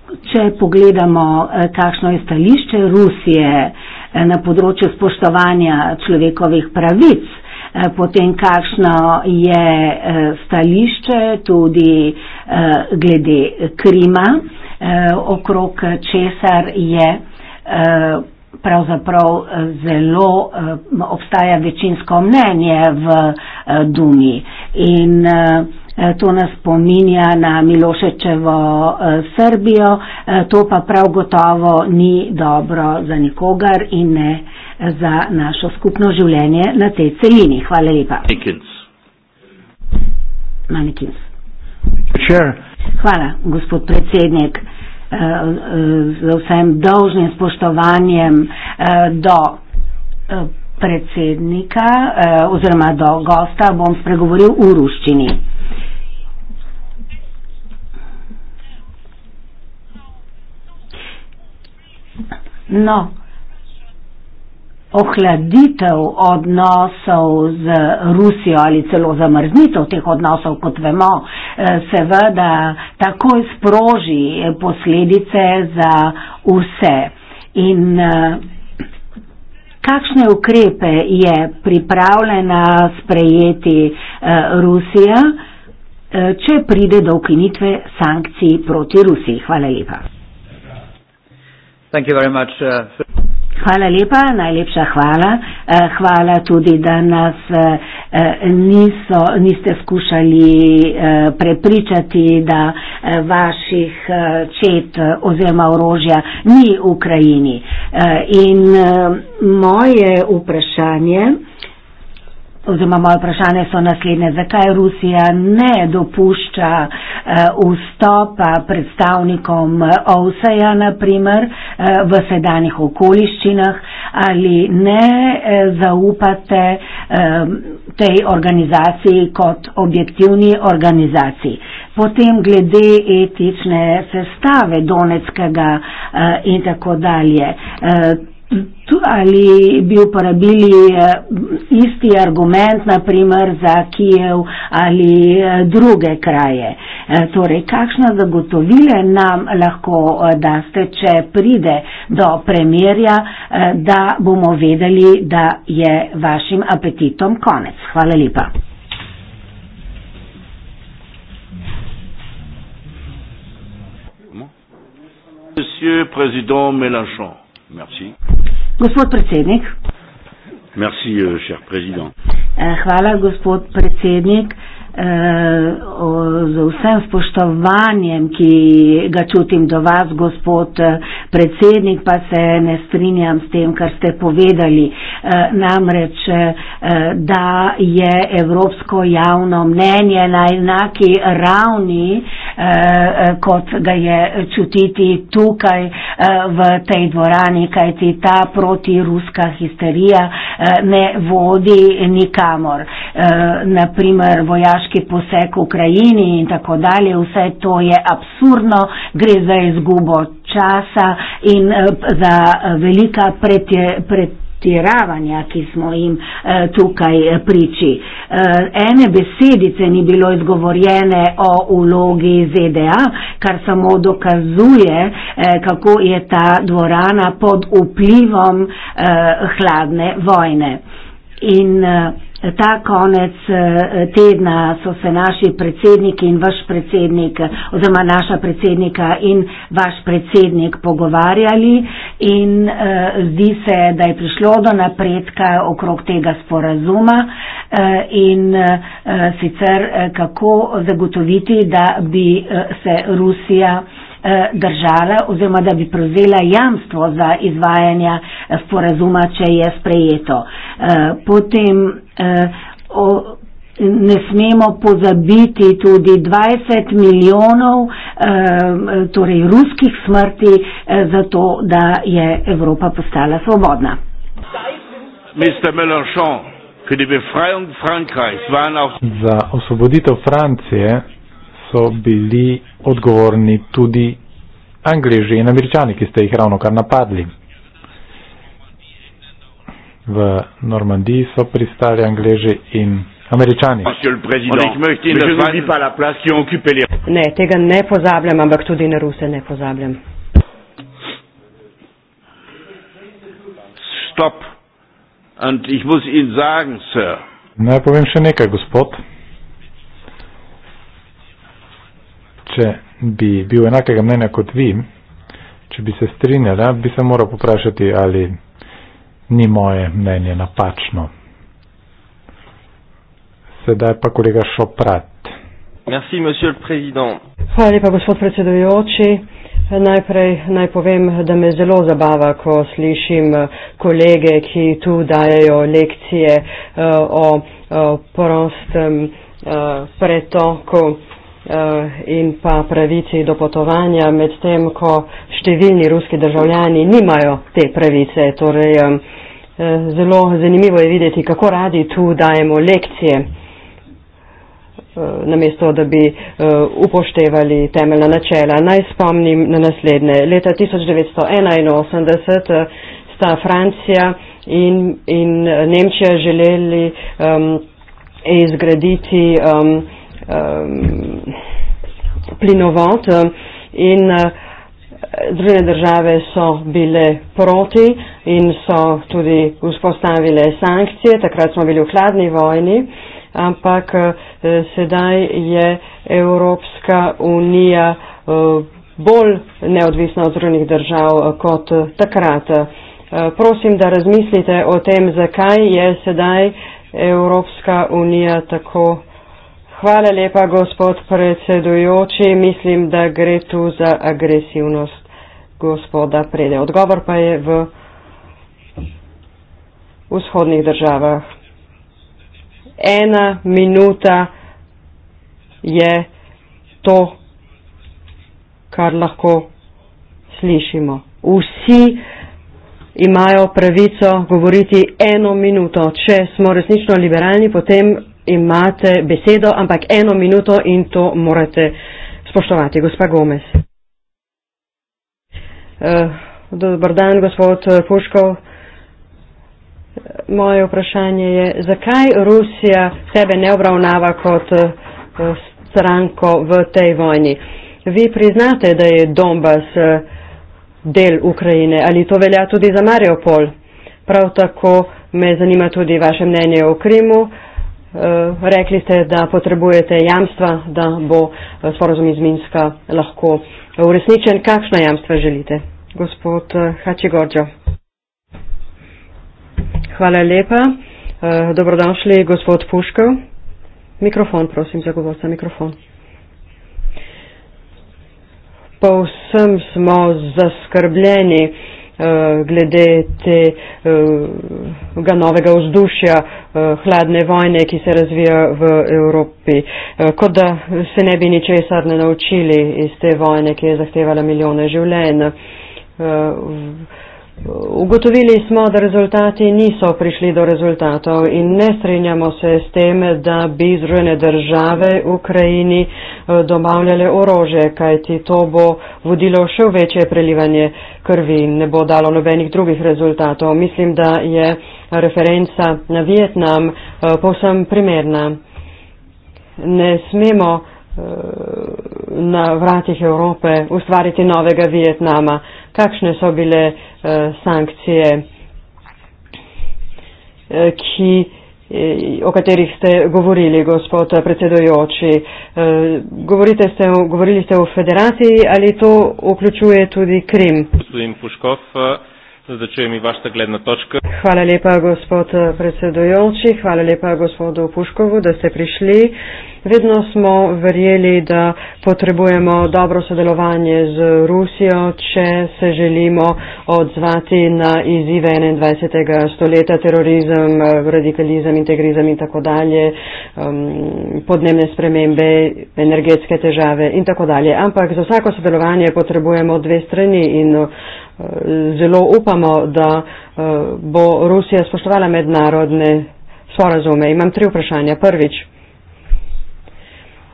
*clears throat* če pogledamo, eh, kakšno je stališče Rusije eh, Eh, na področju spoštovanja človekovih pravic, eh, potem kakšno je eh, stališče tudi glede krima, okrog česar je pravzaprav zelo obstaja večinsko mnenje v Duni. In, Eh, to nas spominja na Miloševčevo eh, Srbijo, eh, to pa prav gotovo ni dobro za nikogar in ne za našo skupno življenje na tej celini. Hvala lepa. Manikins. Hvala, gospod predsednik, z vsem dolžnim spoštovanjem do predsednika eh, oziroma do gosta bom spregovoril v ruščini. No, ohladitev odnosov z Rusijo ali celo zamrznitev teh odnosov, kot vemo, eh, seveda takoj sproži posledice za vse. In eh, kakšne ukrepe je pripravljena sprejeti eh, Rusija, eh, če pride do ukinitve sankcij proti Rusiji. Hvala lepa. Thank you very much. Uh, Hvala lepa, najlepša hvala. Eh, hvala tudi, da nas eh, niso, niste skušali eh, prepričati, da vaših čet oziroma orožja ni v Ukrajini. In moje vprašanje. Oziroma, moje vprašanje so naslednje. Zakaj Rusija ne dopušča eh, vstopa predstavnikom eh, OVSA-ja, naprimer, eh, v sedanjih okoliščinah, ali ne zaupate tej organizaciji kot objektivni organizaciji? Potem glede etične sestave Donetskega in tako dalje tu, ali bi uporabili eh, isti argument, naprimer za Kijev ali eh, druge kraje. Eh, torej, kakšna zagotovile nam lahko daste, če pride do premjerja, da bomo vedeli, da je vašim apetitom konec. Hvala lepa. Monsieur le Président Mélenchon, merci. Gospod predsednik. Merci, euh, cher président. Eh, hvala, gospod predsednik eh, o, z vsem spoštovanjem, ki ga čutim do vas, gospod eh, predsednik, pa se ne strinjam s tem, kar ste povedali. Eh, namreč, eh, da je evropsko javno mnenje na enaki ravni, eh, kot ga je čutiti tukaj eh, v tej dvorani, kajti ta protiruska histerija eh, ne vodi nikamor. Eh, naprimer, vojaš vojaški poseg v Ukrajini in tako dalje, vse to je absurdno, gre za izgubo časa in eh, za eh, velika pretiravanja, ki smo jim eh, tukaj priči. Ene besedice ni bilo izgovorjene o ulogi ZDA, kar samo dokazuje, kako je ta dvorana pod vplivom hladne vojne. In uh, Ta konec eh, tedna so se naši predsedniki in vaš predsednik, oziroma naša predsednika in vaš predsednik pogovarjali in eh, zdi se, da je prišlo do napredka okrog tega sporazuma eh, in sicer kako zagotoviti, da bi se Rusija Eh, držala oziroma da bi prevzela jamstvo za izvajanje eh, sporazuma, če je sprejeto. Eh, potem ne smemo pozabiti tudi 20 milijonov torej ruskih smrti za to, da je Evropa postala svobodna. Za osvoboditev Francije so bili odgovorni tudi Angliži in Američani, ki ste jih ravno kar napadli. V Normandiji so pristali Angliži in Američani. Ne, tega ne pozabljam, ampak tudi na Ruse ne pozabljam. Stop. Naj povem še nekaj, gospod. če bi bil enakega mnenja kot vi, če bi se strinjala, bi se moral poprašati, ali ni moje mnenje napačno. Sedaj pa kolega Šoprat. Merci, Hvala lepa, gospod predsedujoči. Najprej naj povem, da me zelo zabava, ko slišim kolege, ki tu dajajo lekcije uh, o, o prostem uh, pretoku. Eh, in pa pravici do potovanja, medtem ko številni ruski državljani nimajo te pravice. Torej, eh, zelo zanimivo je videti, kako radi tu dajemo lekcije, eh, namesto da bi upoštevali temeljna načela. Naj spomnim na naslednje. Leta 1981 sta Francija in, in Nemčija želeli um, izgraditi um, um, plinovod eh, in eh, Združene države so bile proti in so tudi vzpostavile sankcije, takrat smo bili v hladni vojni, ampak eh, sedaj je Evropska unija bolj neodvisna od združenih držav kot takrat. Prosim, da razmislite o tem, zakaj je sedaj Evropska unija tako Hvala lepa, gospod predsedujoči. Mislim, da gre tu za agresivnost gospoda Prede. Odgovor pa je v vzhodnih državah. Ena minuta je to, kar lahko slišimo. Vsi imajo pravico govoriti eno minuto. Če smo resnično liberalni, potem imate besedo, ampak eno minuto in to morate spoštovati. Gospa Gomez. Eh, Dobar dan, gospod eh, Puško. Eh, moje vprašanje je, zakaj Rusija sebe ne obravnava kot stranko v tej vojni? Vi priznate, da je Donbas del Ukrajine, ali to velja tudi za Mariupol? Prav tako me zanima tudi vaše mnenje o Krimu. Eh, rekli ste, da potrebujete jamstva, da bo eh, sporozum iz Minska lahko uresničen. Kakšna jamstva želite, gospod eh, Hačigorđo? Hvala lepa. Dobrodošli, gospod Puškov. Mikrofon, prosim, za govorca mikrofon. Povsem smo zaskrbljeni. Eh, glede tega eh, novega vzdušja eh, hladne vojne, ki se razvija v Evropi. Kot da se ne bi ničesar ne naučili iz te vojne, ki je zahtevala milijone življenj. Ugotovili smo, da rezultati niso prišli do rezultatov in ne strinjamo se s tem, da bi Združene države v Ukrajini eh, dobavljale orože, kajti to bo vodilo še v večje prelivanje krvi in ne bo dalo nobenih drugih rezultatov. Mislim, da je referenca na Vietnam eh, povsem primerna. Ne smemo. Eh, na vratih Evrope ustvariti novega Vietnama, kakšne so bile eh, sankcije, eh, ki, o katerih ste govorili, gospod predsedojoči. Govorite ste, govorili ste o federaciji ali to vključuje tudi Krim? Hvala lepa, gospod predsedojoči, hvala lepa gospodu Puškovu, da ste prišli. Vedno smo verjeli, da potrebujemo dobro sodelovanje z Rusijo, če se želimo odzvati na izive 21. stoletja, terorizem, radikalizem, integrizem in tako dalje, um, podnebne spremembe, energetske težave in tako dalje. Ampak za vsako sodelovanje potrebujemo dve strani in uh, zelo upamo, da uh, bo Rusija spoštovala mednarodne sporazume. Imam tri vprašanja. Prvič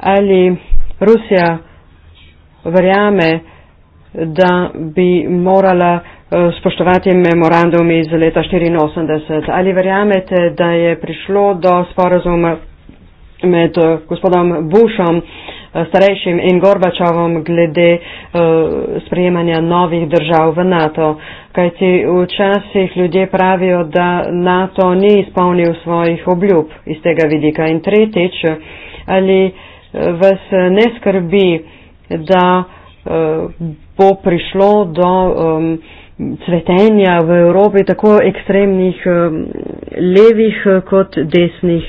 ali Rusija verjame, da bi morala eh, spoštovati memorandum iz leta 1984. Ali verjamete, da je prišlo do sporazuma med eh, gospodom Bushom, eh, starejšim in Gorbačovom glede sprejemanja novih držav v NATO? Kajti včasih ljudje pravijo, da NATO ni izpolnil svojih obljub iz tega vidika. In tretjič, ali vas eh, ne skrbi, da eh, bo prišlo do cvetenja v Evropi tako ekstremnih levih eh, kot desnih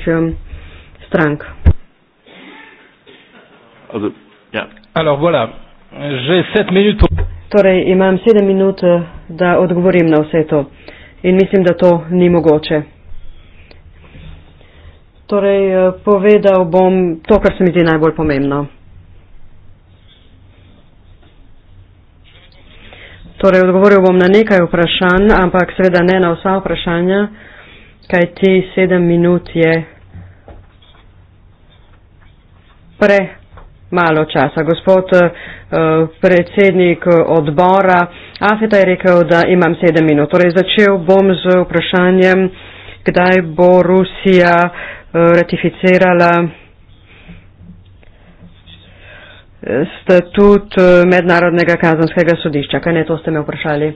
strank. Ja. Alors, voilà. pour... Torej, imam sedem minut, da odgovorim na vse to. In mislim, da to ni mogoče. Torej, eh, povedal bom to, kar se mi zdi najbolj pomembno. Torej, odgovoril bom na nekaj vprašanj, ampak seveda ne na vsa vprašanja, kaj ti sedem minut je pre malo časa. Gospod eh, predsednik odbora Afeta je rekel, da imam sedem minut. Torej, začel bom z vprašanjem, kdaj bo Rusija ratificirala eh, statut eh, Mednarodnega kazanskega sodišča. Kaj ne, to ste me vprašali.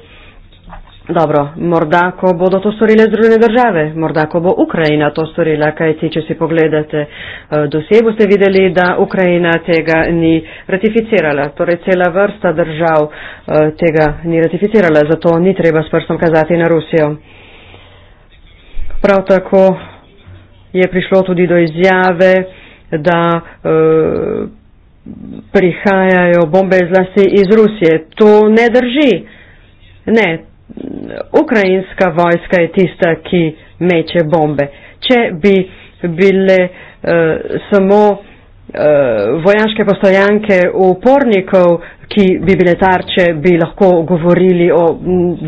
Dobro, morda, ko bodo to storile združene države, morda, ko bo Ukrajina to storila, kajti, če si pogledate eh, dosje, boste videli, da Ukrajina tega ni ratificirala. Torej, cela vrsta držav tega ni ratificirala, zato ni treba s prstom kazati na Rusijo. Prav tako je prišlo tudi do izjave, da e, prihajajo bombe zlasti iz Rusije. To ne drži. Ne, ukrajinska vojska je tista, ki meče bombe. Če bi bile e, samo Eh, vojaške postojanke upornikov, ki bi bile tarče, bi lahko govorili o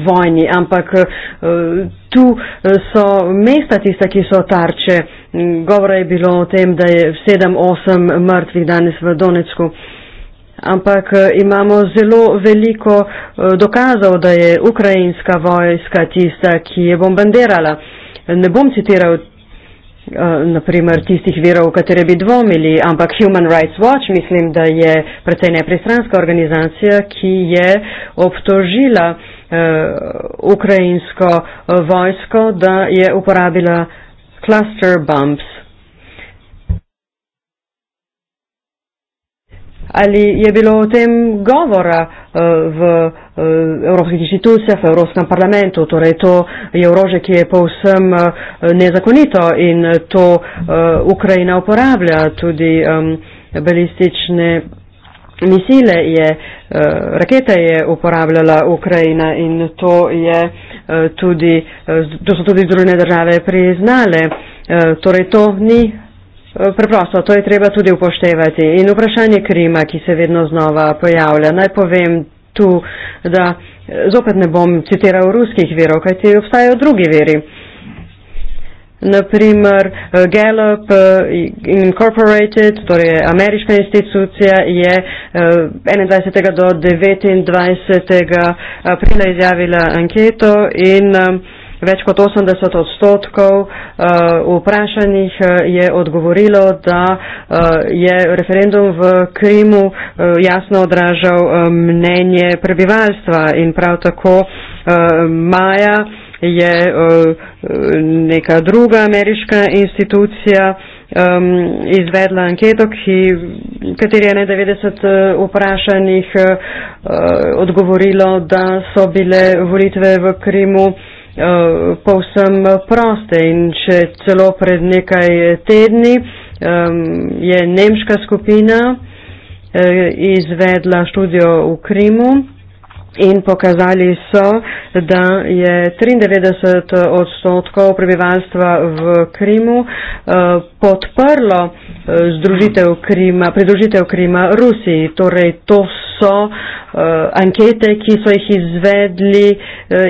vojni, ampak eh, tu eh, so mesta tiste, ki so tarče. Mm, govora je bilo o tem, da je 7-8 mrtvih danes v Donetsku. Ampak imamo zelo veliko dokazov, da je ukrajinska vojska tista, ki je bombardirala. Ne bom citiral Eh, naprimer tistih virov, v katere bi dvomili, ampak Human Rights Watch mislim, da je precej nepristranska organizacija, ki je obtožila eh, ukrajinsko eh, vojsko, da je uporabila cluster bombs ali je bilo o tem govora uh, v uh, evropskih inštitucijah, v Evropskem parlamentu, torej to je orože, ki je povsem uh, nezakonito in to uh, Ukrajina uporablja tudi um, balistične. Misile je, rakete je uporabljala Ukrajina in to, je tudi, to so tudi druge države priznale. Torej, to ni Preprosto, to je treba tudi upoštevati. In vprašanje krima, ki se vedno znova pojavlja. Naj povem tu, da zopet ne bom citiral ruskih verov, kajti obstajajo drugi veri. Naprimer, Gallup eh, Incorporated, torej ameriška institucija, je 21. Eh, do 29. aprila izjavila anketo in eh, Več kot 80 odstotkov uh, vprašanih eh, je odgovorilo, da uh, je referendum v Krimu uh, jasno odražal uh, mnenje prebivalstva in prav tako uh, maja je uh, neka druga ameriška institucija um, izvedla anketo, ki, kateri je 91 vprašanih uh, odgovorilo, da so bile volitve v Krimu uh, Eh, povsem eh, proste in še celo pred nekaj tedni je nemška skupina eh, izvedla študijo v Krimu. In pokazali so, da je 93 odstotkov prebivalstva v Krimu eh, podprlo eh, Krima, pridružitev Krima Rusiji. Torej, to so eh, ankete, ki so jih izvedli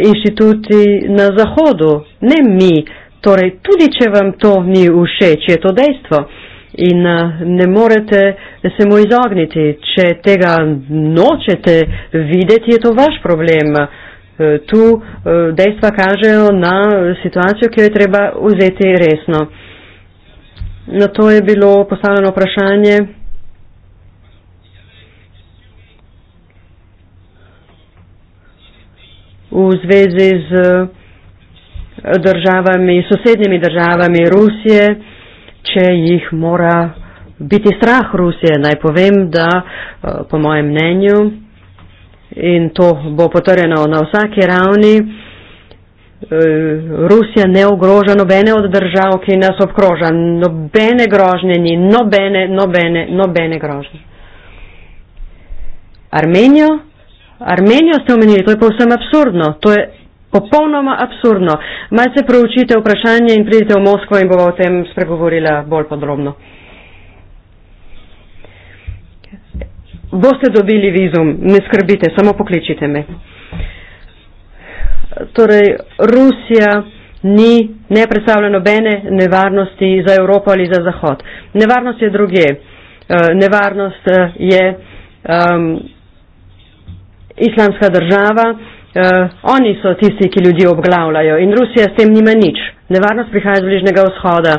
inštituti na Zahodu, ne mi. Torej, tudi če vam to ni všeč, je to dejstvo in eh, ne morete se mu izogniti. Če tega nočete videti, je to vaš problem. Eh, tu eh, dejstva kažejo na situacijo, ki jo je treba vzeti resno. Na to je bilo postavljeno vprašanje. v zvezi z državami, sosednjimi državami Rusije če jih mora biti strah Rusije. Naj povem, da eh, po mojem mnenju in to bo potrjeno na vsaki ravni, eh, Rusija ne ogroža nobene od držav, ki nas obkroža. Nobene grožnje ni, nobene, nobene, nobene grožnje. Armenijo? Armenijo ste omenili, to je povsem absurdno. To je popolnoma absurdno. Malce proučite vprašanje in pridite v Moskvo in bova o tem spregovorila bolj podrobno. Boste dobili vizum, ne skrbite, samo pokličite me. Torej, Rusija ni, ne predstavlja nobene nevarnosti za Evropo ali za Zahod. Nevarnost je druge. Eh, nevarnost eh, je um, islamska država, Uh, oni so tisti, ki ljudi obglavljajo in Rusija s tem nima nič. Nevarnost prihaja z Bližnjega vzhoda.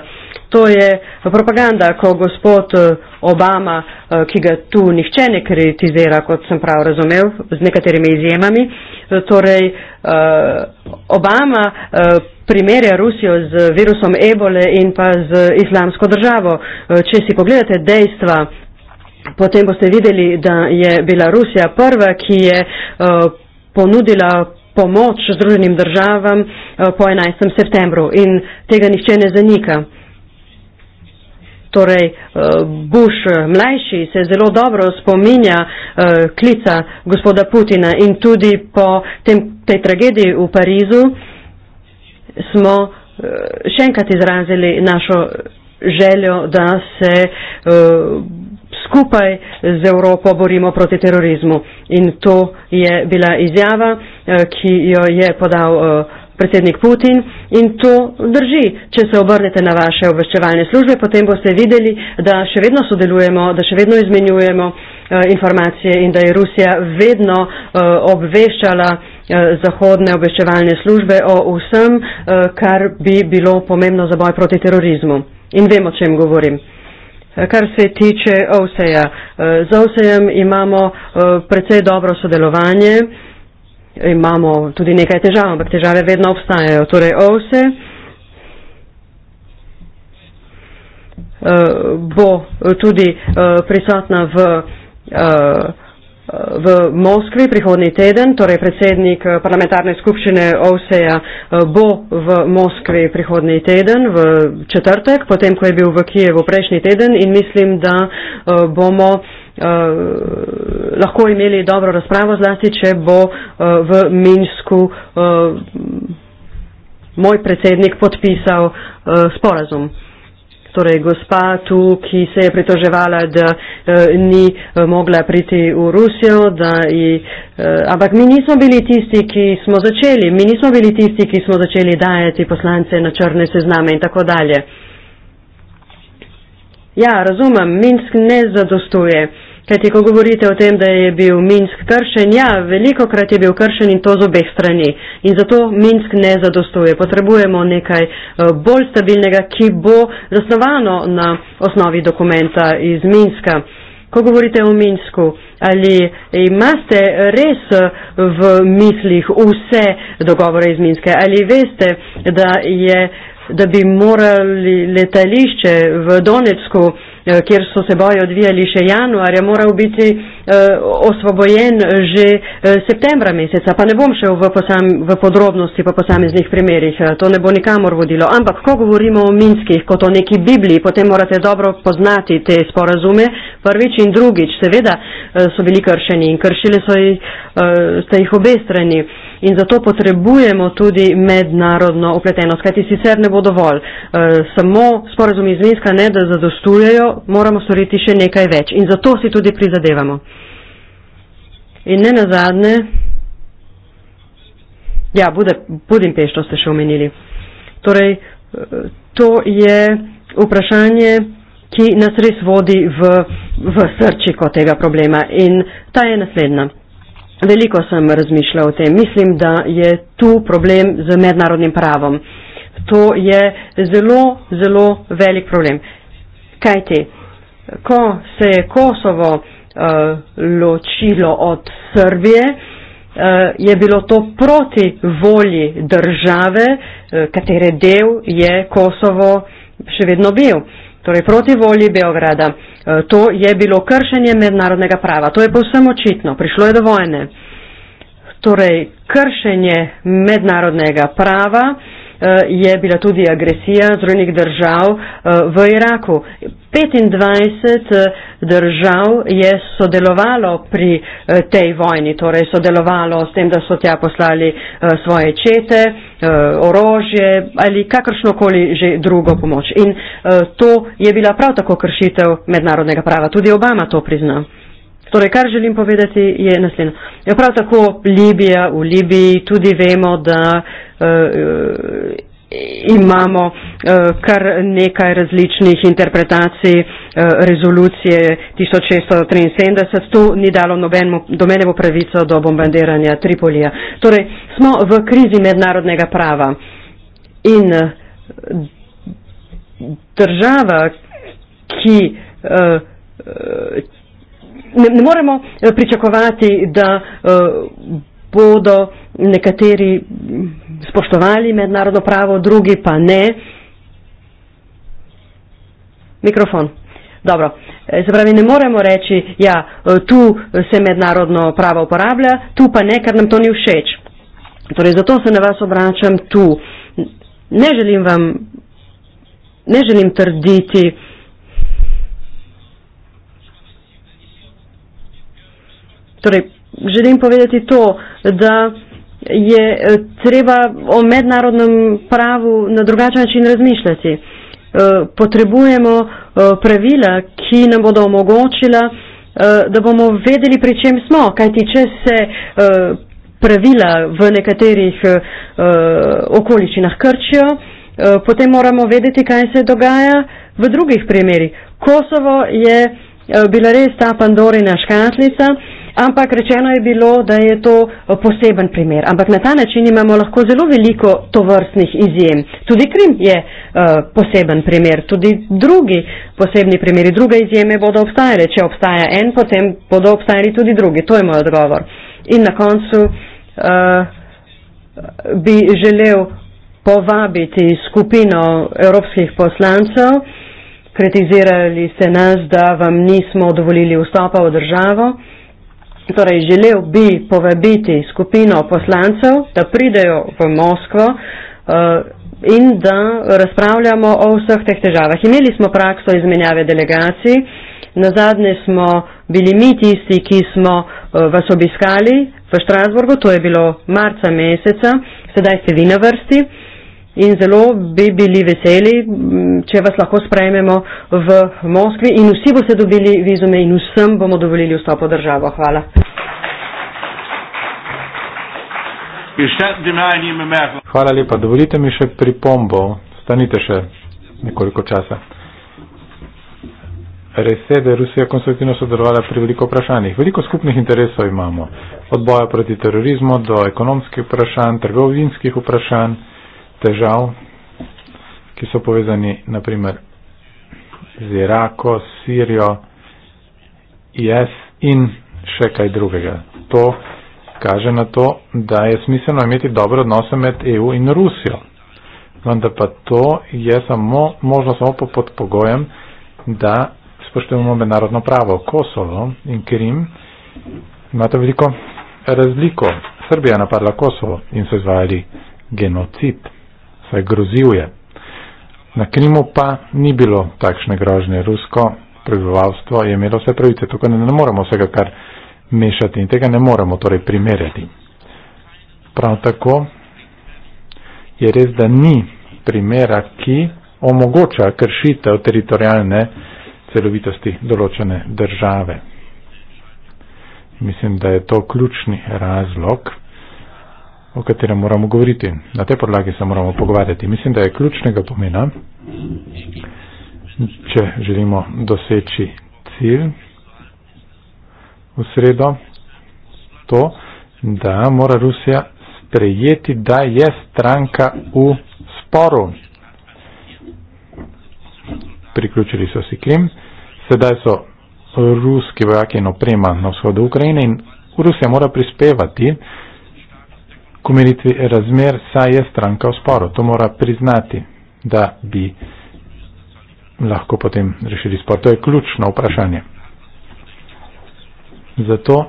To je propaganda, ko gospod eh, Obama, uh, ki ga tu nihče ne kritizira, kot sem prav razumel, z nekaterimi izjemami, torej uh, Obama uh, primerja Rusijo z virusom ebole in pa z islamsko državo. Uh, če si pogledate dejstva. Potem boste videli, da je bila Rusija prva, ki je uh, ponudila pomoč Združenim državam eh, po 11. septembru in tega nišče ne zanika. Torej, eh, Buš mlajši se zelo dobro spominja eh, klica gospoda Putina in tudi po tem, tej tragediji v Parizu smo še enkrat izrazili našo željo, da se skupaj z Evropo borimo proti terorizmu. In to je bila izjava, eh, ki jo je podal eh, predsednik Putin in to drži. Če se obrnete na vaše obveščevalne službe, potem boste videli, da še vedno sodelujemo, da še vedno izmenjujemo eh, informacije in da je Rusija vedno obveščala zahodne obveščevalne službe o vsem, kar bi bilo pomembno za boj proti terorizmu. In vemo, o čem govorim. Kar se tiče Ovseja, eh, z Ovsejem imamo eh, precej dobro sodelovanje, imamo tudi nekaj težav, ampak težave vedno obstajajo. Torej Ovse eh, bo tudi prisotna v v Moskvi prihodnji teden, torej predsednik eh, parlamentarne skupščine OSEA eh, bo v Moskvi prihodnji teden, v četrtek, potem ko je bil v Kijevu prejšnji teden in mislim, da eh, bomo lahko imeli dobro razpravo, zlasti če bo v Minsku moj predsednik podpisal sporazum torej gospa tu, ki se je pritoževala, da uh, ni eh, mogla priti v Rusijo, da ji. Eh, ampak mi nismo bili tisti, ki smo začeli, mi nismo bili tisti, ki smo začeli dajati poslance na črne sezname in tako dalje. Ja, razumem, Minsk ne zadostuje. Uh, Kajti, ko govorite o tem, da je bil Minsk kršen, ja, veliko krat je bil kršen in to z obeh strani. In zato Minsk ne zadostuje. Potrebujemo nekaj eh, bolj stabilnega, ki bo zasnovano na osnovi dokumenta iz Minska. Ko govorite o Minsku, ali imate res eh, v mislih vse dogovore iz Minske, ali veste, da, je, da bi morali letališče v Donetsku Eh, kjer so se boje odvijali še januarja, moral biti eh, osvobojen že eh, septembra meseca. Pa ne bom šel v, posam, v podrobnosti po posameznih primerih, eh, to ne bo nikamor vodilo. Ampak, ko govorimo o Minskih kot o neki Bibliji, potem morate dobro poznati te sporazume. Prvič in drugič, seveda eh, so bili kršeni in kršili so jih, eh, jih obe strani. In zato potrebujemo tudi mednarodno opletenost, kajti sicer ne bo dovolj. Eh, samo sporazumi iz Minska ne da zadostujejo, moramo storiti še nekaj več in zato si tudi prizadevamo. In ne nazadnje, ja, Budimpešto ste še omenili. Torej, eh, to je vprašanje, ki nas res vodi v, v srčiko tega problema in ta je naslednja. Veliko sem razmišljal o tem. Mislim, da je tu problem z mednarodnim pravom. To je zelo, zelo velik problem. Kajti, ko se je Kosovo uh, ločilo od Srbije, uh, je bilo to proti volji države, uh, katere del je Kosovo še vedno bil. Torej, proti volji Beograda. Uh, to je bilo kršenje mednarodnega prava. To je povsem očitno. Prišlo je do vojne. Torej, kršenje mednarodnega prava. Uh, Eh, je bila tudi agresija zrojnih držav eh, v Iraku. 25 eh, držav je sodelovalo pri tej vojni, torej sodelovalo s tem, da so tja poslali svoje čete, orožje ali kakršnokoli že drugo pomoč. In to je bila prav tako kršitev mednarodnega prava. Tudi Obama to priznal. Torej, kar želim povedati je naslednje. Ja, prav tako Libija, v Libiji tudi vemo, da uh, imamo uh, kar nekaj različnih interpretacij uh, rezolucije 1673. To ni dalo nobenemu, domenemu pravico do bombardiranja Tripolija. Torej, smo v krizi mednarodnega prava in država, ki uh, ne, ne moremo eh, pričakovati, da eh, bodo nekateri spoštovali mednarodno pravo, drugi pa ne. Mikrofon. Dobro. Eh, se pravi, ne moremo reči, ja, tu se mednarodno pravo uporablja, tu pa ne, ker nam to ni všeč. Torej, zato se na vas obračam tu. Ne želim vam, ne želim trditi, Torej, želim povedati to, da je eh, treba o mednarodnem pravu na drugačen način razmišljati. Eh, potrebujemo eh, pravila, ki nam bodo omogočila, da bomo vedeli, pri čem smo, kajti če se pravila v nekaterih okoličinah krčijo, potem moramo vedeti, kaj se dogaja v drugih primerih. Kosovo je bila res ta Pandorina škatlica. Ampak rečeno je bilo, da je to eh, poseben primer. Ampak na ta način imamo lahko zelo veliko tovrstnih izjem. Tudi Krim je uh, poseben primer, tudi drugi posebni primeri, druge izjeme bodo obstajale. Če obstaja en, potem bodo obstajali tudi drugi. To je moj odgovor. In na koncu uh, bi želel povabiti skupino evropskih poslancev, kritizirali ste nas, da vam nismo dovolili vstopa v državo. Torej, želel bi povabiti skupino poslancev, da pridejo v Moskvo uh, in da razpravljamo o vseh teh težavah. Imeli smo prakso izmenjave delegacij, na zadnje smo bili mi tisti, ki smo uh, vas obiskali v Štrasburgu, to je bilo marca meseca, sedaj ste vi na vrsti in zelo bi bili veseli, če vas lahko sprejmemo v Moskvi in vsi boste dobili vizume in vsem bomo dovolili vstop v državo. Hvala. Hvala lepa. Dovolite mi še pripombo. Stanite še nekoliko časa. Res je, da je Rusija konstruktivno sodelovala pri veliko vprašanjih. Veliko skupnih interesov imamo. Od boja proti terorizmu do ekonomskih vprašanj, trgovinskih vprašanj težav, ki so povezani naprimer z Irako, Sirijo, IS in še kaj drugega. To kaže na to, da je smiselno imeti dobre odnose med EU in Rusijo. Vendar pa to je samo, možno samo pod pogojem, da spoštujemo mednarodno pravo. Kosovo in Krim imata veliko razliko. Srbija je napadla Kosovo in so izvajali genocid saj grozil je. Na Krimu pa ni bilo takšne grožnje. Rusko prebivalstvo je imelo vse pravice. Tukaj ne moremo vsega kar mešati in tega ne moremo torej primerjati. Prav tako je res, da ni primera, ki omogoča kršitev teritorijalne celovitosti določene države. Mislim, da je to ključni razlog, o katerem moramo govoriti. Na tej podlagi se moramo pogovarjati. Mislim, da je ključnega pomena, če želimo doseči cilj v sredo, to, da mora Rusija sprejeti, da je stranka v sporu. Priključili so si Krim, sedaj so ruski vojaki in oprema na vzhodu Ukrajine in Rusija mora prispevati, k umiritvi razmer, saj je stranka v sporu. To mora priznati, da bi lahko potem rešili spor. To je ključno vprašanje. Zato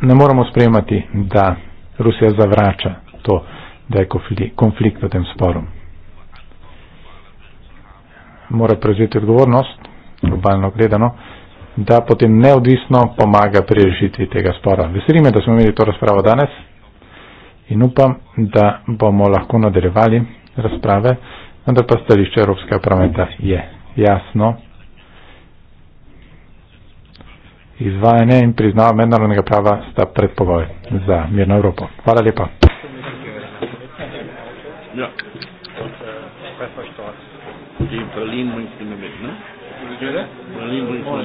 ne moramo sprejemati, da Rusija zavrača to, da je konflikt v tem sporu. Mora prevzeti odgovornost, globalno gledano, da potem neodvisno pomaga pri rešitvi tega spora. Veselime, da smo imeli to razpravo danes in upam, da bomo lahko nadaljevali razprave, vendar pa stališče Evropskega parlamenta je jasno. Izvajanje in priznava mednarodnega prava sta predpogoj za mirno Evropo. Hvala lepa. Ja. Ja.